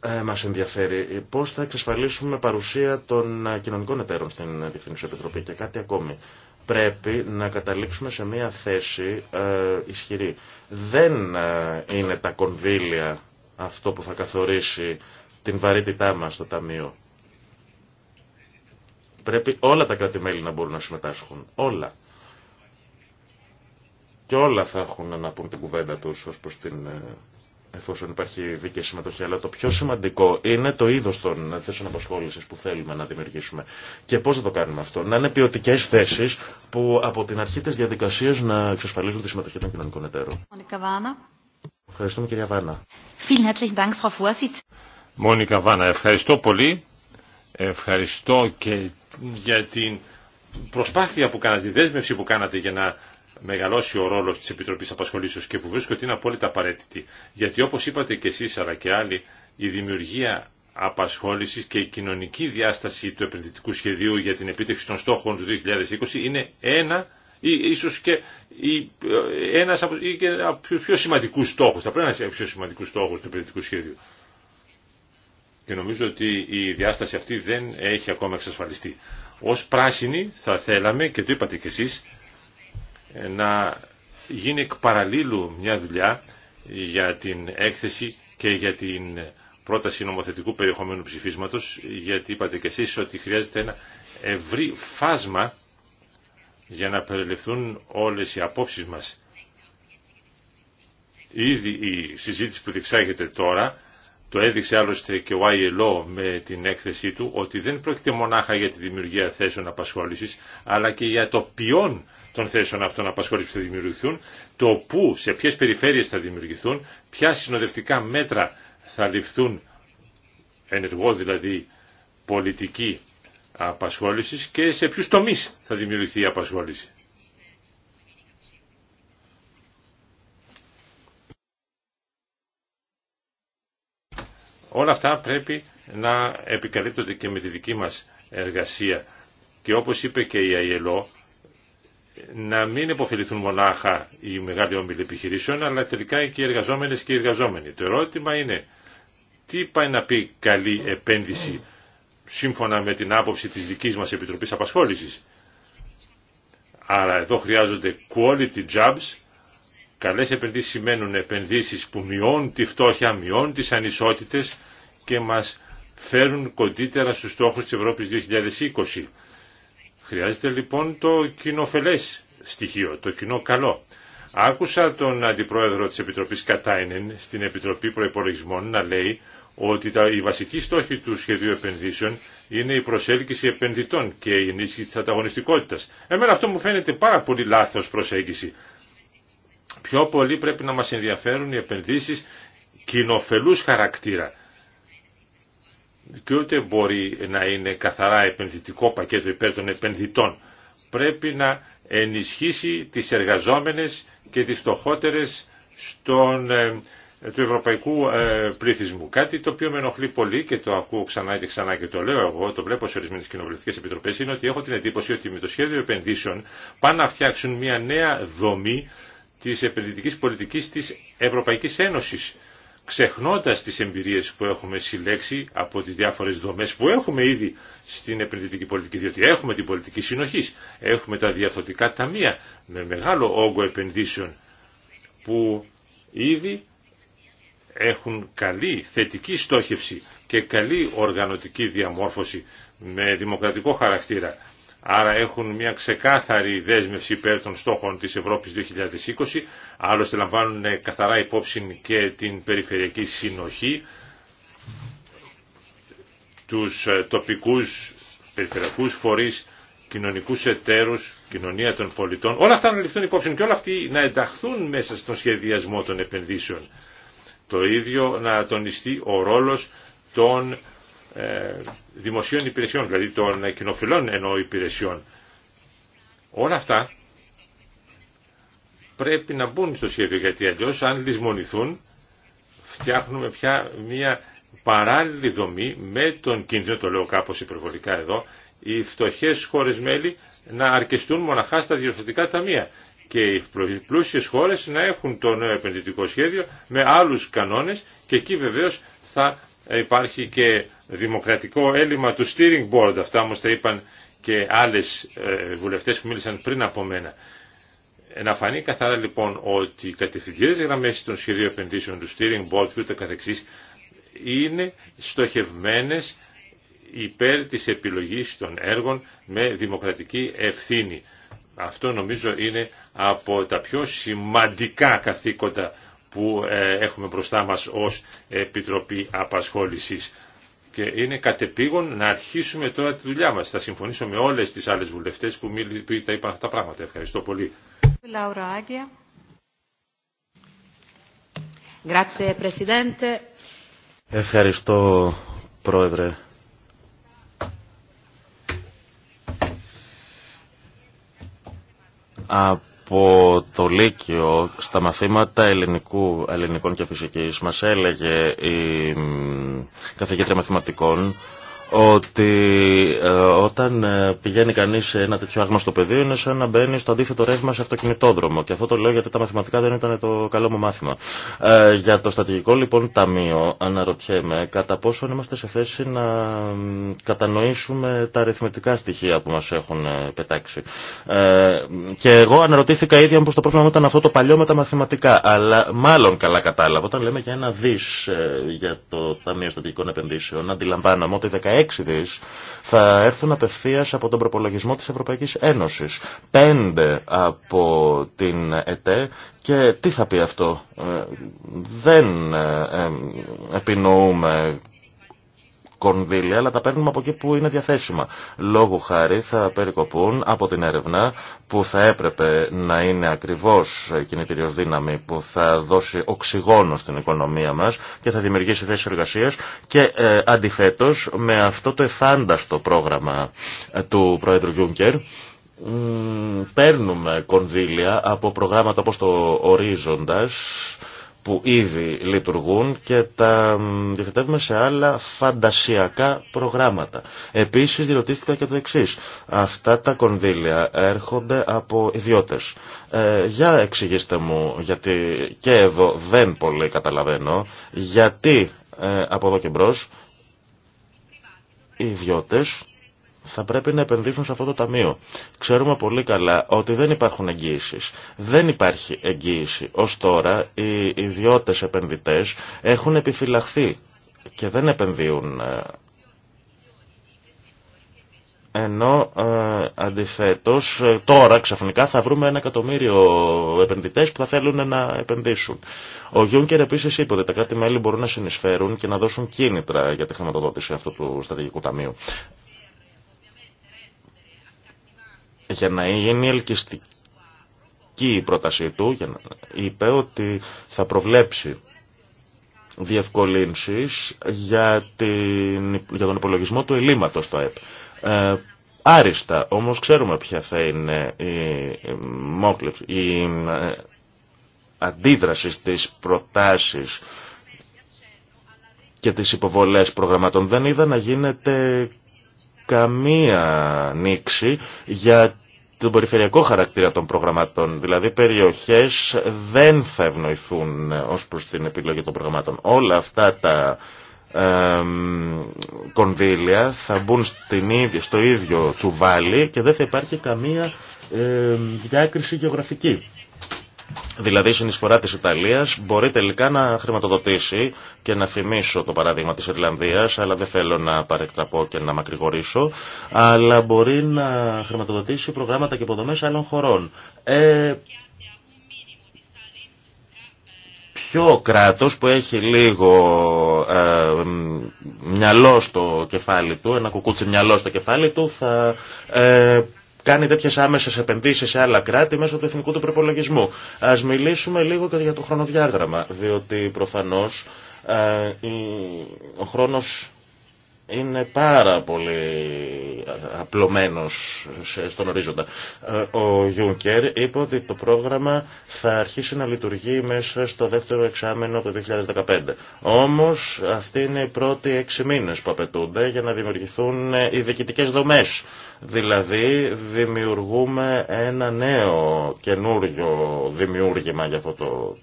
ε, μας ενδιαφέρει. Πώς θα εξασφαλίσουμε παρουσία των ε, κοινωνικών εταίρων στην ε, Διευθυνής Επιτροπή και κάτι ακόμη. Πρέπει να καταλήξουμε σε μια θέση ε, ισχυρή. Δεν είναι τα κονδύλια αυτό που θα καθορίσει την βαρύτητά μας στο Ταμείο. Πρέπει όλα τα κράτη-μέλη να μπορούν να συμμετάσχουν. Όλα. Και όλα θα έχουν να πούν την κουβέντα τους ως προς την ε, εφόσον υπάρχει δίκαιη συμμετοχή, αλλά το πιο σημαντικό είναι το είδος των θέσεων απασχόλησης που θέλουμε να δημιουργήσουμε. Και πώς θα το κάνουμε αυτό. Να είναι ποιοτικέ θέσεις που από την αρχή της διαδικασίας να εξασφαλίζουν τη συμμετοχή των κοινωνικών εταίρων. Ευχαριστούμε κυρία Βάνα. Μόνικα Βάνα, ευχαριστώ πολύ. Ευχαριστώ και για την προσπάθεια που κάνατε, τη δέσμευση που κάνατε για να μεγαλώσει ο ρόλος της Επιτροπής Απασχολήσεως και που βρίσκω ότι είναι απόλυτα απαραίτητη. Γιατί όπως είπατε και εσείς αλλά και άλλοι, η δημιουργία απασχόλησης και η κοινωνική διάσταση του επενδυτικού σχεδίου για την επίτευξη των στόχων του 2020 είναι ένα ή ίσως και ή, ε, ένας από, ή και από πιο, πιο σημαντικούς στόχους. Θα πρέπει να είναι πιο σημαντικούς στόχους του επενδυτικού σχεδίου. Και νομίζω ότι η διάσταση αυτή δεν έχει ακόμα εξασφαλιστεί. Ως πράσινη θα θέλαμε, και το είπατε κι εσείς, ε, να γίνει εκ παραλίλου μια δουλειά για την έκθεση και για την πρόταση νομοθετικού περιεχομένου ψηφίσματος, γιατί είπατε και εσείς ότι χρειάζεται ένα ευρύ φάσμα για να περιληφθούν όλες οι απόψεις μας. Ήδη η συζήτηση που διεξάγεται τώρα, το έδειξε άλλωστε και ο ILO με την έκθεσή του, ότι δεν πρόκειται μονάχα για τη δημιουργία θέσεων απασχόλησης, αλλά και για το ποιόν των θέσεων αυτών απασχόληση που θα δημιουργηθούν, το πού, σε ποιε περιφέρειες θα δημιουργηθούν, ποια συνοδευτικά μέτρα θα ληφθούν ενεργό δηλαδή πολιτική απασχόληση και σε ποιου τομεί θα δημιουργηθεί η απασχόληση. Όλα αυτά πρέπει να επικαλύπτονται και με τη δική μας εργασία. Και όπως είπε και η ΑΕΛΟ, να μην υποφεληθούν μονάχα οι μεγάλοι όμιλοι επιχειρήσεων, αλλά τελικά και οι εργαζόμενες και οι εργαζόμενοι. Το ερώτημα είναι τι πάει να πει καλή επένδυση σύμφωνα με την άποψη της δικής μας Επιτροπής Απασχόλησης. Άρα εδώ χρειάζονται quality jobs, καλές επενδύσεις σημαίνουν επενδύσεις που μειώνουν τη φτώχεια, μειώνουν τις ανισότητες και μας φέρουν κοντύτερα στους στόχους της Ευρώπης 2020. Χρειάζεται λοιπόν το κοινοφελέ στοιχείο, το κοινό καλό. Άκουσα τον Αντιπρόεδρο της Επιτροπής Κατάινεν στην Επιτροπή Προϋπολογισμών να λέει ότι η βασική στόχη του σχεδίου επενδύσεων είναι η προσέλκυση επενδυτών και η ενίσχυση της ανταγωνιστικότητας. Εμένα αυτό μου φαίνεται πάρα πολύ λάθος προσέγγιση. Πιο πολύ πρέπει να μας ενδιαφέρουν οι επενδύσεις κοινοφελούς χαρακτήρα και ούτε μπορεί να είναι καθαρά επενδυτικό πακέτο υπέρ των επενδυτών. Πρέπει να ενισχύσει τις εργαζόμενες και τις φτωχότερες στον, ε, του ευρωπαϊκού ε, πληθυσμού. Κάτι το οποίο με ενοχλεί πολύ και το ακούω ξανά και ξανά και το λέω εγώ, το βλέπω σε ορισμένε κοινοβουλευτικέ επιτροπέ, είναι ότι έχω την εντύπωση ότι με το σχέδιο επενδύσεων πάνε να φτιάξουν μια νέα δομή τη επενδυτική πολιτική της Ευρωπαϊκής Ένωσης ξεχνώντας τις εμπειρίες που έχουμε συλλέξει από τις διάφορες δομές που έχουμε ήδη στην επενδυτική πολιτική, διότι έχουμε την πολιτική συνοχής, έχουμε τα διαφθορτικά ταμεία με μεγάλο όγκο επενδύσεων που ήδη έχουν καλή θετική στόχευση και καλή οργανωτική διαμόρφωση με δημοκρατικό χαρακτήρα άρα έχουν μια ξεκάθαρη δέσμευση υπέρ των στόχων της Ευρώπης 2020, άλλωστε λαμβάνουν καθαρά υπόψη και την περιφερειακή συνοχή, τους ε, τοπικούς περιφερειακούς φορείς, κοινωνικούς εταίρους, κοινωνία των πολιτών, όλα αυτά να ληφθούν υπόψη και όλα αυτοί να ενταχθούν μέσα στον σχεδιασμό των επενδύσεων. Το ίδιο να τονιστεί ο ρόλος των ε, δημοσίων υπηρεσιών, δηλαδή των κοινοφιλών ενώ υπηρεσιών. Όλα αυτά πρέπει να μπουν στο σχέδιο γιατί αλλιώς αν λησμονηθούν φτιάχνουμε πια μια παράλληλη δομή με τον κίνδυνο, το λέω κάπως υπερβολικά εδώ, οι φτωχές χώρες μέλη να αρκεστούν μοναχά στα διορθωτικά ταμεία και οι πλούσιες χώρες να έχουν το νέο επενδυτικό σχέδιο με άλλους κανόνες και εκεί βεβαίως θα ε, υπάρχει και δημοκρατικό έλλειμμα του steering board, αυτά όμως τα είπαν και άλλες ε, βουλευτές που μίλησαν πριν από μένα. Ε, να φανεί καθαρά λοιπόν ότι οι κατευθυντικές γραμμές των σχεδίων επενδύσεων του steering board και ούτε καθεξής είναι στοχευμένες υπέρ της επιλογής των έργων με δημοκρατική ευθύνη. Αυτό νομίζω είναι από τα πιο σημαντικά καθήκοντα που ε, έχουμε μπροστά μας ως Επιτροπή Απασχόλησης. Και είναι κατεπήγον να αρχίσουμε τώρα τη δουλειά μας. Θα συμφωνήσω με όλες τις άλλες βουλευτές που, μιλ, που τα είπαν αυτά τα πράγματα. Ευχαριστώ πολύ. Ευχαριστώ, Πρόεδρε. Από από το Λύκειο στα μαθήματα ελληνικού, ελληνικών και φυσικής μας έλεγε η καθηγήτρια μαθηματικών ότι ε, όταν ε, πηγαίνει κανείς σε ένα τέτοιο άγνωστο πεδίο είναι σαν να μπαίνει στο αντίθετο ρεύμα σε αυτοκινητόδρομο και αυτό το λέω γιατί τα μαθηματικά δεν ήταν το καλό μου μάθημα. Ε, για το στατηγικό λοιπόν ταμείο αναρωτιέμαι κατά πόσο είμαστε σε θέση να κατανοήσουμε τα αριθμητικά στοιχεία που μας έχουν πετάξει. και εγώ αναρωτήθηκα ήδη αν πως το πρόβλημα ήταν αυτό το παλιό με τα μαθηματικά αλλά μάλλον καλά κατάλαβα όταν λέμε για ένα δις για το Ταμείο Στατηγικών Επενδύσεων αντιλαμβάνομαι ότι 6 θα έρθουν απευθείας από τον προπολογισμό της Ευρωπαϊκής Ένωσης. Πέντε από την ΕΤΕ και τι θα πει αυτό. Ε, δεν ε, ε, επινοούμε κονδύλια, αλλά τα παίρνουμε από εκεί που είναι διαθέσιμα. Λόγω χάρη θα περικοπούν από την έρευνα που θα έπρεπε να είναι ακριβώς κινητήριο δύναμη που θα δώσει οξυγόνο στην οικονομία μας και θα δημιουργήσει θέσεις εργασίας και ε, με αυτό το εφάνταστο πρόγραμμα ε, του Πρόεδρου Γιούγκερ παίρνουμε κονδύλια από προγράμματα όπως το ορίζοντας που ήδη λειτουργούν και τα διαθετεύουμε σε άλλα φαντασιακά προγράμματα. Επίσης διερωτήθηκα και το εξή. Αυτά τα κονδύλια έρχονται από ιδιώτες. Ε, για εξηγήστε μου, γιατί και εδώ δεν πολύ καταλαβαίνω, γιατί ε, από εδώ και μπρος οι ιδιώτες θα πρέπει να επενδύσουν σε αυτό το ταμείο. Ξέρουμε πολύ καλά ότι δεν υπάρχουν εγγύησεις. Δεν υπάρχει εγγύηση. Ως τώρα οι ιδιώτες επενδυτές έχουν επιφυλαχθεί και δεν επενδύουν ε, ενώ ε, αντιθέτως ε, τώρα ξαφνικά θα βρούμε ένα εκατομμύριο επενδυτές που θα θέλουν να επενδύσουν. Ο Γιούνκερ επίσης είπε ότι τα κράτη-μέλη μπορούν να συνεισφέρουν και να δώσουν κίνητρα για τη χρηματοδότηση αυτού του στρατηγικού ταμείου. Για να γίνει ελκυστική η πρότασή του, είπε ότι θα προβλέψει διευκολύνσεις για, την, για τον υπολογισμό του ελλείμματος στο ΕΠ. Ε, άριστα, όμως ξέρουμε ποια θα είναι η, η, ε, αντίδραση στις προτάσεις και τις υποβολές προγραμματών. Δεν είδα να γίνεται καμία νήξη για τον περιφερειακό χαρακτήρα των προγραμμάτων. Δηλαδή περιοχές δεν θα ευνοηθούν ως προς την επιλογή των προγραμμάτων. Όλα αυτά τα ε, κονδύλια θα μπουν στο ίδιο τσουβάλι και δεν θα υπάρχει καμία ε, διάκριση γεωγραφική. Δηλαδή η συνεισφορά της Ιταλίας μπορεί τελικά να χρηματοδοτήσει και να θυμίσω το παράδειγμα της Ιρλανδίας, αλλά δεν θέλω να παρεκτραπώ και να μακρηγορήσω, αλλά μπορεί να χρηματοδοτήσει προγράμματα και υποδομές άλλων χωρών. Ε, ποιο κράτος που έχει λίγο ε, μυαλό στο κεφάλι του, ένα κουκούτσι μυαλό στο κεφάλι του, θα ε, κάνει τέτοιες άμεσες επενδύσεις σε άλλα κράτη μέσω του εθνικού του προπολογισμού. Ας μιλήσουμε λίγο και για το χρονοδιάγραμμα, διότι προφανώς ε, ο χρόνος είναι πάρα πολύ απλωμένος στον ορίζοντα. Ε, ο Γιούνκερ είπε ότι το πρόγραμμα θα αρχίσει να λειτουργεί μέσα στο δεύτερο εξάμενο του 2015. Όμως αυτή είναι οι πρώτοι έξι μήνες που απαιτούνται για να δημιουργηθούν ε, οι διοικητικές δομές. Δηλαδή δημιουργούμε ένα νέο καινούριο δημιούργημα για αυτό το,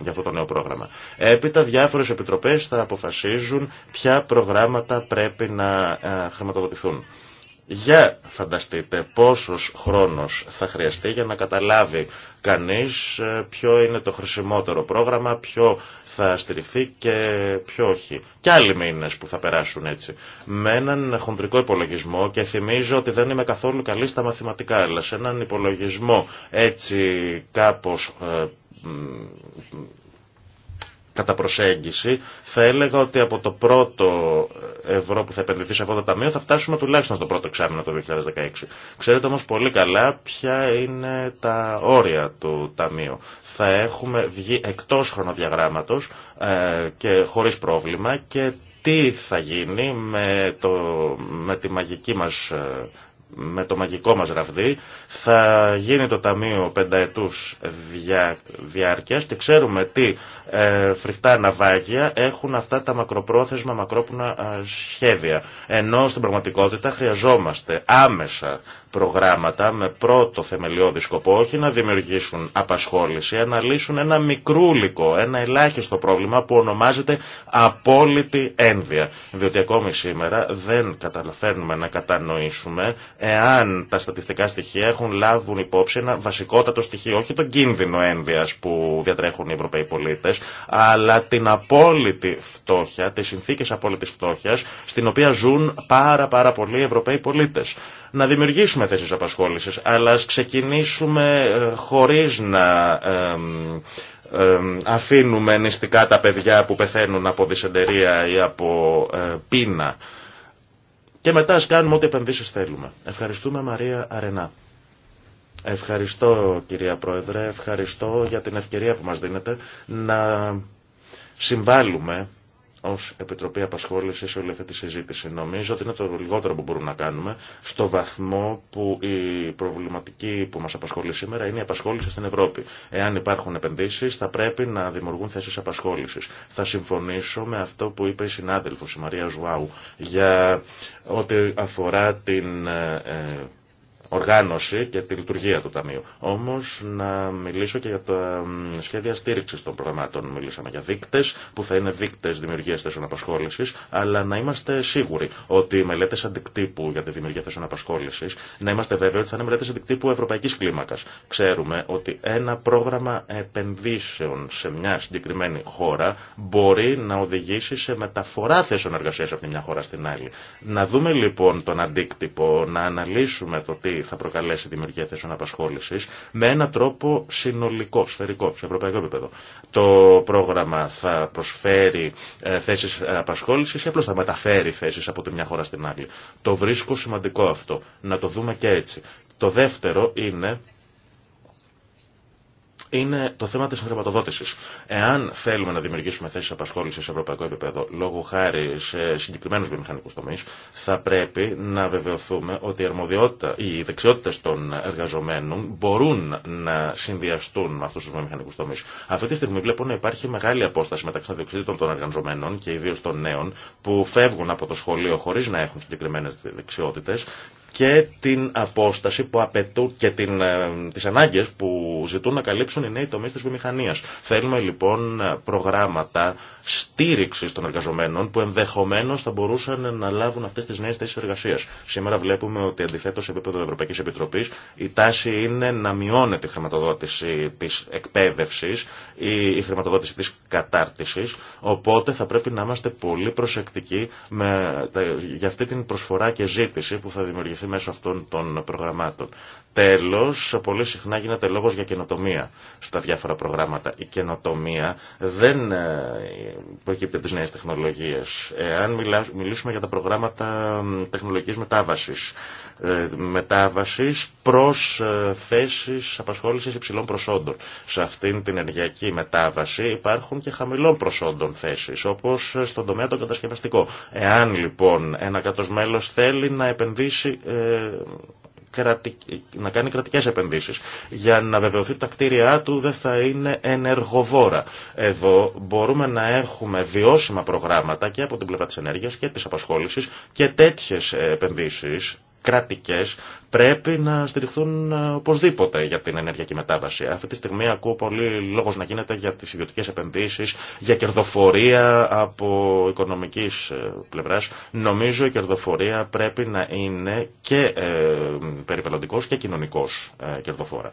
για αυτό το νέο πρόγραμμα. Έπειτα διάφορες επιτροπές θα αποφασίζουν ποια προγράμματα πρέπει πρέπει να ε, χρηματοδοτηθούν. Για φανταστείτε πόσος χρόνος θα χρειαστεί για να καταλάβει κανείς ε, ποιο είναι το χρησιμότερο πρόγραμμα, ποιο θα στηριχθεί και ποιο όχι. Και άλλοι μήνες που θα περάσουν έτσι. Με έναν χοντρικό υπολογισμό και θυμίζω ότι δεν είμαι καθόλου καλή στα μαθηματικά, αλλά σε έναν υπολογισμό έτσι κάπως ε, κατά προσέγγιση, θα έλεγα ότι από το πρώτο ευρώ που θα επενδυθεί σε αυτό το ταμείο θα φτάσουμε τουλάχιστον στο πρώτο εξάμεινο το 2016. Ξέρετε όμως πολύ καλά ποια είναι τα όρια του ταμείου. Θα έχουμε βγει εκτός χρονοδιαγράμματος ε, και χωρίς πρόβλημα και τι θα γίνει με, το, με τη μαγική μας ε, με το μαγικό μας ραβδί θα γίνει το Ταμείο Πενταετούς διά, Διάρκειας και ξέρουμε τι ε, φρικτά ναυάγια έχουν αυτά τα μακροπρόθεσμα, μακρόπουνα ε, σχέδια. Ενώ στην πραγματικότητα χρειαζόμαστε άμεσα προγράμματα με πρώτο θεμελιώδη σκοπό όχι να δημιουργήσουν απασχόληση, να λύσουν ένα μικρούλικο, ένα ελάχιστο πρόβλημα που ονομάζεται απόλυτη ένδυα. Διότι ακόμη σήμερα δεν καταλαβαίνουμε να κατανοήσουμε εάν τα στατιστικά στοιχεία έχουν λάβουν υπόψη ένα βασικότατο στοιχείο, όχι τον κίνδυνο ένδυας που διατρέχουν οι Ευρωπαίοι πολίτε, αλλά την απόλυτη φτώχεια, τι συνθήκε απόλυτη φτώχεια στην οποία ζουν πάρα πάρα πολλοί Ευρωπαίοι πολίτε να δημιουργήσουμε θέσεις απασχόλησης, αλλά ξεκινήσουμε ε, χωρίς να αφήνουμε νηστικά τα παιδιά που πεθαίνουν από δυσεντερία ή από ε, πείνα. Και μετά ας κάνουμε ό,τι επενδύσεις θέλουμε. Ευχαριστούμε Μαρία Αρενά. Ευχαριστώ κυρία Πρόεδρε, ευχαριστώ για την ευκαιρία που μας δίνετε να συμβάλλουμε ω Επιτροπή Απασχόλησης όλη αυτή τη συζήτηση. Νομίζω ότι είναι το λιγότερο που μπορούμε να κάνουμε στο βαθμό που η προβληματική που μας απασχολεί σήμερα είναι η απασχόληση στην Ευρώπη. Εάν υπάρχουν επενδύσεις θα πρέπει να δημιουργούν θέσεις απασχόλησης. Θα συμφωνήσω με αυτό που είπε η συνάδελφο, η Μαρία Ζουάου για ό,τι αφορά την ε, ε, οργάνωση και τη λειτουργία του Ταμείου. Όμω να μιλήσω και για τα σχέδια στήριξη των προγραμμάτων. Μιλήσαμε για δείκτε που θα είναι δείκτε δημιουργία θέσεων απασχόληση, αλλά να είμαστε σίγουροι ότι οι μελέτε αντικτύπου για τη δημιουργία θέσεων απασχόληση, να είμαστε βέβαιοι ότι θα είναι μελέτε αντικτύπου ευρωπαϊκή κλίμακα. Ξέρουμε ότι ένα πρόγραμμα επενδύσεων σε μια συγκεκριμένη χώρα μπορεί να οδηγήσει σε μεταφορά θέσεων εργασία από τη μια χώρα στην άλλη. Να δούμε λοιπόν τον αντίκτυπο, να αναλύσουμε το τι θα προκαλέσει δημιουργία θέσεων απασχόληση με ένα τρόπο συνολικό, σφαιρικό, σε ευρωπαϊκό επίπεδο. Το πρόγραμμα θα προσφέρει ε, θέσει απασχόληση ή απλώ θα μεταφέρει θέσει από τη μια χώρα στην άλλη. Το βρίσκω σημαντικό αυτό. Να το δούμε και έτσι. Το δεύτερο είναι είναι το θέμα της χρηματοδότησης. Εάν θέλουμε να δημιουργήσουμε θέσεις απασχόλησης σε ευρωπαϊκό επίπεδο, λόγω χάρη σε συγκεκριμένους βιομηχανικούς τομείς, θα πρέπει να βεβαιωθούμε ότι η οι δεξιότητες των εργαζομένων μπορούν να συνδυαστούν με αυτούς τους βιομηχανικούς τομείς. Αυτή τη στιγμή βλέπω να υπάρχει μεγάλη απόσταση μεταξύ των δεξιότητων των εργαζομένων και ιδίω των νέων που φεύγουν από το σχολείο χωρίς να έχουν συγκεκριμένε δεξιότητε και την απόσταση που απαιτούν και την, ε, τις ανάγκες που ζητούν να καλύψουν οι νέοι τομείς της βιομηχανίας. Θέλουμε λοιπόν προγράμματα στήριξης των εργαζομένων που ενδεχομένως θα μπορούσαν να λάβουν αυτές τις νέες θέσεις εργασίας. Σήμερα βλέπουμε ότι αντιθέτως σε επίπεδο Ευρωπαϊκής Επιτροπής η τάση είναι να μειώνεται η χρηματοδότηση της εκπαίδευσης ή η χρηματοδότηση της κατάρτισης, οπότε θα πρέπει να είμαστε πολύ προσεκτικοί με, για αυτή την προσφορά και ζήτηση που θα δημιουργηθεί μέσω αυτών των προγραμμάτων. Τέλο, πολύ συχνά γίνεται λόγο για καινοτομία στα διάφορα προγράμματα. Η καινοτομία δεν ε, προκύπτει από τι νέες τεχνολογίες. Εάν μιλήσουμε για τα προγράμματα τεχνολογική μετάβαση ε, μετάβαση προ ε, θέσει απασχόληση υψηλών προσόντων. Σε αυτήν την ενεργειακή μετάβαση υπάρχουν και χαμηλών προσόντων θέσει, όπω στον τομέα το κατασκευαστικό. Εάν λοιπόν ένα κράτο μέλο θέλει να επενδύσει να κάνει κρατικές επενδύσεις. Για να βεβαιωθεί ότι τα κτίρια του δεν θα είναι ενεργοβόρα. Εδώ μπορούμε να έχουμε βιώσιμα προγράμματα και από την πλευρά της ενέργειας και της απασχόλησης και τέτοιες επενδύσεις κρατικές πρέπει να στηριχθούν ε, οπωσδήποτε για την ενεργειακή μετάβαση. Αυτή τη στιγμή ακούω πολύ λόγος να γίνεται για τις ιδιωτικές επενδύσεις, για κερδοφορία από οικονομικής ε, πλευράς. Νομίζω η κερδοφορία πρέπει να είναι και ε, περιβαλλοντικός και κοινωνικός κερδοφόρα.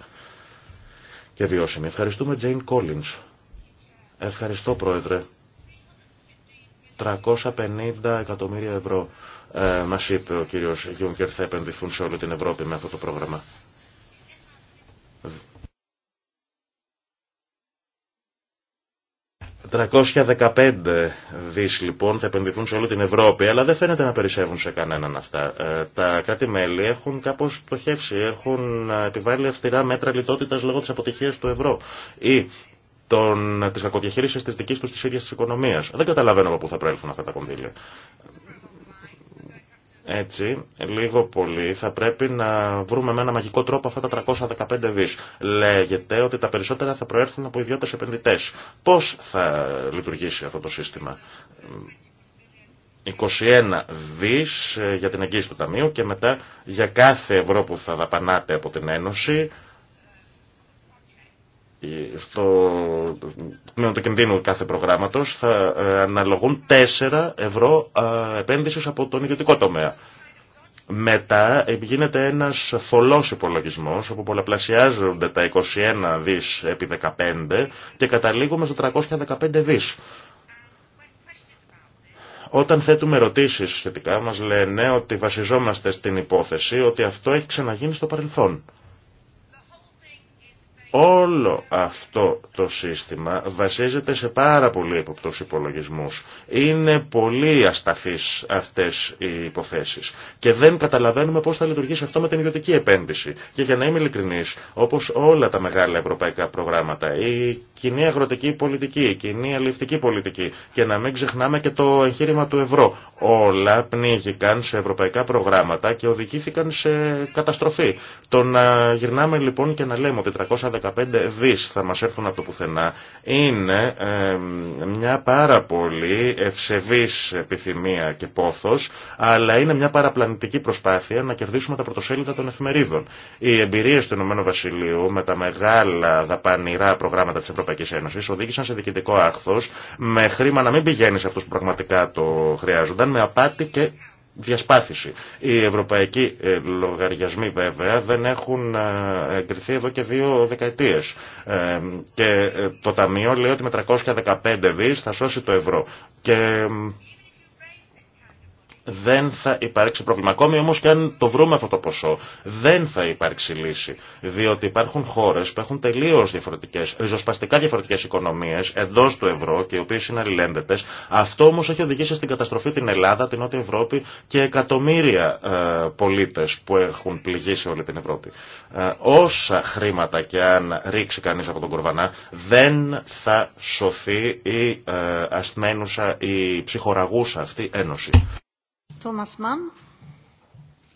Και βιώσιμη. Ευχαριστούμε Τζέιν Κόλλινς. Ευχαριστώ Πρόεδρε. 350 εκατομμύρια ευρώ ε, μας είπε ο κύριος Γιούγκερ θα επενδυθούν σε όλη την Ευρώπη με αυτό το πρόγραμμα. «315 δις λοιπόν θα επενδυθούν σε όλη την Ευρώπη, αλλά δεν φαίνεται να περισσεύουν σε κανέναν αυτά. Ε, τα κράτη-μέλη έχουν κάπως πτωχεύσει, έχουν ε, επιβάλει αυστηρά μέτρα λιτότητας λόγω της αποτυχίας του ευρώ. Ή των, της κακοδιαχείρισης της δικής τους της ίδιας της οικονομίας. Δεν καταλαβαίνω από πού θα προέλθουν αυτά τα κονδύλια. Έτσι, λίγο πολύ θα πρέπει να βρούμε με ένα μαγικό τρόπο αυτά τα 315 δις. Λέγεται ότι τα περισσότερα θα προέρθουν από ιδιώτες επενδυτές. Πώς θα λειτουργήσει αυτό το σύστημα. 21 δις ε, για την εγγύηση του Ταμείου και μετά για κάθε ευρώ που θα δαπανάτε από την Ένωση ε, στο τμήμα του κινδύνου κάθε προγράμματος θα ε, αναλογούν 4 ευρώ επένδυσης από τον ιδιωτικό τομέα. Μετά ε, γίνεται ένας θολός υπολογισμός όπου πολλαπλασιάζονται τα 21 δις επί 15 και καταλήγουμε στο 315 δις. Όταν θέτουμε ερωτήσεις σχετικά μας λένε ότι βασιζόμαστε στην υπόθεση ότι αυτό έχει ξαναγίνει στο παρελθόν. Όλο αυτό το σύστημα βασίζεται σε πάρα πολύ εποπτούς υπολογισμούς. Είναι πολύ ασταθείς αυτές οι υποθέσεις και δεν καταλαβαίνουμε πώς θα λειτουργήσει αυτό με την ιδιωτική επένδυση. Και για να είμαι ειλικρινής, όπως όλα τα μεγάλα ευρωπαϊκά προγράμματα, η κοινή αγροτική πολιτική, η κοινή αληφτική πολιτική και να μην ξεχνάμε και το εγχείρημα του ευρώ. Όλα πνίγηκαν σε ευρωπαϊκά προγράμματα και οδηγήθηκαν σε καταστροφή. Το να γυρνάμε λοιπόν και να λέμε ότι 15 δις θα μας έρθουν από το πουθενά είναι μια πάρα πολύ ευσεβής επιθυμία και πόθος αλλά είναι μια παραπλανητική προσπάθεια να κερδίσουμε τα πρωτοσέλιδα των εφημερίδων. Οι εμπειρίες του Ηνωμένου Βασιλείου με τα μεγάλα δαπανηρά προγράμματα της Ευρωπαϊκής Ένωσης οδήγησαν σε διοικητικό άχθος με χρήμα να μην πηγαίνει σε αυτούς που πραγματικά το χρειάζονταν με απάτη και διασπάθηση. Οι ευρωπαϊκοί ε, λογαριασμοί βέβαια δεν έχουν ε, εγκριθεί εδώ και δύο δεκαετίες. Ε, και το Ταμείο λέει ότι με 315 δις θα σώσει το ευρώ. Και δεν θα υπάρξει πρόβλημα. Ακόμη όμως και αν το βρούμε αυτό το ποσό, δεν θα υπάρξει λύση. Διότι υπάρχουν χώρες που έχουν τελείως διαφορετικές, ριζοσπαστικά διαφορετικές οικονομίες εντός του ευρώ και οι οποίες είναι αλληλένδετες. Αυτό όμως έχει οδηγήσει στην καταστροφή την Ελλάδα, την Νότια Ευρώπη και εκατομμύρια ε, πολίτες που έχουν πληγήσει σε όλη την Ευρώπη. Ε, όσα χρήματα και αν ρίξει κανείς από τον κορβανά, δεν θα σωθεί η ε, ασθμένουσα, η ψυχοραγούσα αυτή ένωση. Thomas Mann.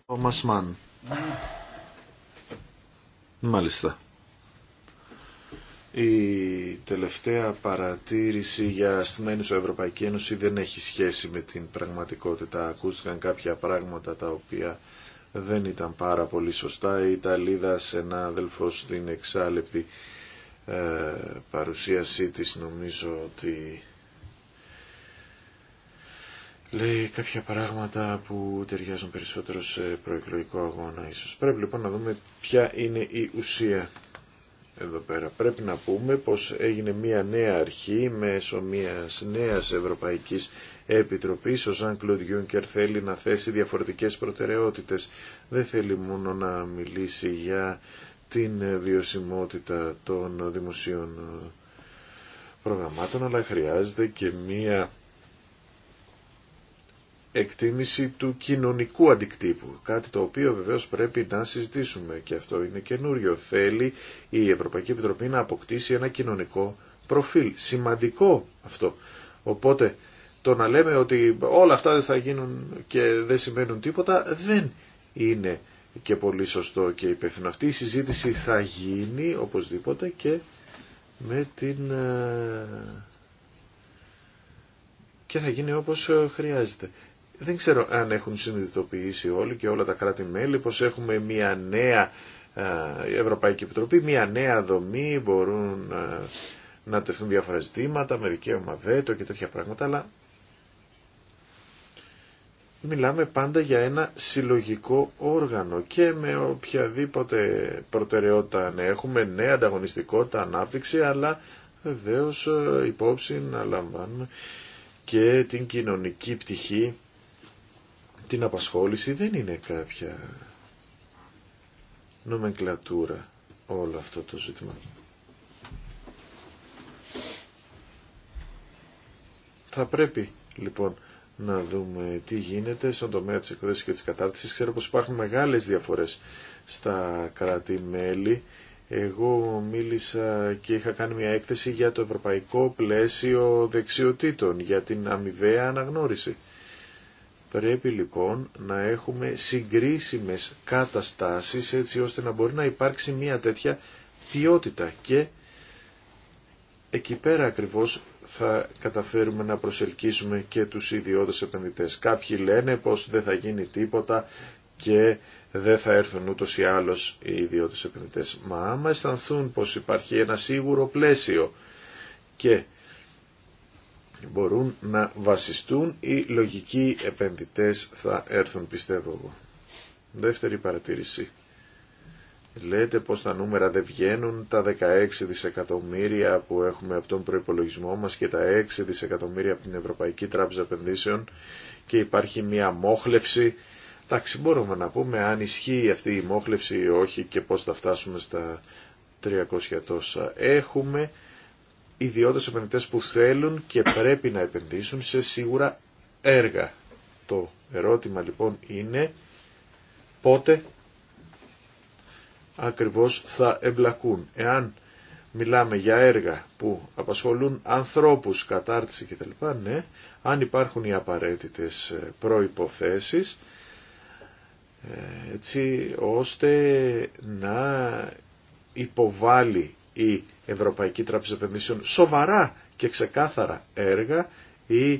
Thomas Mann. Μάλιστα. Η τελευταία παρατήρηση για στο Ευρωπαϊκή Ένωση δεν έχει σχέση με την πραγματικότητα. Ακούστηκαν κάποια πράγματα τα οποία δεν ήταν πάρα πολύ σωστά. Η Ιταλίδα αδελφό στην εξάλεπτη ε, παρουσίασή της νομίζω ότι λέει κάποια πράγματα που ταιριάζουν περισσότερο σε προεκλογικό αγώνα ίσως. Πρέπει λοιπόν να δούμε ποια είναι η ουσία εδώ πέρα. Πρέπει να πούμε πως έγινε μια νέα αρχή μέσω μιας νέας Ευρωπαϊκής Επιτροπής. Ο Ζαν Κλοντ Γιούνκερ θέλει να θέσει διαφορετικές προτεραιότητες. Δεν θέλει μόνο να μιλήσει για την βιωσιμότητα των δημοσίων προγραμμάτων, αλλά χρειάζεται και μία εκτίμηση του κοινωνικού αντικτύπου, κάτι το οποίο βεβαίως πρέπει να συζητήσουμε και αυτό είναι καινούριο. Θέλει η Ευρωπαϊκή Επιτροπή να αποκτήσει ένα κοινωνικό προφίλ. Σημαντικό αυτό. Οπότε το να λέμε ότι όλα αυτά δεν θα γίνουν και δεν σημαίνουν τίποτα δεν είναι και πολύ σωστό και υπεύθυνο. Αυτή η συζήτηση θα γίνει οπωσδήποτε και με την... Ε, και θα γίνει όπως ε, χρειάζεται. Δεν ξέρω αν έχουν συνειδητοποιήσει όλοι και όλα τα κράτη-μέλη πως έχουμε μια νέα Ευρωπαϊκή Επιτροπή, μια νέα δομή, μπορούν να τεθούν διάφορα ζητήματα με δικαίωμα βέτο και τέτοια πράγματα, αλλά μιλάμε πάντα για ένα συλλογικό όργανο και με οποιαδήποτε προτεραιότητα να έχουμε, νέα ανταγωνιστικότητα, ανάπτυξη, αλλά βεβαίως ε, υπόψη να λαμβάνουμε και την κοινωνική πτυχή την απασχόληση δεν είναι κάποια νομεγκλατούρα όλο αυτό το ζήτημα. Θα πρέπει λοιπόν να δούμε τι γίνεται στον τομέα της εκπαίδευσης και της κατάρτισης. Ξέρω πως υπάρχουν μεγάλες διαφορές στα κράτη-μέλη. Εγώ μίλησα και είχα κάνει μια έκθεση για το ευρωπαϊκό πλαίσιο δεξιοτήτων, για την αμοιβαία αναγνώριση. Πρέπει λοιπόν να έχουμε συγκρίσιμες καταστάσεις έτσι ώστε να μπορεί να υπάρξει μια τέτοια ποιότητα και εκεί πέρα ακριβώς θα καταφέρουμε να προσελκύσουμε και τους ιδιώτες επενδυτές. Κάποιοι λένε πως δεν θα γίνει τίποτα και δεν θα έρθουν ούτως ή άλλως οι ιδιώτες επενδυτές. Μα άμα αισθανθούν πως υπάρχει ένα σίγουρο πλαίσιο και μπορούν να βασιστούν οι λογικοί επενδυτές θα έρθουν πιστεύω εγώ. Δεύτερη παρατήρηση. Λέτε πως τα νούμερα δεν βγαίνουν, τα 16 δισεκατομμύρια που έχουμε από τον προϋπολογισμό μας και τα 6 δισεκατομμύρια από την Ευρωπαϊκή Τράπεζα Επενδύσεων και υπάρχει μια μόχλευση. Εντάξει, μπορούμε να πούμε αν ισχύει αυτή η μόχλευση ή όχι και πώς θα φτάσουμε στα 300 τόσα. Έχουμε ιδιώτες επενδυτές που θέλουν και πρέπει να επενδύσουν σε σίγουρα έργα. Το ερώτημα λοιπόν είναι πότε ακριβώς θα εμπλακούν. Εάν μιλάμε για έργα που απασχολούν ανθρώπους, κατάρτιση κτλ. Ναι, αν υπάρχουν οι απαραίτητες προϋποθέσεις ε, έτσι ώστε να υποβάλει η Ευρωπαϊκή Τράπεζα Επενδύσεων σοβαρά και ξεκάθαρα έργα ή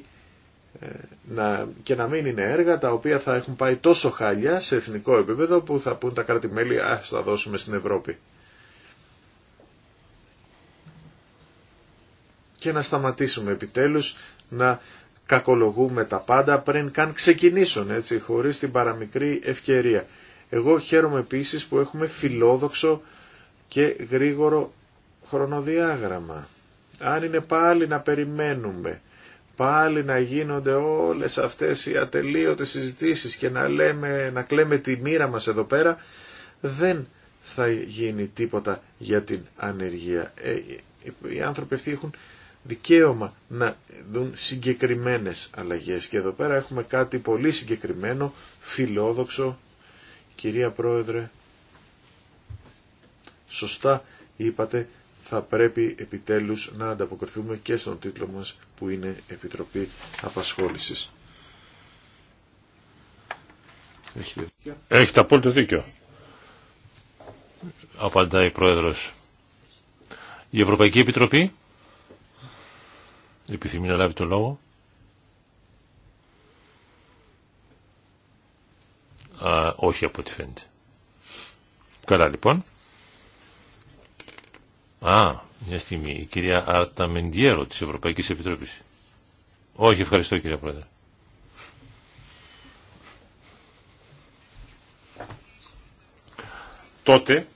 ε, να, και να μην είναι έργα τα οποία θα έχουν πάει τόσο χάλια σε εθνικό επίπεδο που θα πούν τα κράτη-μέλη ας τα δώσουμε στην Ευρώπη. Και να σταματήσουμε επιτέλους να κακολογούμε τα πάντα πριν καν ξεκινήσουν έτσι χωρίς την παραμικρή ευκαιρία. Εγώ χαίρομαι επίσης που έχουμε φιλόδοξο και γρήγορο χρονοδιάγραμμα. Αν είναι πάλι να περιμένουμε, πάλι να γίνονται όλες αυτές οι ατελείωτες συζητήσεις και να, λέμε, να κλαίμε τη μοίρα μας εδώ πέρα, δεν θα γίνει τίποτα για την ανεργία. Ε, οι άνθρωποι αυτοί έχουν δικαίωμα να δουν συγκεκριμένες αλλαγές και εδώ πέρα έχουμε κάτι πολύ συγκεκριμένο, φιλόδοξο. Κυρία Πρόεδρε, σωστά είπατε θα πρέπει επιτέλους να ανταποκριθούμε και στον τίτλο μας που είναι Επιτροπή Απασχόλησης. Έχετε, Έχετε απόλυτο δίκιο. Απαντάει η Πρόεδρος. Η Ευρωπαϊκή Επιτροπή επιθυμεί να λάβει το λόγο. όχι από ό,τι φαίνεται. Καλά λοιπόν. Α, μια στιγμή, η κυρία Αρταμεντιέρο της Ευρωπαϊκής Επιτροπής. Όχι, ευχαριστώ κυρία Πρόεδρε. Τότε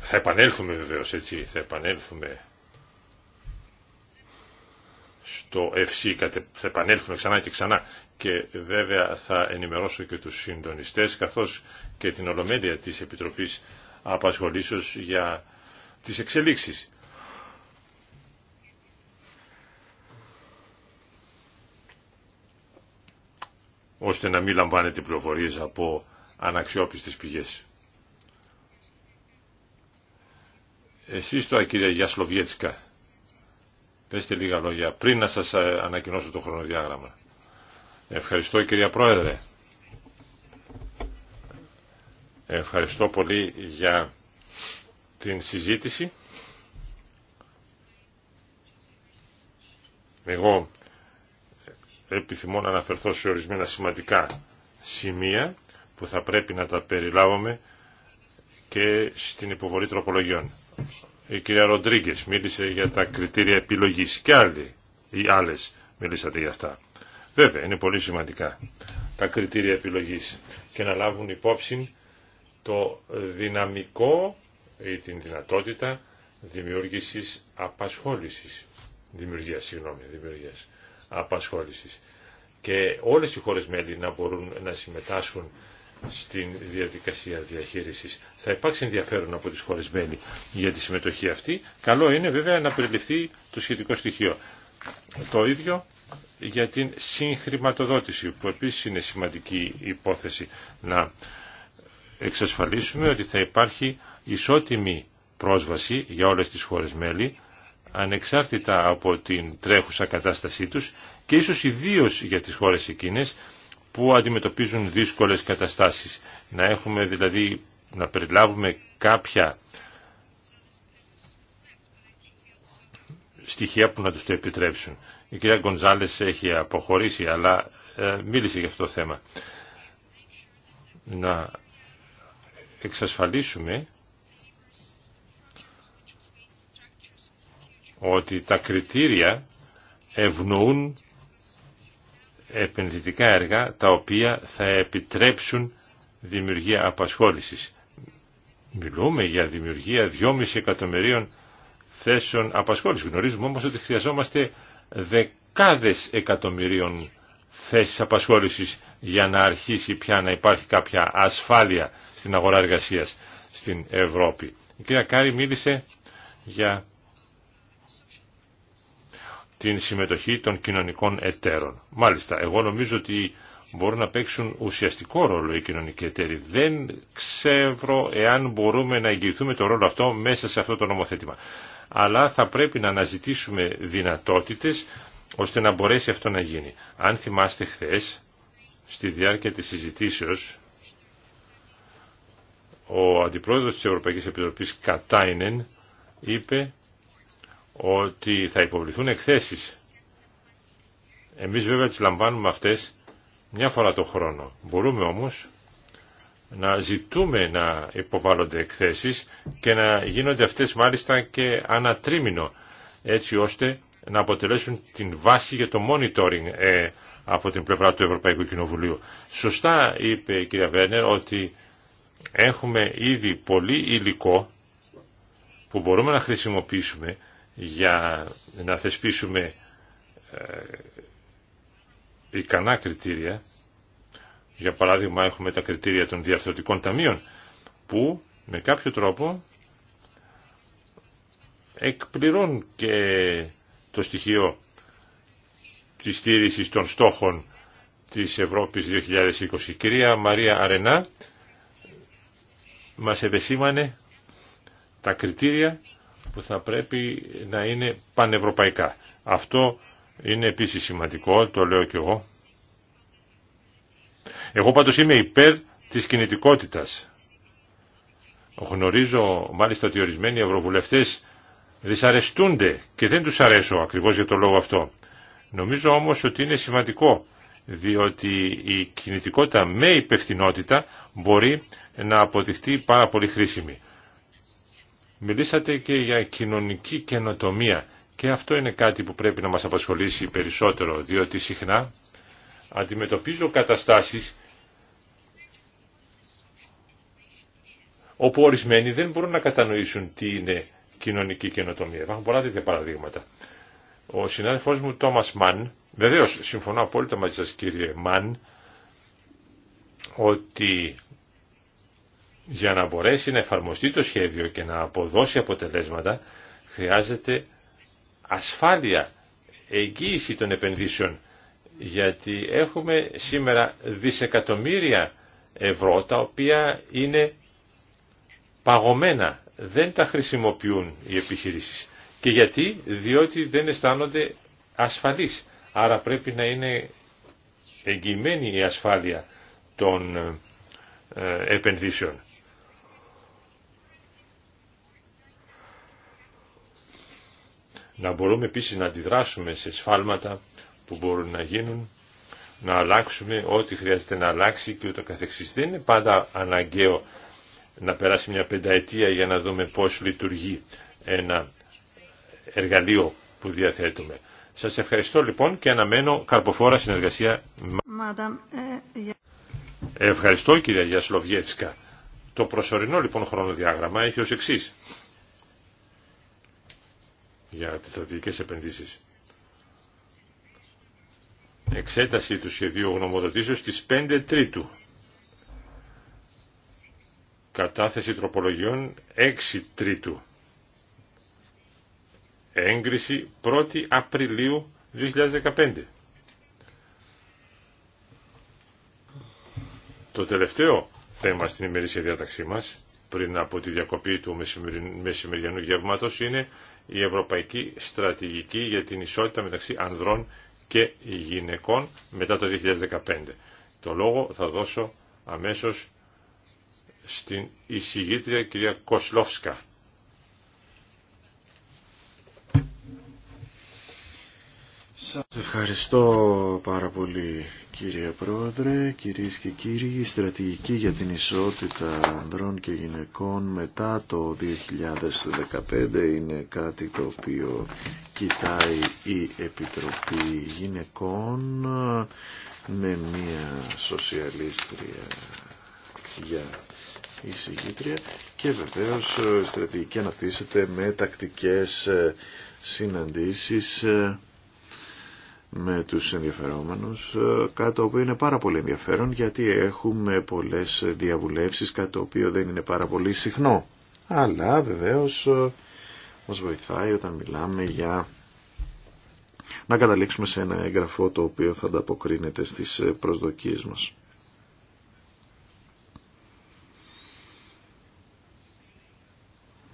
θα επανέλθουμε βεβαίως, έτσι, θα επανέλθουμε στο FC, θα επανέλθουμε ξανά και ξανά και βέβαια θα ενημερώσω και τους συντονιστές καθώς και την Ολομέλεια της Επιτροπής Απασχολήσεως για τις εξελίξεις. ώστε να μην λαμβάνετε πληροφορίες από αναξιόπιστες πηγές. Εσείς τώρα κύριε Γιασλοβιέτσκα, πέστε λίγα λόγια πριν να σας ε, ανακοινώσω το χρονοδιάγραμμα. Ευχαριστώ κυρία Πρόεδρε. Ευχαριστώ πολύ για την συζήτηση. Εγώ επιθυμώ να αναφερθώ σε ορισμένα σημαντικά σημεία που θα πρέπει να τα περιλάβουμε και στην υποβολή τροπολογιών. Η κυρία Ροντρίγκε μίλησε για τα κριτήρια επιλογής και άλλοι ή άλλε μιλήσατε για αυτά. Βέβαια, είναι πολύ σημαντικά τα κριτήρια επιλογής και να λάβουν υπόψη το δυναμικό ή την δυνατότητα δημιούργησης απασχόλησης. Δημιουργίας, συγγνώμη, δημιουργίας απασχόλησης. Και όλες οι χώρες μέλη να μπορούν να συμμετάσχουν στην διαδικασία διαχείρισης. Θα υπάρξει ενδιαφέρον από τις χώρες μέλη για τη συμμετοχή αυτή. Καλό είναι βέβαια να περιληφθεί το σχετικό στοιχείο. Το ίδιο για την συγχρηματοδότηση που επίσης είναι σημαντική υπόθεση να εξασφαλίσουμε ότι θα υπάρχει ισότιμη πρόσβαση για όλες τις χώρες μέλη, ανεξάρτητα από την τρέχουσα κατάστασή τους και ίσως ιδίω για τις χώρες εκείνες που αντιμετωπίζουν δύσκολες καταστάσεις. Να έχουμε δηλαδή, να περιλάβουμε κάποια στοιχεία που να τους το επιτρέψουν. Η κυρία Γκονζάλες έχει αποχωρήσει, αλλά ε, μίλησε για αυτό το θέμα. Να εξασφαλίσουμε ότι τα κριτήρια ευνοούν επενδυτικά έργα τα οποία θα επιτρέψουν δημιουργία απασχόλησης. Μιλούμε για δημιουργία 2,5 εκατομμυρίων θέσεων απασχόλησης. Γνωρίζουμε όμως ότι χρειαζόμαστε δεκάδες εκατομμυρίων θέσεις απασχόλησης για να αρχίσει πια να υπάρχει κάποια ασφάλεια στην αγορά εργασίας στην Ευρώπη. Η κυρία Κάρη μίλησε για την συμμετοχή των κοινωνικών εταίρων. Μάλιστα, εγώ νομίζω ότι μπορούν να παίξουν ουσιαστικό ρόλο οι κοινωνικοί εταίροι. Δεν ξέρω εάν μπορούμε να εγγυηθούμε το ρόλο αυτό μέσα σε αυτό το νομοθέτημα. Αλλά θα πρέπει να αναζητήσουμε δυνατότητες ώστε να μπορέσει αυτό να γίνει. Αν θυμάστε χθε, στη διάρκεια της συζητήσεως, ο Αντιπρόεδρος της Ευρωπαϊκής Επιτροπής Κατάινεν είπε ότι θα υποβληθούν εκθέσεις. Εμείς βέβαια τις λαμβάνουμε αυτές μια φορά το χρόνο. Μπορούμε όμως να ζητούμε να υποβάλλονται εκθέσεις και να γίνονται αυτές μάλιστα και ανατρίμηνο έτσι ώστε να αποτελέσουν την βάση για το monitoring ε, από την πλευρά του Ευρωπαϊκού Κοινοβουλίου. Σωστά είπε η κυρία Βέρνερ ότι έχουμε ήδη πολύ υλικό που μπορούμε να χρησιμοποιήσουμε για να θεσπίσουμε ε, ικανά κριτήρια. Για παράδειγμα έχουμε τα κριτήρια των διαρθρωτικών ταμείων που με κάποιο τρόπο εκπληρώνουν και το στοιχείο της στήριξης των στόχων της Ευρώπης 2020. κυρία Μαρία Αρενά μας επεσήμανε τα κριτήρια που θα πρέπει να είναι πανευρωπαϊκά. Αυτό είναι επίσης σημαντικό, το λέω και εγώ. Εγώ πάντως είμαι υπέρ της κινητικότητας. Γνωρίζω μάλιστα ότι ορισμένοι ευρωβουλευτές δυσαρεστούνται και δεν τους αρέσω ακριβώς για το λόγο αυτό. Νομίζω όμως ότι είναι σημαντικό διότι η κινητικότητα με υπευθυνότητα μπορεί να αποδειχτεί πάρα πολύ χρήσιμη. Μιλήσατε και για κοινωνική καινοτομία και αυτό είναι κάτι που πρέπει να μας απασχολήσει περισσότερο διότι συχνά αντιμετωπίζω καταστάσεις όπου ορισμένοι δεν μπορούν να κατανοήσουν τι είναι κοινωνική καινοτομία. Υπάρχουν πολλά τέτοια παραδείγματα. Ο συνάδελφός μου Τόμας Μαν, βεβαίω, συμφωνώ απόλυτα μαζί σας κύριε Μαν, ότι για να μπορέσει να εφαρμοστεί το σχέδιο και να αποδώσει αποτελέσματα χρειάζεται ασφάλεια, εγγύηση των επενδύσεων γιατί έχουμε σήμερα δισεκατομμύρια ευρώ τα οποία είναι παγωμένα, δεν τα χρησιμοποιούν οι επιχειρήσεις. Και γιατί, διότι δεν αισθάνονται ασφαλείς. Άρα πρέπει να είναι εγγυημένη η ασφάλεια των ε, επενδύσεων. να μπορούμε επίσης να αντιδράσουμε σε σφάλματα που μπορούν να γίνουν, να αλλάξουμε ό,τι χρειάζεται να αλλάξει και ούτω καθεξής. Δεν είναι πάντα αναγκαίο να περάσει μια πενταετία για να δούμε πώς λειτουργεί ένα εργαλείο που διαθέτουμε. Σας ευχαριστώ λοιπόν και αναμένω καρποφόρα συνεργασία. Ε, ευχαριστώ κυρία Γιασλοβιέτσκα. Το προσωρινό λοιπόν χρονοδιάγραμμα έχει ως εξής για τις στρατηγικές επενδύσεις. Εξέταση του σχεδίου γνωμοδοτήσεως στις 5 Τρίτου. Κατάθεση τροπολογιών 6 Τρίτου. Έγκριση 1η Απριλίου 2015. Το τελευταίο θέμα στην ημερήσια διάταξή μας, πριν από τη διακοπή του μεσημεριανού γεύματος, είναι η Ευρωπαϊκή Στρατηγική για την Ισότητα μεταξύ Ανδρών και Γυναικών μετά το 2015. Το λόγο θα δώσω αμέσως στην εισηγήτρια κυρία Κοσλόφσκα. Σας ευχαριστώ πάρα πολύ κύριε Πρόεδρε, κυρίες και κύριοι. Η στρατηγική για την ισότητα ανδρών και γυναικών μετά το 2015 είναι κάτι το οποίο κοιτάει η Επιτροπή Γυναικών με μια σοσιαλίστρια για εισηγήτρια και βεβαίως η στρατηγική αναπτύσσεται με τακτικές συναντήσεις με τους ενδιαφερόμενους, ε, κάτι το οποίο είναι πάρα πολύ ενδιαφέρον γιατί έχουμε πολλές διαβουλεύσεις, κάτι το οποίο δεν είναι πάρα πολύ συχνό. Αλλά βεβαίως ε, μας βοηθάει όταν μιλάμε για να καταλήξουμε σε ένα έγγραφο το οποίο θα ανταποκρίνεται στις προσδοκίες μας.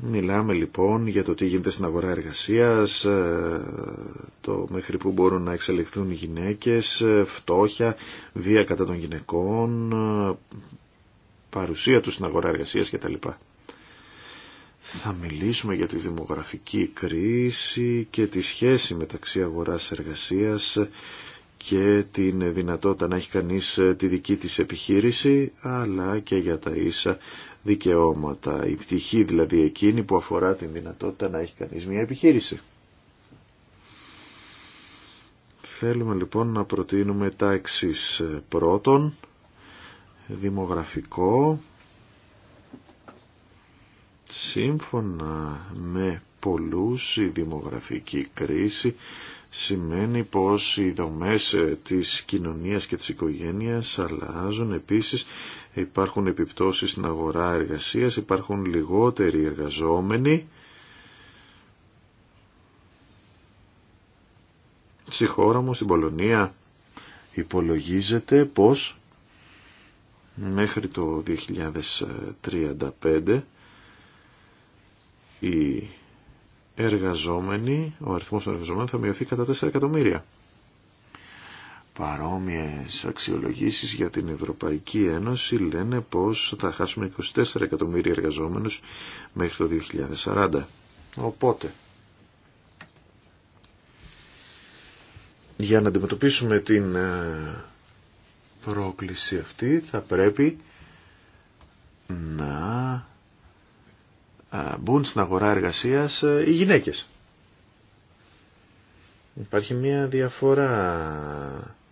Μιλάμε λοιπόν για το τι γίνεται στην αγορά εργασίας, ε, το μέχρι που μπορούν να εξελιχθούν οι γυναίκες, ε, φτώχεια, βία κατά των γυναικών, ε, παρουσία τους στην αγορά εργασίας κτλ. Θα μιλήσουμε για τη δημογραφική κρίση και τη σχέση μεταξύ αγοράς εργασίας και την δυνατότητα να έχει κανείς τη δική της επιχείρηση αλλά και για τα ίσα δικαιώματα, η πτυχή δηλαδή εκείνη που αφορά την δυνατότητα να έχει κανείς μια επιχείρηση. Θέλουμε λοιπόν να προτείνουμε τα εξής πρώτον, δημογραφικό, σύμφωνα με πολλούς η δημογραφική κρίση σημαίνει πως οι δομές ε, της κοινωνίας και της οικογένειας αλλάζουν επίσης υπάρχουν επιπτώσεις στην αγορά εργασίας υπάρχουν λιγότεροι εργαζόμενοι στη χώρα μου στην Πολωνία υπολογίζεται πως μέχρι το 2035 εργαζόμενοι, ο αριθμός των εργαζομένων θα μειωθεί κατά 4 εκατομμύρια. Παρόμοιες αξιολογήσεις για την Ευρωπαϊκή Ένωση λένε πως θα χάσουμε 24 εκατομμύρια εργαζόμενους μέχρι το 2040. Οπότε, για να αντιμετωπίσουμε την ε, πρόκληση αυτή θα πρέπει να μπουν στην αγορά εργασίας ε, οι γυναίκες. Υπάρχει μια διαφορά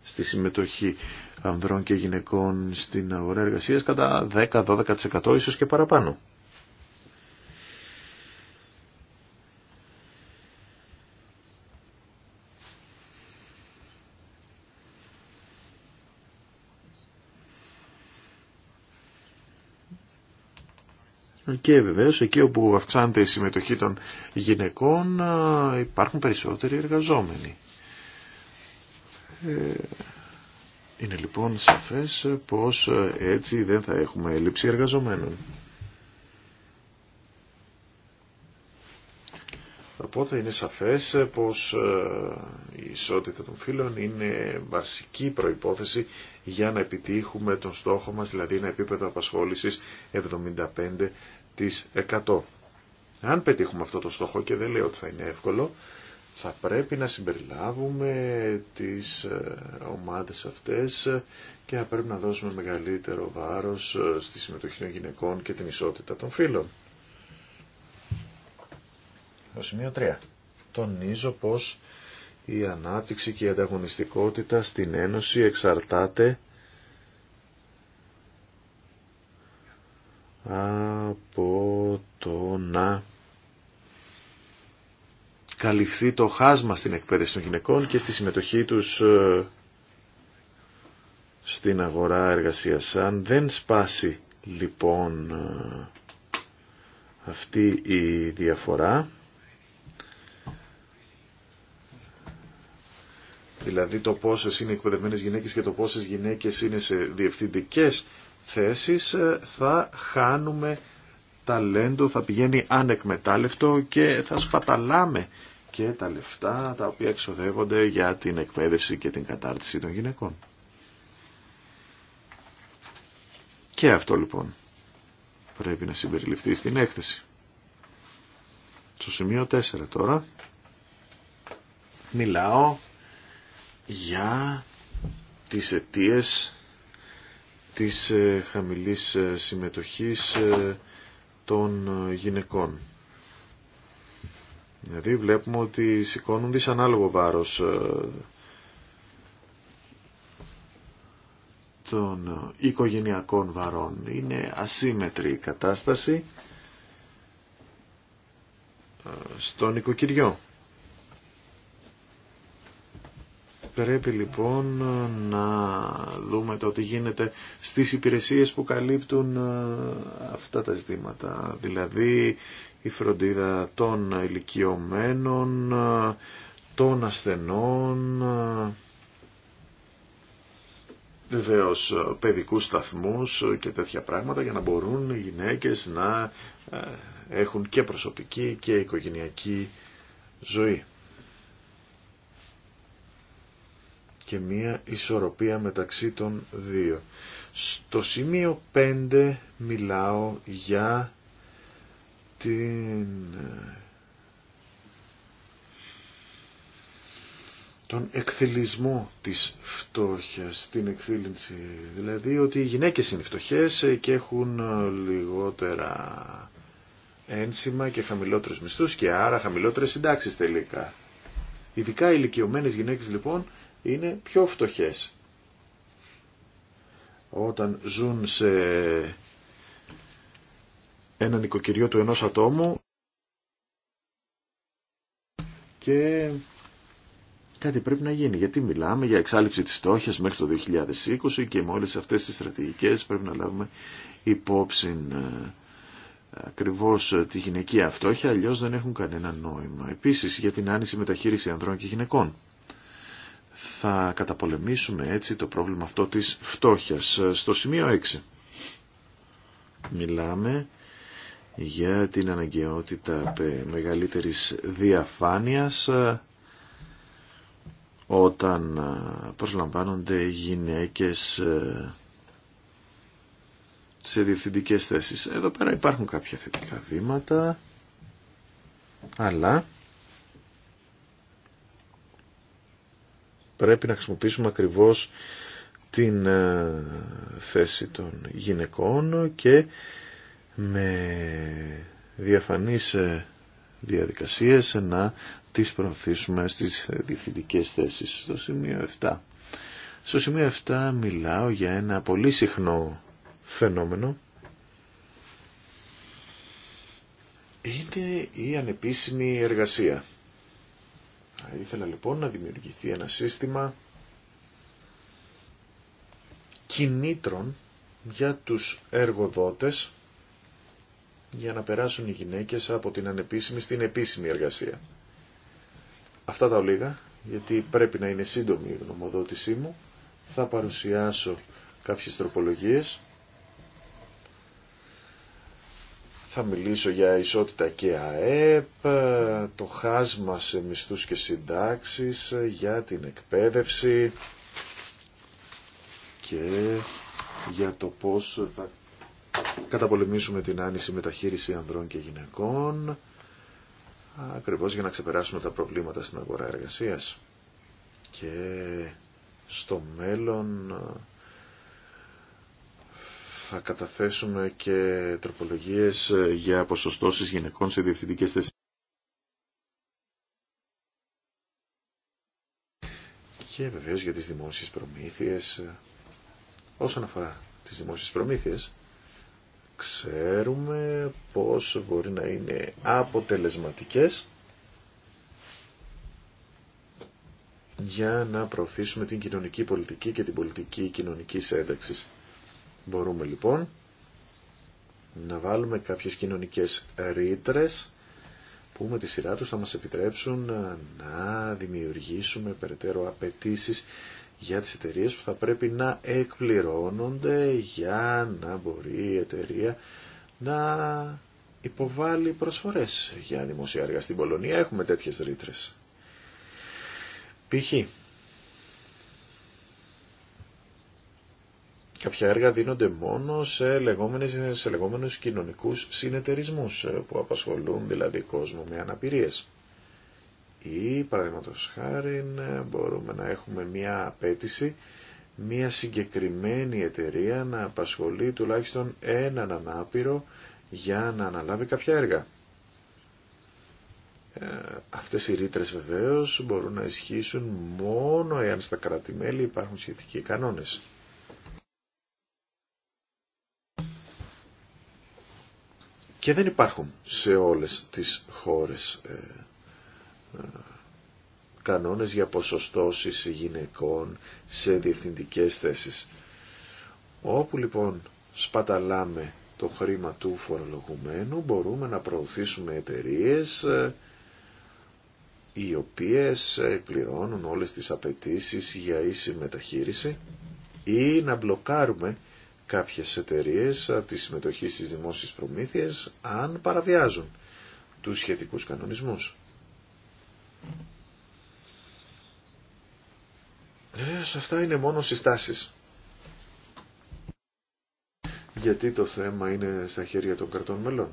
στη συμμετοχή ανδρών και γυναικών στην αγορά εργασίας κατά 10-12% ίσως και παραπάνω. Και βεβαίως εκεί όπου αυξάνεται η συμμετοχή των γυναικών υπάρχουν περισσότεροι εργαζόμενοι. Ε, είναι λοιπόν σαφές πως ε, έτσι δεν θα έχουμε έλλειψη εργαζομένων. Οπότε είναι σαφές πως ε, η ισότητα των φύλων είναι βασική προϋπόθεση για να επιτύχουμε τον στόχο μας, δηλαδή ένα επίπεδο απασχόλησης της 100. Αν πετύχουμε αυτό το στόχο και δεν λέω ότι θα είναι εύκολο, θα πρέπει να συμπεριλάβουμε τις ε, ομάδες αυτές και θα πρέπει να δώσουμε μεγαλύτερο βάρος ε, στη συμμετοχή των γυναικών και την ισότητα των φύλων. Το σημείο 3. Τονίζω πως η ανάπτυξη και η ανταγωνιστικότητα στην Ένωση εξαρτάται από το να καλυφθεί το χάσμα στην εκπαίδευση των γυναικών και στη συμμετοχή τους ε, στην αγορά εργασίας. Αν δεν σπάσει λοιπόν ε, αυτή η διαφορά, δηλαδή το πόσες είναι εκπαιδευμένες γυναίκες και το πόσες γυναίκες είναι σε διευθυντικές θέσεις ε, θα χάνουμε ταλέντο, θα πηγαίνει ανεκμετάλλευτο και θα σπαταλάμε και τα λεφτά τα οποία εξοδεύονται για την εκπαίδευση και την κατάρτιση των γυναικών. Και αυτό λοιπόν πρέπει να συμπεριληφθεί στην έκθεση. Στο σημείο 4 τώρα μιλάω για τις αιτίες της ε, χαμηλής ε, συμμετοχής ε, των γυναικών. Δηλαδή βλέπουμε ότι σηκώνουν δυσανάλογο βάρος των οικογενειακών βαρών. Είναι ασύμετρη η κατάσταση στον οικοκυριό. Πρέπει λοιπόν να δούμε το τι γίνεται στις υπηρεσίες που καλύπτουν ε, αυτά τα ζητήματα, δηλαδή η φροντίδα των ηλικιωμένων, ε, των ασθενών, ε, βεβαίω παιδικούς σταθμούς και τέτοια πράγματα για να μπορούν οι γυναίκες να έχουν και προσωπική και οικογενειακή ζωή. και μία ισορροπία μεταξύ των δύο. Στο σημείο 5 μιλάω για την... τον εκθυλισμό της φτώχειας, την εκθύλυνση. Δηλαδή ότι οι γυναίκες είναι φτωχές και έχουν λιγότερα ένσημα και χαμηλότερους μισθούς και άρα χαμηλότερες συντάξεις τελικά. Ειδικά οι ηλικιωμένες γυναίκες λοιπόν είναι πιο φτωχές. Όταν ζουν σε ένα νοικοκυριό του ενός ατόμου και κάτι πρέπει να γίνει. Γιατί μιλάμε για εξάλληψη της στόχης μέχρι το 2020 και με όλες αυτές τις στρατηγικές πρέπει να λάβουμε υπόψη ε, ακριβώς ε, τη γυναική φτώχεια, αλλιώς δεν έχουν κανένα νόημα. Επίσης για την άνηση μεταχείριση ανδρών και γυναικών θα καταπολεμήσουμε έτσι το πρόβλημα αυτό της φτώχειας. Στο σημείο 6 μιλάμε για την αναγκαιότητα μεγαλύτερης διαφάνειας ε, όταν ε, προσλαμβάνονται γυναίκες ε, σε διευθυντικές θέσεις. Εδώ πέρα υπάρχουν κάποια θετικά βήματα, αλλά πρέπει να χρησιμοποιήσουμε ακριβώς την ε, θέση των γυναικών και με διαφανείς ε, διαδικασίες να τις προωθήσουμε στις ε, διευθυντικές θέσεις. Στο σημείο 7. Στο σημείο 7 μιλάω για ένα πολύ συχνό φαινόμενο. Είναι η ανεπίσημη εργασία. Ήθελα λοιπόν να δημιουργηθεί ένα σύστημα κινήτρων για τους εργοδότες για να περάσουν οι γυναίκες από την ανεπίσημη στην επίσημη εργασία. Αυτά τα ολίγα, γιατί πρέπει να είναι σύντομη η γνωμοδότησή μου. Θα παρουσιάσω κάποιες τροπολογίες θα μιλήσω για ισότητα και ΑΕΠ, το χάσμα σε μισθούς και συντάξεις, για την εκπαίδευση και για το πώς θα καταπολεμήσουμε την άνηση μεταχείριση ανδρών και γυναικών, ακριβώς για να ξεπεράσουμε τα προβλήματα στην αγορά εργασίας. Και στο μέλλον θα καταθέσουμε και τροπολογίες ε, για ποσοστώσεις γυναικών σε διευθυντικές θέσεις. Και βεβαίως για τις δημόσιες προμήθειες. Ε, όσον αφορά τις δημόσιες προμήθειες, ξέρουμε πώς μπορεί να είναι αποτελεσματικές για να προωθήσουμε την κοινωνική πολιτική και την πολιτική κοινωνικής ένταξης. Μπορούμε λοιπόν να βάλουμε κάποιες κοινωνικές ρήτρε που με τη σειρά τους θα μας επιτρέψουν να δημιουργήσουμε περαιτέρω απαιτήσει για τις εταιρείες που θα πρέπει να εκπληρώνονται για να μπορεί η εταιρεία να υποβάλει προσφορές για δημοσιάργα. Στην Πολωνία έχουμε τέτοιες ρήτρε. Π.χ. κάποια έργα δίνονται μόνο σε, λεγόμενες, σε λεγόμενους κοινωνικούς συνεταιρισμούς ε, που απασχολούν δηλαδή κόσμο με αναπηρίες. Ή παραδείγματο χάρη ναι, μπορούμε να έχουμε μια απέτηση μια συγκεκριμένη εταιρεία να απασχολεί τουλάχιστον έναν ανάπηρο για να αναλάβει κάποια έργα. Ε, αυτές οι ρήτρε βεβαίως μπορούν να ισχύσουν μόνο εάν στα κρατη υπάρχουν σχετικοί κανόνες. και δεν υπάρχουν σε όλες τις χώρες ε, ε, κανόνες για ποσοστώσεις γυναικών σε διευθυντικές θέσεις. Όπου λοιπόν σπαταλάμε το χρήμα του φορολογουμένου μπορούμε να προωθήσουμε εταιρείες ε, οι οποίες ε, πληρώνουν όλες τις απαιτήσεις για ίση μεταχείριση ή να μπλοκάρουμε κάποιες εταιρείες από τη συμμετοχή στις δημόσιες προμήθειες αν παραβιάζουν τους σχετικούς κανονισμούς. Ε, αυτά είναι μόνο συστάσεις. Γιατί το θέμα είναι στα χέρια των κρατών μελών.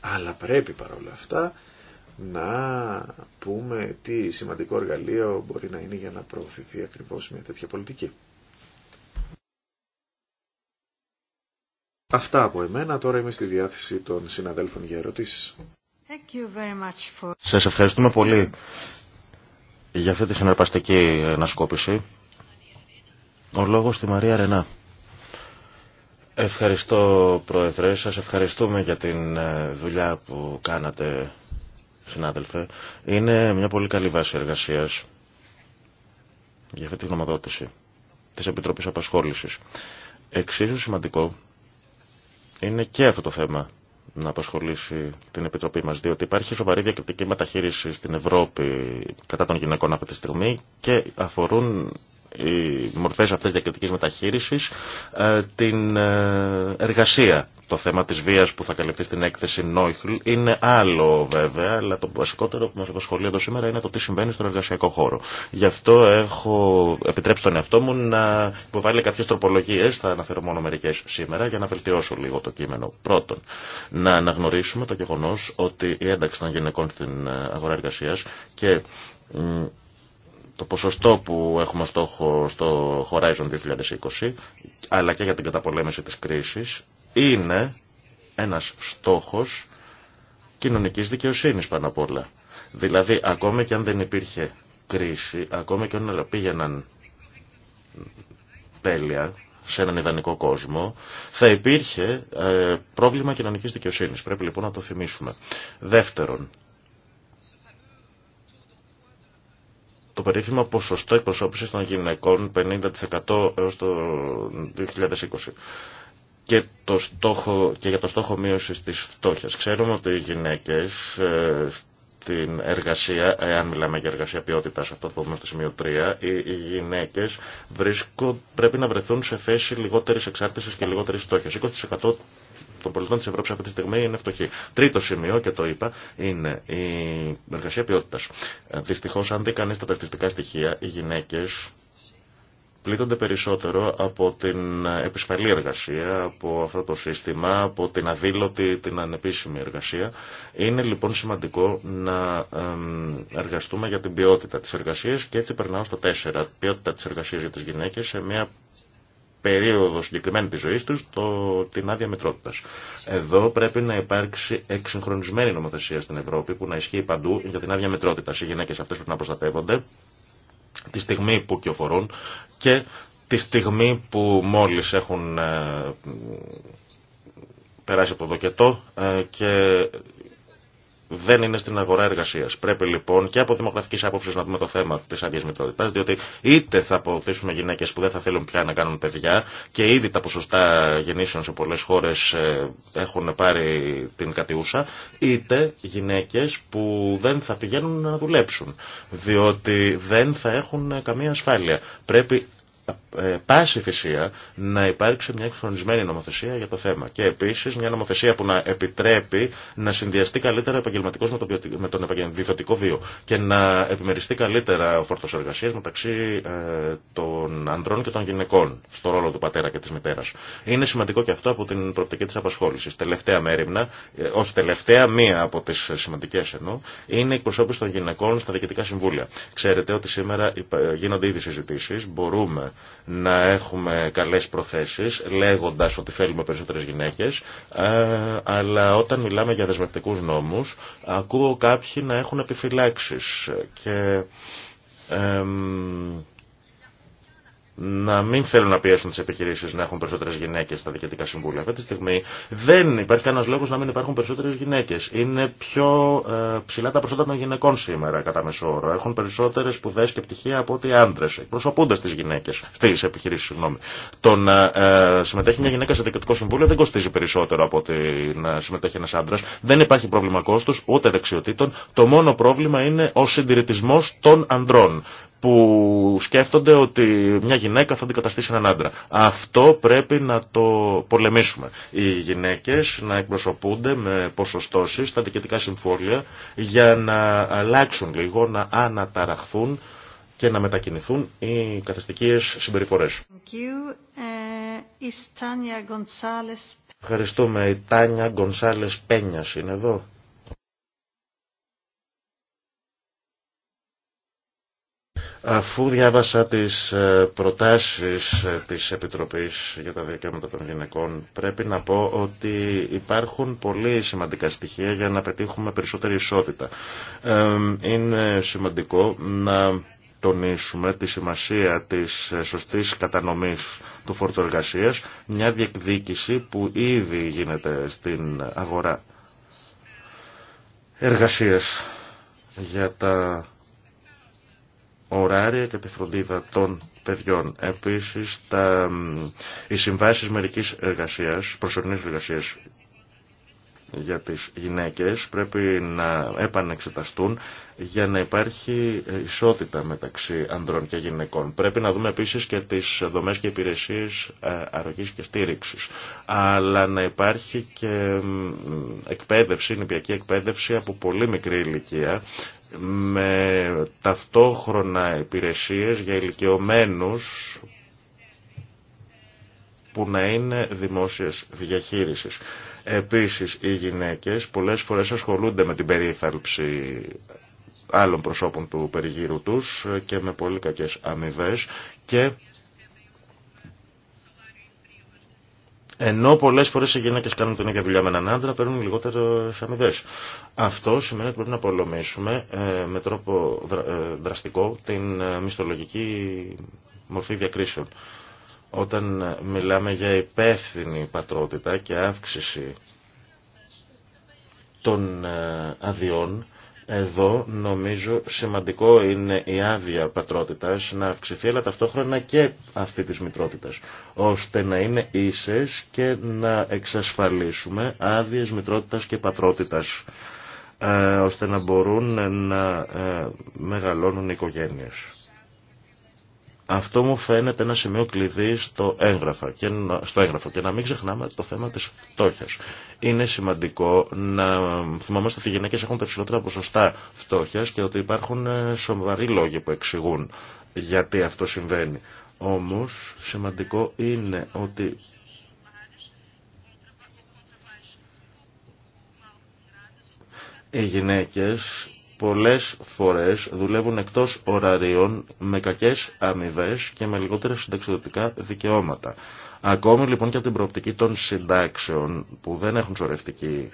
Αλλά πρέπει παρόλα αυτά να πούμε τι σημαντικό εργαλείο μπορεί να είναι για να προωθηθεί ακριβώς μια τέτοια πολιτική. Αυτά από εμένα. Τώρα είμαι στη διάθεση των συναδέλφων για ερωτήσεις. Σας ευχαριστούμε πολύ για αυτή τη συναρπαστική ανασκόπηση. Ο λόγος στη Μαρία Ρενά. Ευχαριστώ Πρόεδρε, σας ευχαριστούμε για την ε, δουλειά που κάνατε συνάδελφε. Είναι μια πολύ καλή βάση εργασίας για αυτή τη γνωμοδότηση της Επιτροπής Απασχόλησης. Εξίσου σημαντικό είναι και αυτό το θέμα να απασχολήσει την Επιτροπή μας, διότι υπάρχει σοβαρή διακριτική μεταχείριση στην Ευρώπη κατά των γυναικών αυτή τη στιγμή και αφορούν οι μορφές αυτές διακριτικής μεταχείρισης ε, την ε, εργασία το θέμα της βίας που θα καλυφθεί στην έκθεση Νόιχλ είναι άλλο βέβαια, αλλά το βασικότερο που μας απασχολεί εδώ σήμερα είναι το τι συμβαίνει στον εργασιακό χώρο. Γι' αυτό έχω επιτρέψει τον εαυτό μου να υποβάλει κάποιες τροπολογίες, θα αναφέρω μόνο μερικές σήμερα, για να βελτιώσω λίγο το κείμενο. Πρώτον, να αναγνωρίσουμε το γεγονός ότι η ένταξη των γυναικών στην αγορά εργασίας και το ποσοστό που έχουμε στόχο στο Horizon 2020, αλλά και για την καταπολέμηση της κρίσης, είναι ένας στόχος κοινωνικής δικαιοσύνης πάνω απ' όλα. Δηλαδή, ακόμα και αν δεν υπήρχε κρίση, ακόμα και αν πήγαιναν τέλεια σε έναν ιδανικό κόσμο, θα υπήρχε ε, πρόβλημα κοινωνικής δικαιοσύνης. Πρέπει λοιπόν να το θυμίσουμε. Δεύτερον, το περίφημα ποσοστό εκπροσώπησης των γυναικών 50% έως το 2020 και, το στόχο, για το στόχο μείωση τη φτώχεια. Ξέρουμε ότι οι γυναίκες ε, στην εργασία, εάν μιλάμε για εργασία ποιότητα, αυτό το δούμε στο σημείο 3, οι, γυναίκες πρέπει να βρεθούν σε θέση λιγότερη εξάρτηση και λιγότερη φτώχεια. 20% των πολιτών τη Ευρώπη αυτή τη στιγμή είναι φτωχοί. Τρίτο σημείο, και το είπα, είναι η εργασία ποιότητα. Ε, Δυστυχώ, αν δει τα στατιστικά στοιχεία, οι γυναίκε πλήττονται περισσότερο από την επισφαλή εργασία, από αυτό το σύστημα, από την αδήλωτη, την ανεπίσημη εργασία. Είναι λοιπόν σημαντικό να εργαστούμε για την ποιότητα της εργασίας και έτσι περνάω στο τέσσερα. Ποιότητα της εργασίας για τις γυναίκες σε μια περίοδο συγκεκριμένη της ζωής τους το, την άδεια μητρότητας. Εδώ πρέπει να υπάρξει εξυγχρονισμένη νομοθεσία στην Ευρώπη που να ισχύει παντού για την άδεια μητρότητας. Οι γυναίκες αυτές πρέπει να προστατεύονται τη στιγμή που κυοφορούν και τη στιγμή που μόλις έχουν ε, περάσει από το δοκετό ε, και δεν είναι στην αγορά εργασία. Πρέπει λοιπόν και από δημογραφική άποψη να δούμε το θέμα τη άδεια μητρότητα, διότι είτε θα αποκτήσουμε γυναίκε που δεν θα θέλουν πια να κάνουν παιδιά και ήδη τα ποσοστά γεννήσεων σε πολλέ χώρε ε, έχουν πάρει την κατιούσα, είτε γυναίκε που δεν θα πηγαίνουν να δουλέψουν, διότι δεν θα έχουν καμία ασφάλεια. Πρέπει ε, πάση θυσία να υπάρξει μια εκφρονισμένη νομοθεσία για το θέμα. Και επίση μια νομοθεσία που να επιτρέπει να συνδυαστεί καλύτερα επαγγελματικό με τον επαγγελματικό βίο και να επιμεριστεί καλύτερα ο φόρτο εργασία μεταξύ ε, των ανδρών και των γυναικών στο ρόλο του πατέρα και τη μητέρα. Είναι σημαντικό και αυτό από την προοπτική τη απασχόληση. Τελευταία μέρημνα, ε, όχι τελευταία, μία από τι σημαντικέ ενώ, είναι η εκπροσώπηση των γυναικών στα διοικητικά συμβούλια. Ξέρετε ότι σήμερα γίνονται ήδη συζητήσει, μπορούμε να έχουμε καλές προθέσεις λέγοντας ότι θέλουμε περισσότερες γυναίκες ε, αλλά όταν μιλάμε για δεσμευτικούς νόμους ακούω κάποιοι να έχουν επιφυλάξεις και να μην θέλουν να πιέσουν τι επιχειρήσει να έχουν περισσότερε γυναίκε στα διοικητικά συμβούλια. Αυτή τη στιγμή δεν υπάρχει κανένα λόγο να μην υπάρχουν περισσότερε γυναίκε. Είναι πιο ε, ψηλά τα ποσότητα των γυναικών σήμερα κατά μέσο όρο. Έχουν περισσότερε σπουδέ και πτυχία από ότι άντρε. Εκπροσωπούνται στι γυναίκε, στι επιχειρήσει, συγγνώμη. Το να ε, συμμετέχει μια γυναίκα σε διοικητικό συμβούλιο δεν κοστίζει περισσότερο από ότι να συμμετέχει ένα άντρα. Δεν υπάρχει πρόβλημα κόστου ούτε δεξιοτήτων. Το μόνο πρόβλημα είναι ο συντηρητισμό των ανδρών που σκέφτονται ότι μια γυναίκα θα αντικαταστήσει έναν άντρα. Αυτό πρέπει να το πολεμήσουμε. Οι γυναίκες να εκπροσωπούνται με ποσοστώσεις στα δικαιωτικά συμφόλια για να αλλάξουν λίγο, να αναταραχθούν και να μετακινηθούν οι καθεστικέ συμπεριφορές. Ε, Ευχαριστούμε. Η Τάνια Γκονσάλες Πένιας είναι εδώ. Αφού διάβασα τις ε, προτάσεις ε, της Επιτροπής για τα Δικαιώματα των Γυναικών, πρέπει να πω ότι υπάρχουν πολύ σημαντικά στοιχεία για να πετύχουμε περισσότερη ισότητα. Ε, είναι σημαντικό να τονίσουμε τη σημασία της σωστής κατανομής του φορτοεργασίας. μια διεκδίκηση που ήδη γίνεται στην αγορά εργασίας για τα ωράρια και τη φροντίδα των παιδιών. Επίσης, τα, οι συμβάσεις μερικής εργασίας, προσωρινής εργασίας για τις γυναίκες πρέπει να επανεξεταστούν για να υπάρχει ισότητα μεταξύ ανδρών και γυναικών. Πρέπει να δούμε επίσης και τις δομές και υπηρεσίες ε, αρρωγής και στήριξης. Αλλά να υπάρχει και εκπαίδευση, νηπιακή εκπαίδευση από πολύ μικρή ηλικία με ταυτόχρονα υπηρεσίες για ηλικιωμένους που να είναι δημόσιες διαχείρισης. Επίσης, οι γυναίκες πολλές φορές ασχολούνται με την περίθαλψη άλλων προσώπων του περιγύρου τους και με πολύ κακές αμοιβέ και Ενώ πολλέ φορέ οι γυναίκε κάνουν την ίδια δουλειά με έναν άντρα, παίρνουν λιγότερε αμοιβέ. Αυτό σημαίνει ότι πρέπει να απολωμήσουμε ε, με τρόπο ε, δραστικό την ε, μισθολογική μορφή διακρίσεων. Όταν μιλάμε για υπεύθυνη πατρότητα και αύξηση των αδειών, εδώ νομίζω σημαντικό είναι η άδεια πατρότητας να αυξηθεί αλλά ταυτόχρονα και αυτή της μητρότητας ώστε να είναι ίσες και να εξασφαλίσουμε άδειε μητρότητας και πατρότητας ε, ώστε να μπορούν να ε, μεγαλώνουν οι οικογένειες. Αυτό μου φαίνεται ένα σημείο κλειδί στο έγγραφο και, στο έγγραφο και να μην ξεχνάμε το θέμα της φτώχειας. Είναι σημαντικό να θυμάμαστε ότι οι γυναίκες έχουν περισσότερα ποσοστά φτώχειας και ότι υπάρχουν ε, σοβαροί λόγοι που εξηγούν γιατί αυτό συμβαίνει. Όμως σημαντικό είναι ότι οι γυναίκες πολλές φορές δουλεύουν εκτός ωραρίων με κακές αμοιβέ και με λιγότερα συνταξιδοτικά δικαιώματα. Ακόμη λοιπόν και από την προοπτική των συντάξεων που δεν έχουν σωρευτική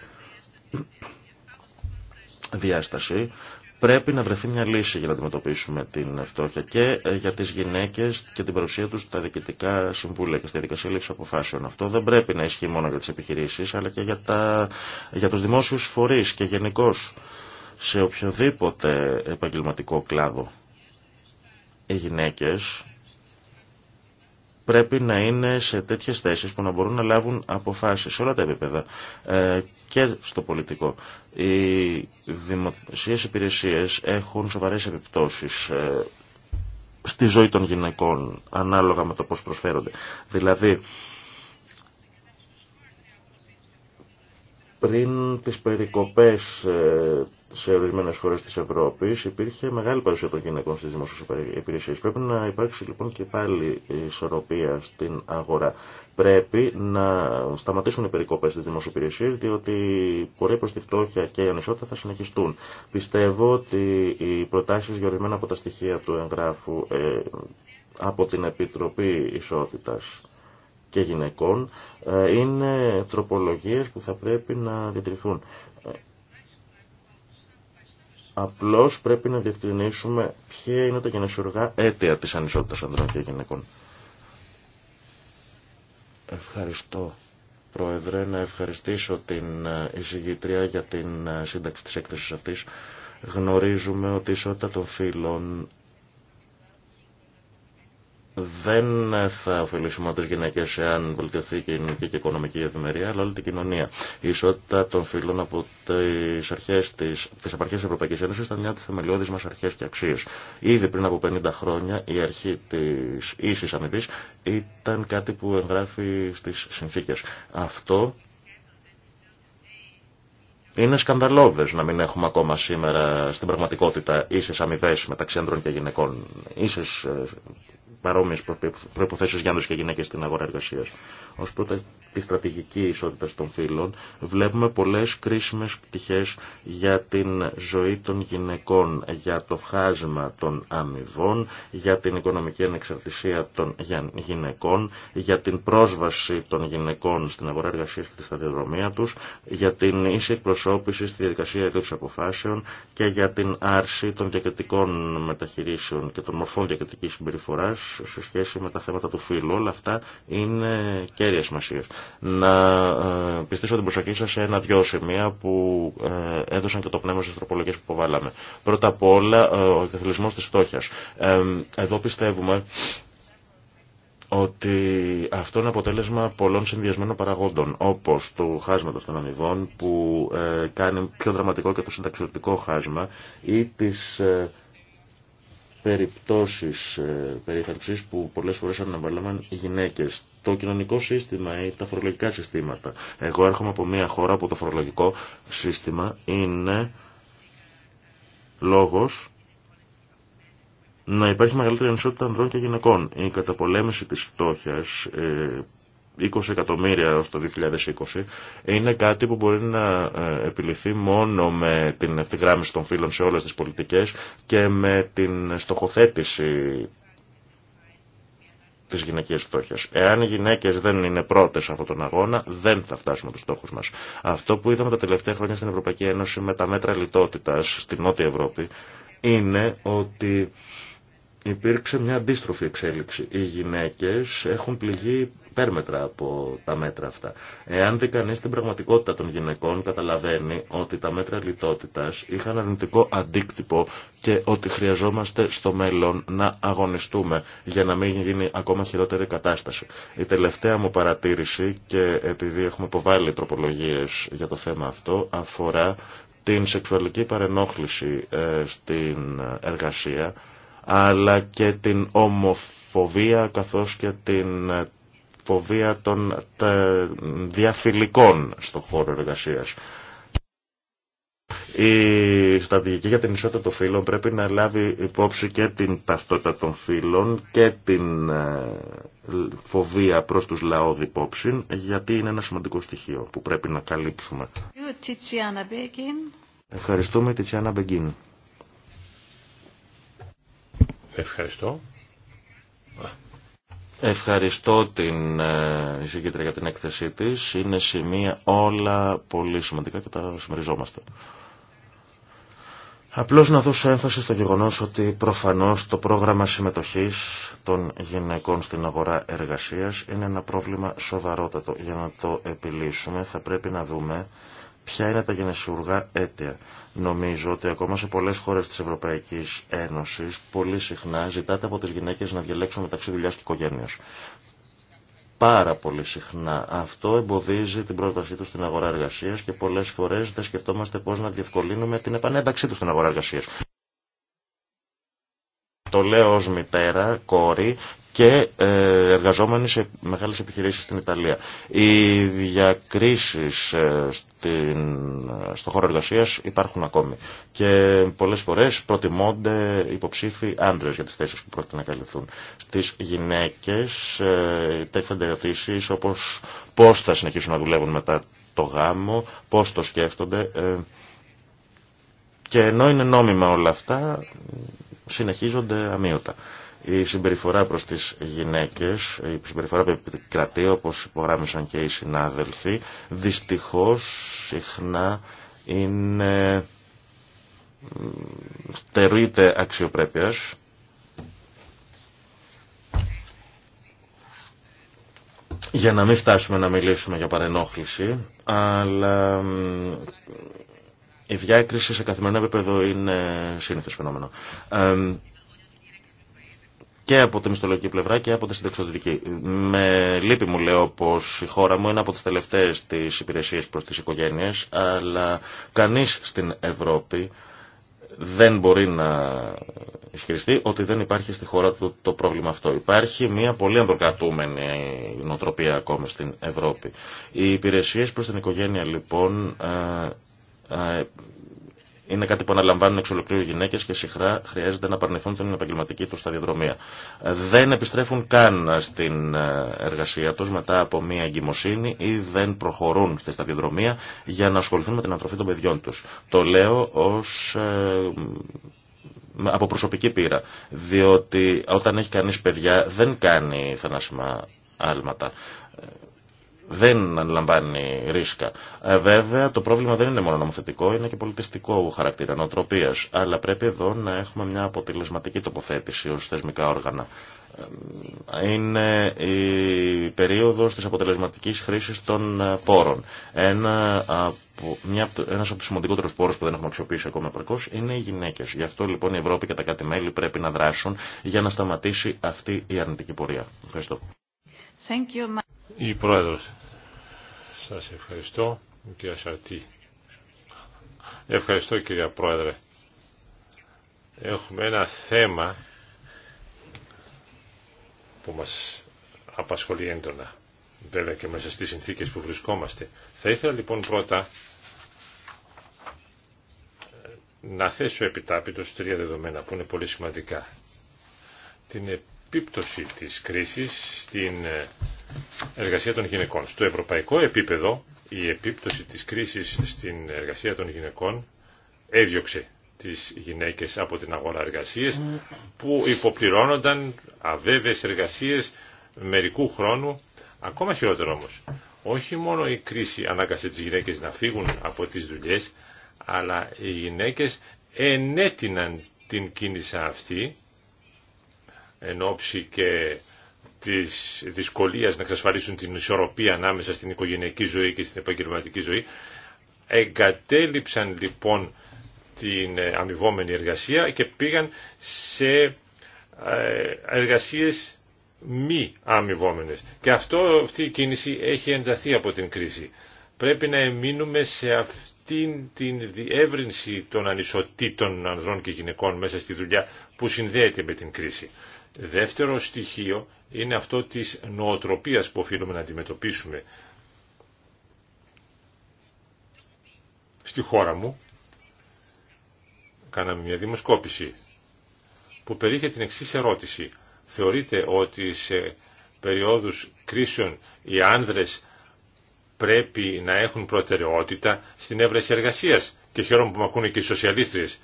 διάσταση, πρέπει να βρεθεί μια λύση για να αντιμετωπίσουμε την φτώχεια και ε, για τις γυναίκες και την παρουσία τους στα διοικητικά συμβούλια και στη δικασία λήψη αποφάσεων. Αυτό δεν πρέπει να ισχύει μόνο για τις επιχειρήσεις αλλά και για, τα, για τους δημόσιους φορείς και γενικώ σε οποιοδήποτε επαγγελματικό κλάδο. Οι γυναίκες πρέπει να είναι σε τέτοιες θέσεις που να μπορούν να λάβουν αποφάσεις σε όλα τα επίπεδα ε, και στο πολιτικό. Οι δημοσίες υπηρεσίες έχουν σοβαρές επιπτώσεις ε, στη ζωή των γυναικών ανάλογα με το πώς προσφέρονται. Δηλαδή, Πριν τις περικοπές ε, σε ορισμένε χώρες της Ευρώπης υπήρχε μεγάλη παρουσία των γυναικών στις δημόσιες υπηρεσίες. Πρέπει να υπάρξει λοιπόν και πάλι ισορροπία στην αγορά. Πρέπει να σταματήσουν οι περικοπές στις δημόσιες υπηρεσίες διότι πορεία προς τη φτώχεια και η ανισότητα θα συνεχιστούν. Πιστεύω ότι οι προτάσεις για ορισμένα από τα στοιχεία του εγγράφου ε, από την Επιτροπή Ισότητας και γυναικών ε, είναι τροπολογίες που θα πρέπει να διατηρηθούν. Ε, απλώς πρέπει να διευκρινίσουμε ποια είναι τα γενεσιουργά αίτια της ανισότητας ανδρών και γυναικών. Ευχαριστώ. Πρόεδρε, να ευχαριστήσω την ε, εισηγήτρια για την σύνταξη της έκθεσης αυτής. Γνωρίζουμε ότι η ισότητα των φύλων δεν θα ωφελήσουμε τι γυναίκε εάν βελτιωθεί η κοινωνική και η οικονομική ευημερία, αλλά όλη την κοινωνία. Η ισότητα των φίλων από τι αρχέ τη τις της Ευρωπαϊκή Ένωση ήταν μια από τι θεμελιώδει μα αρχέ και αξίε. Ήδη πριν από 50 χρόνια η αρχή τη ίση αμοιβή ήταν κάτι που εγγράφει στι συνθήκε. Αυτό είναι σκανδαλώδε να μην έχουμε ακόμα σήμερα στην πραγματικότητα ίσε αμοιβέ μεταξύ άντρων και γυναικών, Ίσες, ε, παρόμοιε προποθέσει για άντρε και γυναίκε στην αγορά εργασία. Ω πρώτα τη στρατηγική ισότητα των φύλων, βλέπουμε πολλέ κρίσιμε πτυχέ για την ζωή των γυναικών, για το χάσμα των αμοιβών, για την οικονομική ανεξαρτησία των γυναικών, για την πρόσβαση των γυναικών στην αγορά εργασία και τη σταδιοδρομία του, για την ίση εκπροσώπηση στη διαδικασία λήψη αποφάσεων και για την άρση των διακριτικών μεταχειρήσεων και των μορφών διακριτική συμπεριφορά σε σχέση με τα θέματα του φύλου. Όλα αυτά είναι κέρια σημασία. Να ε, πιστήσω την προσοχή σα σε ένα-δυο σημεία που ε, έδωσαν και το πνεύμα στι τροπολογίε που υποβάλαμε. Πρώτα απ' όλα, ε, ο εκτεθλισμό τη φτώχεια. Εδώ πιστεύουμε ότι αυτό είναι αποτέλεσμα πολλών συνδυασμένων παραγόντων, όπως του χάσματος των αμοιβών που κάνει πιο δραματικό και το συνταξιωτικό χάσμα ή της περιπτώσεις ε, περίθαλψης που πολλές φορές αναβαλάμαν οι γυναίκες. Το κοινωνικό σύστημα ή τα φορολογικά συστήματα. Εγώ έρχομαι από μια χώρα που το φορολογικό σύστημα είναι λόγος να υπάρχει μεγαλύτερη ανισότητα ανδρών και γυναικών. Η καταπολέμηση της φτώχειας ε, 20 εκατομμύρια έως το 2020 είναι κάτι που μπορεί να ε, επιληθεί μόνο με την ευθυγράμμιση των φύλων σε όλες τις πολιτικές και με την στοχοθέτηση της γυναικείας φτώχειας. Εάν οι γυναίκες δεν είναι πρώτες σε αυτόν τον αγώνα, δεν θα φτάσουμε τους στόχους μας. Αυτό που είδαμε τα τελευταία χρόνια στην Ευρωπαϊκή Ένωση με τα μέτρα λιτότητας στην Νότια Ευρώπη είναι ότι υπήρξε μια αντίστροφη εξέλιξη. Οι γυναίκες έχουν πληγεί πέρμετρα από τα μέτρα αυτά. Εάν δει κανείς την πραγματικότητα των γυναικών καταλαβαίνει ότι τα μέτρα λιτότητας είχαν αρνητικό αντίκτυπο και ότι χρειαζόμαστε στο μέλλον να αγωνιστούμε για να μην γίνει ακόμα χειρότερη κατάσταση. Η τελευταία μου παρατήρηση και επειδή έχουμε υποβάλει τροπολογίες για το θέμα αυτό αφορά την σεξουαλική παρενόχληση ε, στην εργασία αλλά και την ομοφοβία καθώς και την ε, φοβία των διαφυλικών στον χώρο εργασίας. Η στρατηγική για την ισότητα των φύλων πρέπει να λάβει υπόψη και την ταυτότητα των φύλων και την ε, φοβία προς τους λαόδι υπόψη, γιατί είναι ένα σημαντικό στοιχείο που πρέπει να καλύψουμε. Ευχαριστούμε Τιτσιάνα Μπεγκίν. Ευχαριστώ. Ευχαριστώ την ε, εισηγήτρια για την έκθεσή της. Είναι σημεία όλα πολύ σημαντικά και τα συμμεριζόμαστε. Απλώς να δώσω έμφαση στο γεγονός ότι προφανώς το πρόγραμμα συμμετοχής των γυναικών στην αγορά εργασίας είναι ένα πρόβλημα σοβαρότατο. Για να το επιλύσουμε θα πρέπει να δούμε ποια είναι τα γενεσιουργά αίτια. Νομίζω ότι ακόμα σε πολλές χώρες της Ευρωπαϊκής Ένωσης πολύ συχνά ζητάτε από τις γυναίκες να διαλέξουν μεταξύ δουλειά και οικογένειας. Πάρα πολύ συχνά αυτό εμποδίζει την πρόσβασή του στην αγορά εργασίας και πολλές φορές δεν σκεφτόμαστε πώς να διευκολύνουμε την επανένταξή του στην αγορά εργασίας. Το λέω ως μητέρα, κόρη και ε, εργαζόμενοι σε μεγάλες επιχειρήσεις στην Ιταλία. Οι διακρίσεις ε, στην, στο χώρο εργασίας υπάρχουν ακόμη και πολλές φορές προτιμώνται υποψήφοι άντρες για τις θέσεις που πρόκειται να καλυφθούν. Στις γυναίκες ε, τέθενται ερωτήσει όπως πώς θα συνεχίσουν να δουλεύουν μετά το γάμο, πώς το σκέφτονται και ενώ είναι νόμιμα όλα αυτά συνεχίζονται αμύωτα. Η συμπεριφορά προς τις γυναίκες, η συμπεριφορά που επικρατεί, όπως υπογράμμισαν και οι συνάδελφοι, δυστυχώς συχνά είναι στερείται αξιοπρέπειας για να μην φτάσουμε να μιλήσουμε για παρενόχληση, αλλά η διάκριση σε καθημερινό επίπεδο είναι σύνηθες φαινόμενο. Ε, και από τη μισθολογική πλευρά και από τη συνταξιδοτική. Με λύπη μου λέω πως η χώρα μου είναι από τις τελευταίες της υπηρεσίες προς τις οικογένειες, αλλά κανείς στην Ευρώπη δεν μπορεί να ισχυριστεί ότι δεν υπάρχει στη χώρα του το πρόβλημα αυτό. Υπάρχει μια πολύ ανδροκατούμενη νοοτροπία ακόμη στην Ευρώπη. Οι υπηρεσίες προς την οικογένεια λοιπόν ε, ε, είναι κάτι που αναλαμβάνουν εξ ολοκλήρου γυναίκε και συχνά χρειάζεται να απαρνηθούν την επαγγελματική του σταδιοδρομία. Δεν επιστρέφουν καν στην ε, εργασία του μετά από μία εγκυμοσύνη ή δεν προχωρούν στη σταδιοδρομία για να ασχοληθούν με την ανατροφή των παιδιών του. Το λέω ω ε, από προσωπική πείρα, διότι όταν έχει κανείς παιδιά δεν κάνει θανάσιμα άλματα δεν αναλαμβάνει ρίσκα. Ε, βέβαια, το πρόβλημα δεν είναι μόνο νομοθετικό, είναι και πολιτιστικό χαρακτήρα, νοοτροπία. Αλλά πρέπει εδώ να έχουμε μια αποτελεσματική τοποθέτηση ω θεσμικά όργανα. Ε, είναι η περίοδος της αποτελεσματικής χρήσης των ε, πόρων. Ένα από, μια, ένας από τους σημαντικότερους πόρους που δεν έχουμε αξιοποιήσει ακόμα επαρκώς είναι οι γυναίκες. Γι' αυτό λοιπόν η Ευρώπη και τα κάτι μέλη πρέπει να δράσουν για να σταματήσει αυτή η αρνητική πορεία. Ευχαριστώ. Thank you. Η Πρόεδρος. Σας ευχαριστώ, κυρία Σαρτή. Ευχαριστώ, κυρία Πρόεδρε. Έχουμε ένα θέμα που μας απασχολεί έντονα, βέβαια και μέσα στις συνθήκες που βρισκόμαστε. Θα ήθελα λοιπόν πρώτα να θέσω επιτάπητος τρία δεδομένα που είναι πολύ σημαντικά. Την επίπτωση της κρίσης στην ε, εργασία των γυναικών. Στο ευρωπαϊκό επίπεδο η επίπτωση της κρίσης στην εργασία των γυναικών έδιωξε τις γυναίκες από την αγορά εργασίας που υποπληρώνονταν αβέβαιες εργασίες μερικού χρόνου, ακόμα χειρότερο όμως. Όχι μόνο η κρίση ανάγκασε τις γυναίκες να φύγουν από τις δουλειές, αλλά οι γυναίκες ενέτειναν την κίνηση αυτή εν ώψη και της δυσκολίας να εξασφαλίσουν την ισορροπία ανάμεσα στην οικογενειακή ζωή και στην επαγγελματική ζωή, εγκατέλειψαν λοιπόν την ε, αμοιβόμενη εργασία και πήγαν σε ε, εργασίες μη αμοιβόμενες. Και αυτό, αυτή η κίνηση έχει ενταθεί από την κρίση. Πρέπει να εμείνουμε σε αυτήν την διεύρυνση των ανισοτήτων ανδρών και γυναικών μέσα στη δουλειά που συνδέεται με την κρίση. Δεύτερο στοιχείο είναι αυτό της νοοτροπίας που οφείλουμε να αντιμετωπίσουμε. Στη χώρα μου κάναμε μια δημοσκόπηση που περιείχε την εξής ερώτηση. Θεωρείτε ότι σε περιόδους κρίσεων οι άνδρες πρέπει να έχουν προτεραιότητα στην έβρεση εργασίας και χαίρομαι που με ακούνε και οι σοσιαλίστρες.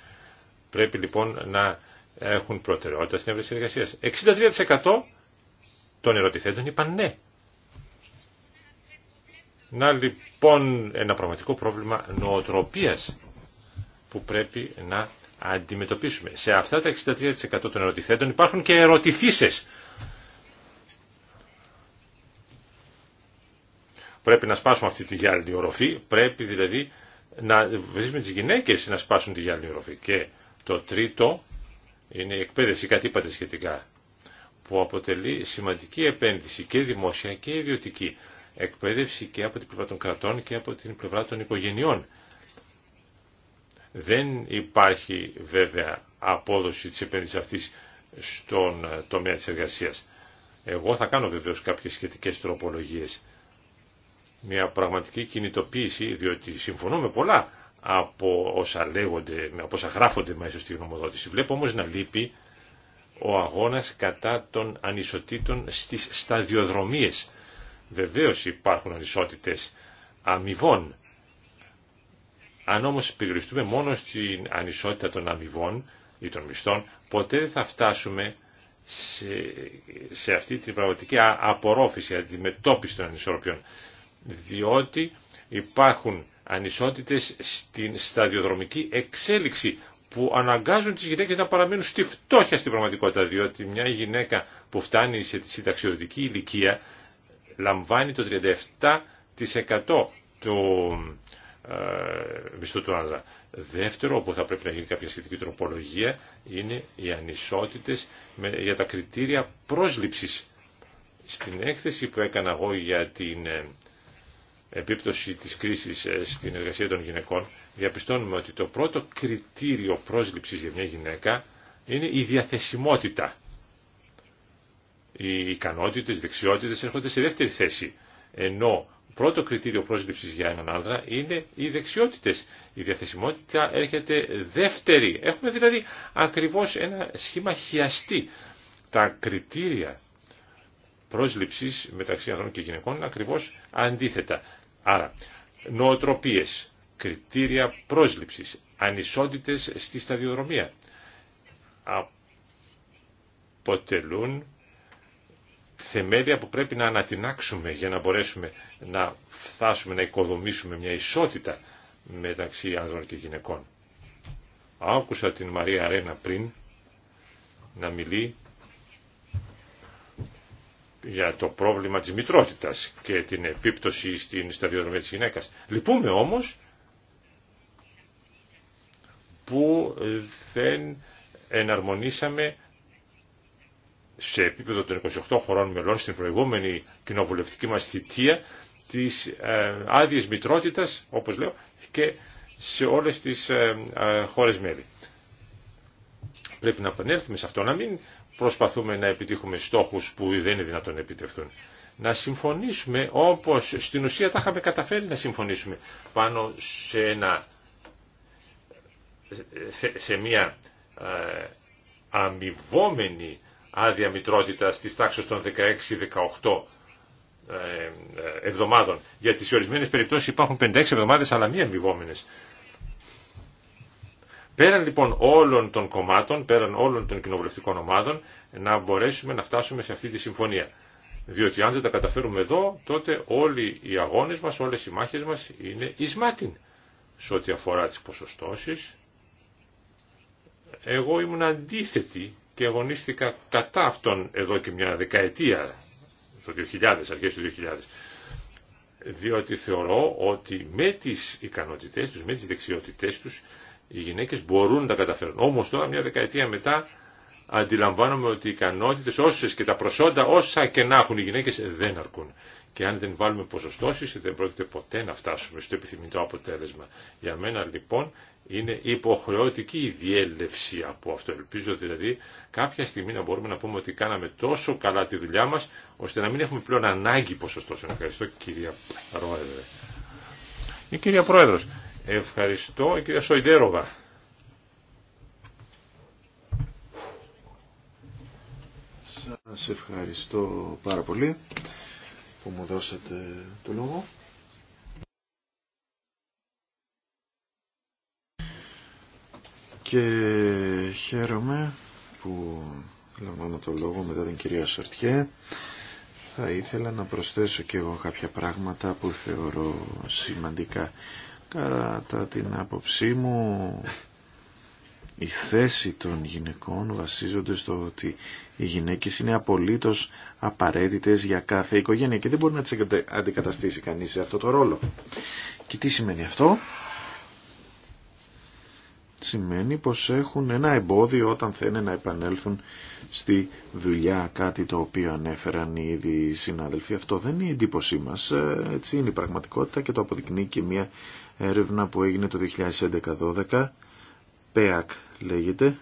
Πρέπει λοιπόν να έχουν προτεραιότητα στην έβρεση εργασίας. 63% των ερωτηθέντων είπαν ναι. Να λοιπόν ένα πραγματικό πρόβλημα νοοτροπίας που πρέπει να αντιμετωπίσουμε. Σε αυτά τα 63% των ερωτηθέντων υπάρχουν και ερωτηθήσεις. Πρέπει να σπάσουμε αυτή τη γυάλινη οροφή, πρέπει δηλαδή να βρίσκουμε τις γυναίκες να σπάσουν τη γυάλινη οροφή. Και το τρίτο είναι η εκπαίδευση, κάτι είπατε σχετικά, που αποτελεί σημαντική επένδυση και δημόσια και ιδιωτική. Εκπαίδευση και από την πλευρά των κρατών και από την πλευρά των οικογενειών. Δεν υπάρχει βέβαια απόδοση της επένδυσης αυτής στον τομέα της εργασίας. Εγώ θα κάνω βεβαίως κάποιες σχετικές τροπολογίες. Μια πραγματική κινητοποίηση, διότι συμφωνούμε πολλά από όσα λέγονται, από όσα γράφονται μέσα στη γνωμοδότηση. Βλέπω όμως να λείπει ο αγώνας κατά των ανισοτήτων στις σταδιοδρομίες. Βεβαίως υπάρχουν ανισότητες αμοιβών. Αν όμως περιοριστούμε μόνο στην ανισότητα των αμοιβών ή των μισθών, ποτέ δεν θα φτάσουμε σε, σε αυτή την πραγματική απορρόφηση, αντιμετώπιση των ανισορροπιών. Διότι υπάρχουν ανισότητες στην σταδιοδρομική εξέλιξη που αναγκάζουν τις γυναίκες να παραμείνουν στη φτώχεια στην πραγματικότητα, διότι μια γυναίκα που φτάνει σε τη συνταξιωτική ηλικία λαμβάνει το 37% του ε, μισθού του άνδρα. Δεύτερο, που θα πρέπει να γίνει κάποια σχετική τροπολογία, είναι οι ανισότητες για τα κριτήρια πρόσληψης. Στην έκθεση που έκανα εγώ για την ε, επίπτωση της κρίσης ε, στην εργασία των γυναικών, διαπιστώνουμε ότι το πρώτο κριτήριο πρόσληψης για μια γυναίκα είναι η διαθεσιμότητα. Οι ικανότητες, δεξιότητες έρχονται σε δεύτερη θέση, ενώ πρώτο κριτήριο πρόσληψης για έναν άντρα είναι οι δεξιότητες. Η διαθεσιμότητα έρχεται δεύτερη. Έχουμε δηλαδή ακριβώς ένα σχήμα χιαστή. Τα κριτήρια πρόσληψης μεταξύ ανδρών και γυναικών είναι ακριβώς αντίθετα. Άρα, νοοτροπίες, κριτήρια πρόσληψης, ανισότητες στη σταδιοδρομία αποτελούν θεμέλια που πρέπει να ανατινάξουμε για να μπορέσουμε να φτάσουμε να οικοδομήσουμε μια ισότητα μεταξύ άνδρων και γυναικών. Άκουσα την Μαρία Αρένα πριν να μιλεί για το πρόβλημα της μητρότητας και την επίπτωση στην σταδιοδρομία της γυναίκας. Λυπούμε όμως που δεν εναρμονίσαμε σε επίπεδο των 28 χωρών μελών στην προηγούμενη κοινοβουλευτική μας θητεία τις ε, άδειες μητρότητας, όπως λέω, και σε όλες τις ε, ε χώρες μέλη. Πρέπει να επανέλθουμε σε αυτό, να μην προσπαθούμε να επιτύχουμε στόχους που δεν είναι δυνατόν να επιτευχθούν. Να συμφωνήσουμε όπως στην ουσία τα είχαμε καταφέρει να συμφωνήσουμε πάνω σε, μια ε, αμοιβόμενη άδεια μητρότητα στις τάξεις των 16-18 ε, ε, εβδομάδων. Γιατί σε ορισμένες περιπτώσεις υπάρχουν 56 εβδομάδες αλλά μη αμοιβόμενες. Πέραν λοιπόν όλων των κομμάτων, πέραν όλων των κοινοβουλευτικών ομάδων, να μπορέσουμε να φτάσουμε σε αυτή τη συμφωνία. Διότι αν δεν τα καταφέρουμε εδώ, τότε όλοι οι αγώνες μας, όλες οι μάχες μας είναι εισμάτιν. Σε ό,τι αφορά τις ποσοστώσεις, εγώ ήμουν αντίθετη και αγωνίστηκα κατά αυτόν εδώ και μια δεκαετία, το 2000, αρχές του 2000. Διότι θεωρώ ότι με τις ικανότητές τους, με τις δεξιότητές τους, οι γυναίκες μπορούν να τα καταφέρουν. Όμως τώρα μια δεκαετία μετά αντιλαμβάνομαι ότι οι ικανότητες όσες και τα προσόντα όσα και να έχουν οι γυναίκες δεν αρκούν. Και αν δεν βάλουμε ποσοστώσεις δεν πρόκειται ποτέ να φτάσουμε στο επιθυμητό αποτέλεσμα. Για μένα λοιπόν είναι υποχρεωτική η διέλευση από αυτό. Ελπίζω δηλαδή κάποια στιγμή να μπορούμε να πούμε ότι κάναμε τόσο καλά τη δουλειά μας ώστε να μην έχουμε πλέον ανάγκη ποσοστώσεων. Ευχαριστώ κυρία Πρόεδρε. Η ε, κυρία Πρόεδρος. Ευχαριστώ, κυρία Σοϊντέροβα. Σας ευχαριστώ πάρα πολύ που μου δώσατε το λόγο. Και χαίρομαι που λαμβάνω το λόγο μετά την κυρία Σορτιέ. Θα ήθελα να προσθέσω και εγώ κάποια πράγματα που θεωρώ σημαντικά. Κατά την άποψή μου η θέση των γυναικών βασίζονται στο ότι οι γυναίκες είναι απολύτως απαραίτητες για κάθε οικογένεια και δεν μπορεί να τις αντικαταστήσει κανείς σε αυτό το ρόλο. Και τι σημαίνει αυτό? Σημαίνει πως έχουν ένα εμπόδιο όταν θέλουν να επανέλθουν στη δουλειά, κάτι το οποίο ανέφεραν ήδη οι συνάδελφοι. Αυτό δεν είναι η εντύπωσή μας, ε, έτσι είναι η πραγματικότητα και το αποδεικνύει και μια έρευνα που έγινε το 2011-12, ΠΕΑΚ λέγεται,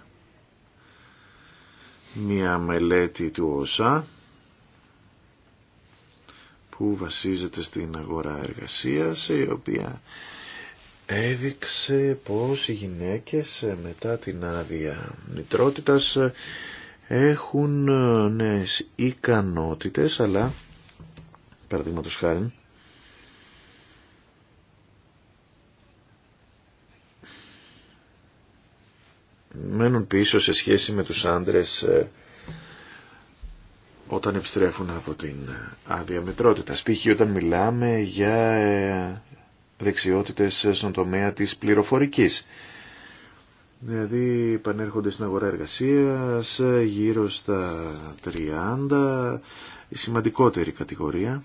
μία μελέτη του ΟΣΑ που βασίζεται στην αγορά εργασίας η οποία έδειξε πως οι γυναίκες ε, μετά την άδεια μητρότητας ε, έχουν ε, νέες ικανότητες αλλά παραδείγματος χάρη μένουν πίσω σε σχέση με τους άντρες ε, όταν επιστρέφουν από την ε, άδεια μετρότητα. όταν μιλάμε για ε, δεξιότητες στον τομέα της πληροφορικής. Δηλαδή πανέρχονται στην αγορά εργασίας γύρω στα 30, η σημαντικότερη κατηγορία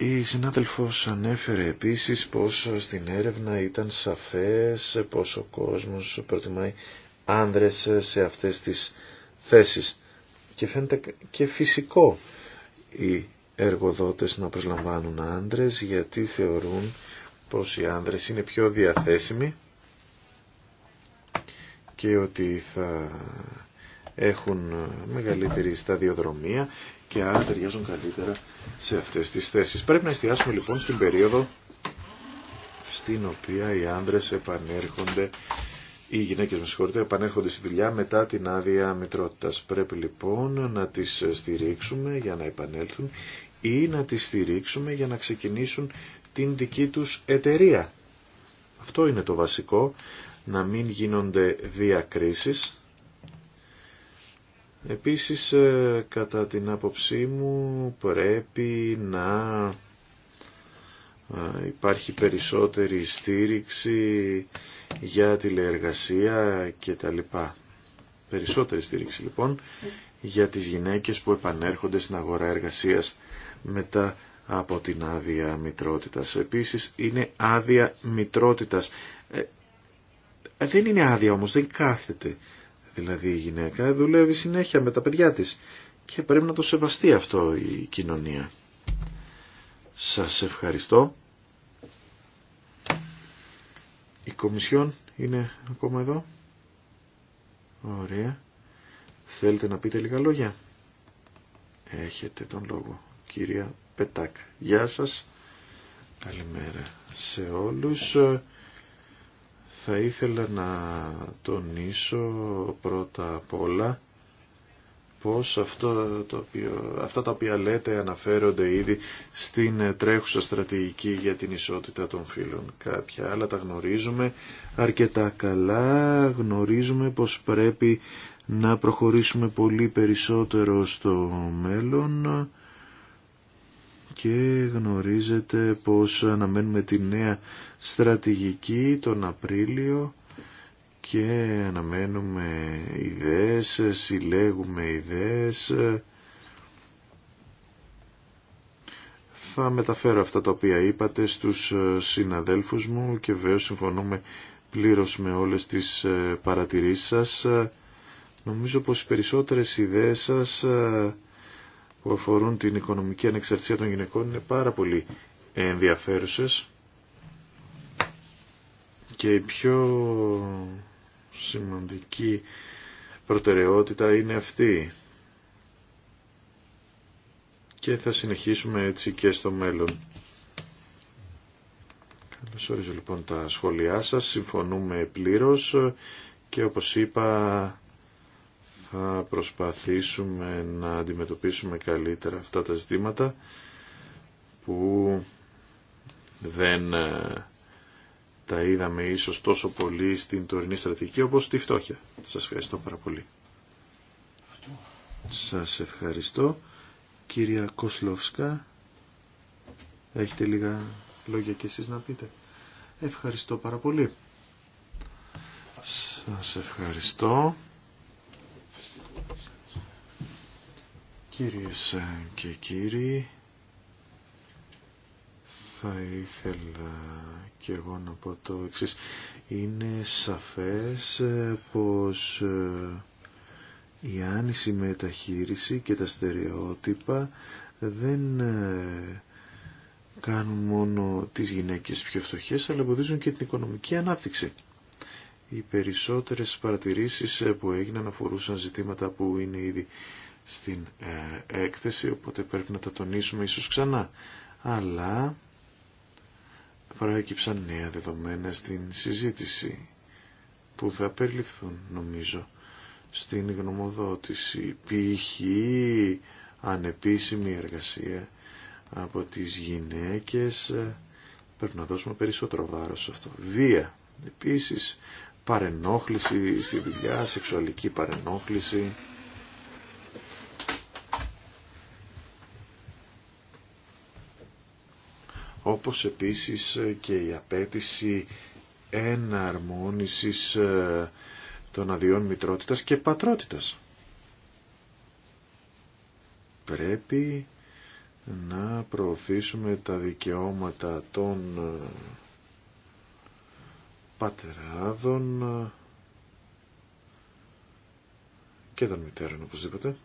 Η συνάδελφος ανέφερε επίσης πως στην έρευνα ήταν σαφές πως ο κόσμος προτιμάει άνδρες σε αυτές τις θέσεις. Και φαίνεται και φυσικό οι εργοδότες να προσλαμβάνουν άνδρες γιατί θεωρούν πως οι άνδρες είναι πιο διαθέσιμοι και ότι θα έχουν ε, μεγαλύτερη σταδιοδρομία και άρα ταιριάζουν καλύτερα σε αυτές τις θέσεις. Πρέπει να εστιάσουμε λοιπόν στην περίοδο στην οποία οι άνδρες επανέρχονται οι γυναίκες με συγχωρείτε επανέρχονται στη δουλειά μετά την άδεια μητρότητας. Πρέπει λοιπόν να τις στηρίξουμε για να επανέλθουν ή να τις στηρίξουμε για να ξεκινήσουν την δική τους εταιρεία. Αυτό είναι το βασικό, να μην γίνονται διακρίσεις Επίσης, ε, κατά την άποψή μου, πρέπει να ε, υπάρχει περισσότερη στήριξη για τηλεεργασία και τα λοιπά. Περισσότερη στήριξη λοιπόν για τις γυναίκες που επανέρχονται στην αγορά εργασίας μετά από την άδεια μητρότητας. Επίσης είναι άδεια μητρότητας. Ε, δεν είναι άδεια όμως, δεν κάθεται. Δηλαδή η γυναίκα δουλεύει συνέχεια με τα παιδιά της και πρέπει να το σεβαστεί αυτό η κοινωνία. Σας ευχαριστώ. Η Κομισιόν είναι ακόμα εδώ. Ωραία. Θέλετε να πείτε λίγα λόγια. Έχετε τον λόγο. Κυρία Πετάκ. Γεια σας. Καλημέρα σε όλους. Θα ήθελα να τονίσω πρώτα απ' όλα πως αυτό το αυτά τα οποία λέτε αναφέρονται ήδη στην τρέχουσα στρατηγική για την ισότητα των φύλων. Κάποια άλλα τα γνωρίζουμε αρκετά καλά, γνωρίζουμε πως πρέπει να προχωρήσουμε πολύ περισσότερο στο μέλλον και γνωρίζετε πως αναμένουμε τη νέα στρατηγική τον Απρίλιο και αναμένουμε ιδέες, συλλέγουμε ιδέες. Θα μεταφέρω αυτά τα οποία είπατε στους συναδέλφους μου και βέβαια συμφωνούμε πλήρως με όλες τις παρατηρήσεις σας. Νομίζω πως οι περισσότερες ιδέες σας που αφορούν την οικονομική ανεξαρτησία των γυναικών είναι πάρα πολύ ενδιαφέρουσες και η πιο σημαντική προτεραιότητα είναι αυτή και θα συνεχίσουμε έτσι και στο μέλλον. Καλώς ορίζω λοιπόν τα σχόλιά σας, συμφωνούμε πλήρως και όπως είπα θα προσπαθήσουμε να αντιμετωπίσουμε καλύτερα αυτά τα ζητήματα που δεν ε, τα είδαμε ίσως τόσο πολύ στην τωρινή στρατηγική όπως τη φτώχεια. Σας ευχαριστώ πάρα πολύ. Αυτό. Σας ευχαριστώ. Κυρία Κοσλόφσκα, έχετε λίγα λόγια και εσείς να πείτε. Ευχαριστώ πάρα πολύ. Σας ευχαριστώ. Κυρίες και κύριοι, θα ήθελα και εγώ να πω το εξής. Είναι σαφές πως ε, η άνηση μεταχείριση και τα στερεότυπα δεν ε, κάνουν μόνο τις γυναίκες πιο φτωχές, αλλά εμποδίζουν και την οικονομική ανάπτυξη. Οι περισσότερες παρατηρήσεις που έγιναν αφορούσαν ζητήματα που είναι ήδη στην ε, έκθεση, οπότε πρέπει να τα τονίσουμε ίσως ξανά. Αλλά προέκυψαν νέα δεδομένα στην συζήτηση που θα περιληφθούν νομίζω στην γνωμοδότηση π.χ. ανεπίσημη εργασία από τις γυναίκες ε, πρέπει να δώσουμε περισσότερο βάρος σε αυτό. Βία επίσης παρενόχληση στη δουλειά, σεξουαλική παρενόχληση όπως επίσης και η απέτηση εναρμόνισης ε, των αδειών μητρότητας και πατρότητας. Πρέπει να προωθήσουμε τα δικαιώματα των ε, πατεράδων ε, και των μητέρων οπωσδήποτε.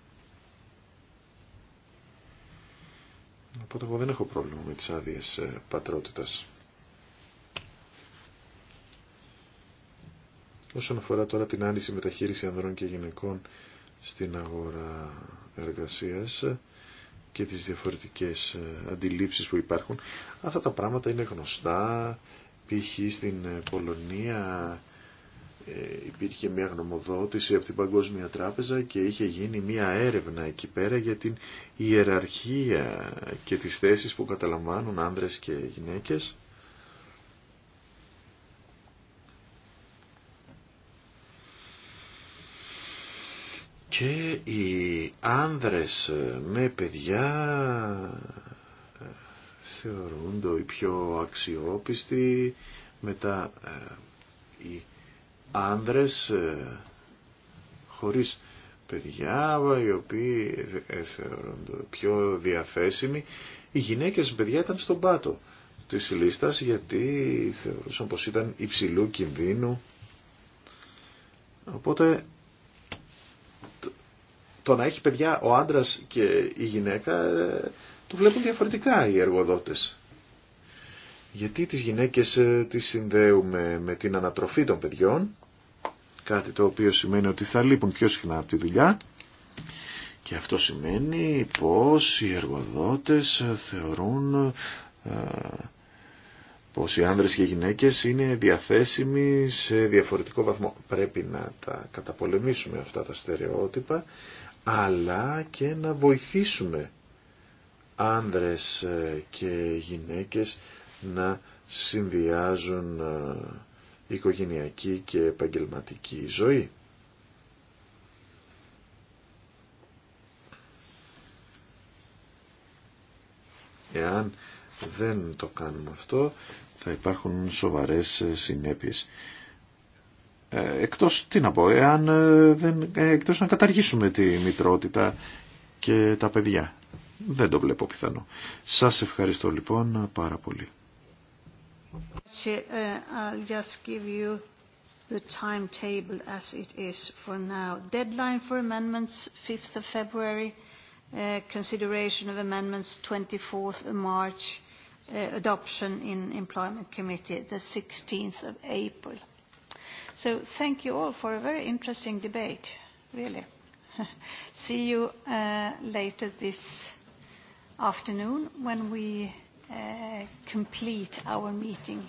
Οπότε εγώ δεν έχω πρόβλημα με τις άδειε ε, πατρότητας. Όσον αφορά τώρα την άνηση μεταχείριση ανδρών και γυναικών στην αγορά εργασίας και τις διαφορετικές ε, αντιλήψεις που υπάρχουν, αυτά τα πράγματα είναι γνωστά, π.χ. στην ε, Πολωνία ε, υπήρχε μια γνωμοδότηση από την Παγκόσμια Τράπεζα και είχε γίνει μια έρευνα εκεί πέρα για την ιεραρχία και τις θέσεις που καταλαμβάνουν άνδρες και γυναίκες. Και οι άνδρες με παιδιά ε, θεωρούνται οι πιο αξιόπιστοι μετά οι ε, άνδρες ε, χωρίς παιδιά οι οποίοι ε, θεωρούνται πιο διαθέσιμοι. Οι γυναίκες παιδιά ήταν στον πάτο της λίστας γιατί θεωρούσαν πως ήταν υψηλού κινδύνου. Οπότε το να έχει παιδιά ο άντρας και η γυναίκα ε, το βλέπουν διαφορετικά οι εργοδότες. Γιατί τις γυναίκες τις συνδέουμε με την ανατροφή των παιδιών Κάτι το οποίο σημαίνει ότι θα λείπουν πιο συχνά από τη δουλειά και αυτό σημαίνει πως οι εργοδότες θεωρούν ε, πως οι άνδρες και οι γυναίκες είναι διαθέσιμοι σε διαφορετικό βαθμό. Πρέπει να τα καταπολεμήσουμε αυτά τα στερεότυπα, αλλά και να βοηθήσουμε άνδρες ε, και γυναίκες να συνδυάζουν ε, οικογενειακή και επαγγελματική ζωή. Εάν δεν το κάνουμε αυτό, θα υπάρχουν σοβαρές συνέπειες. Ε, εκτός, τι να πω, εάν ε, δεν, ε, εκτός να καταργήσουμε τη μητρότητα και τα παιδιά. Δεν το βλέπω πιθανό. Σας ευχαριστώ λοιπόν πάρα πολύ. I'll just give you the timetable as it is for now. Deadline for amendments 5th of February, consideration of amendments 24th of March, adoption in Employment Committee the 16th of April. So thank you all for a very interesting debate, really. See you later this afternoon when we complete our meeting.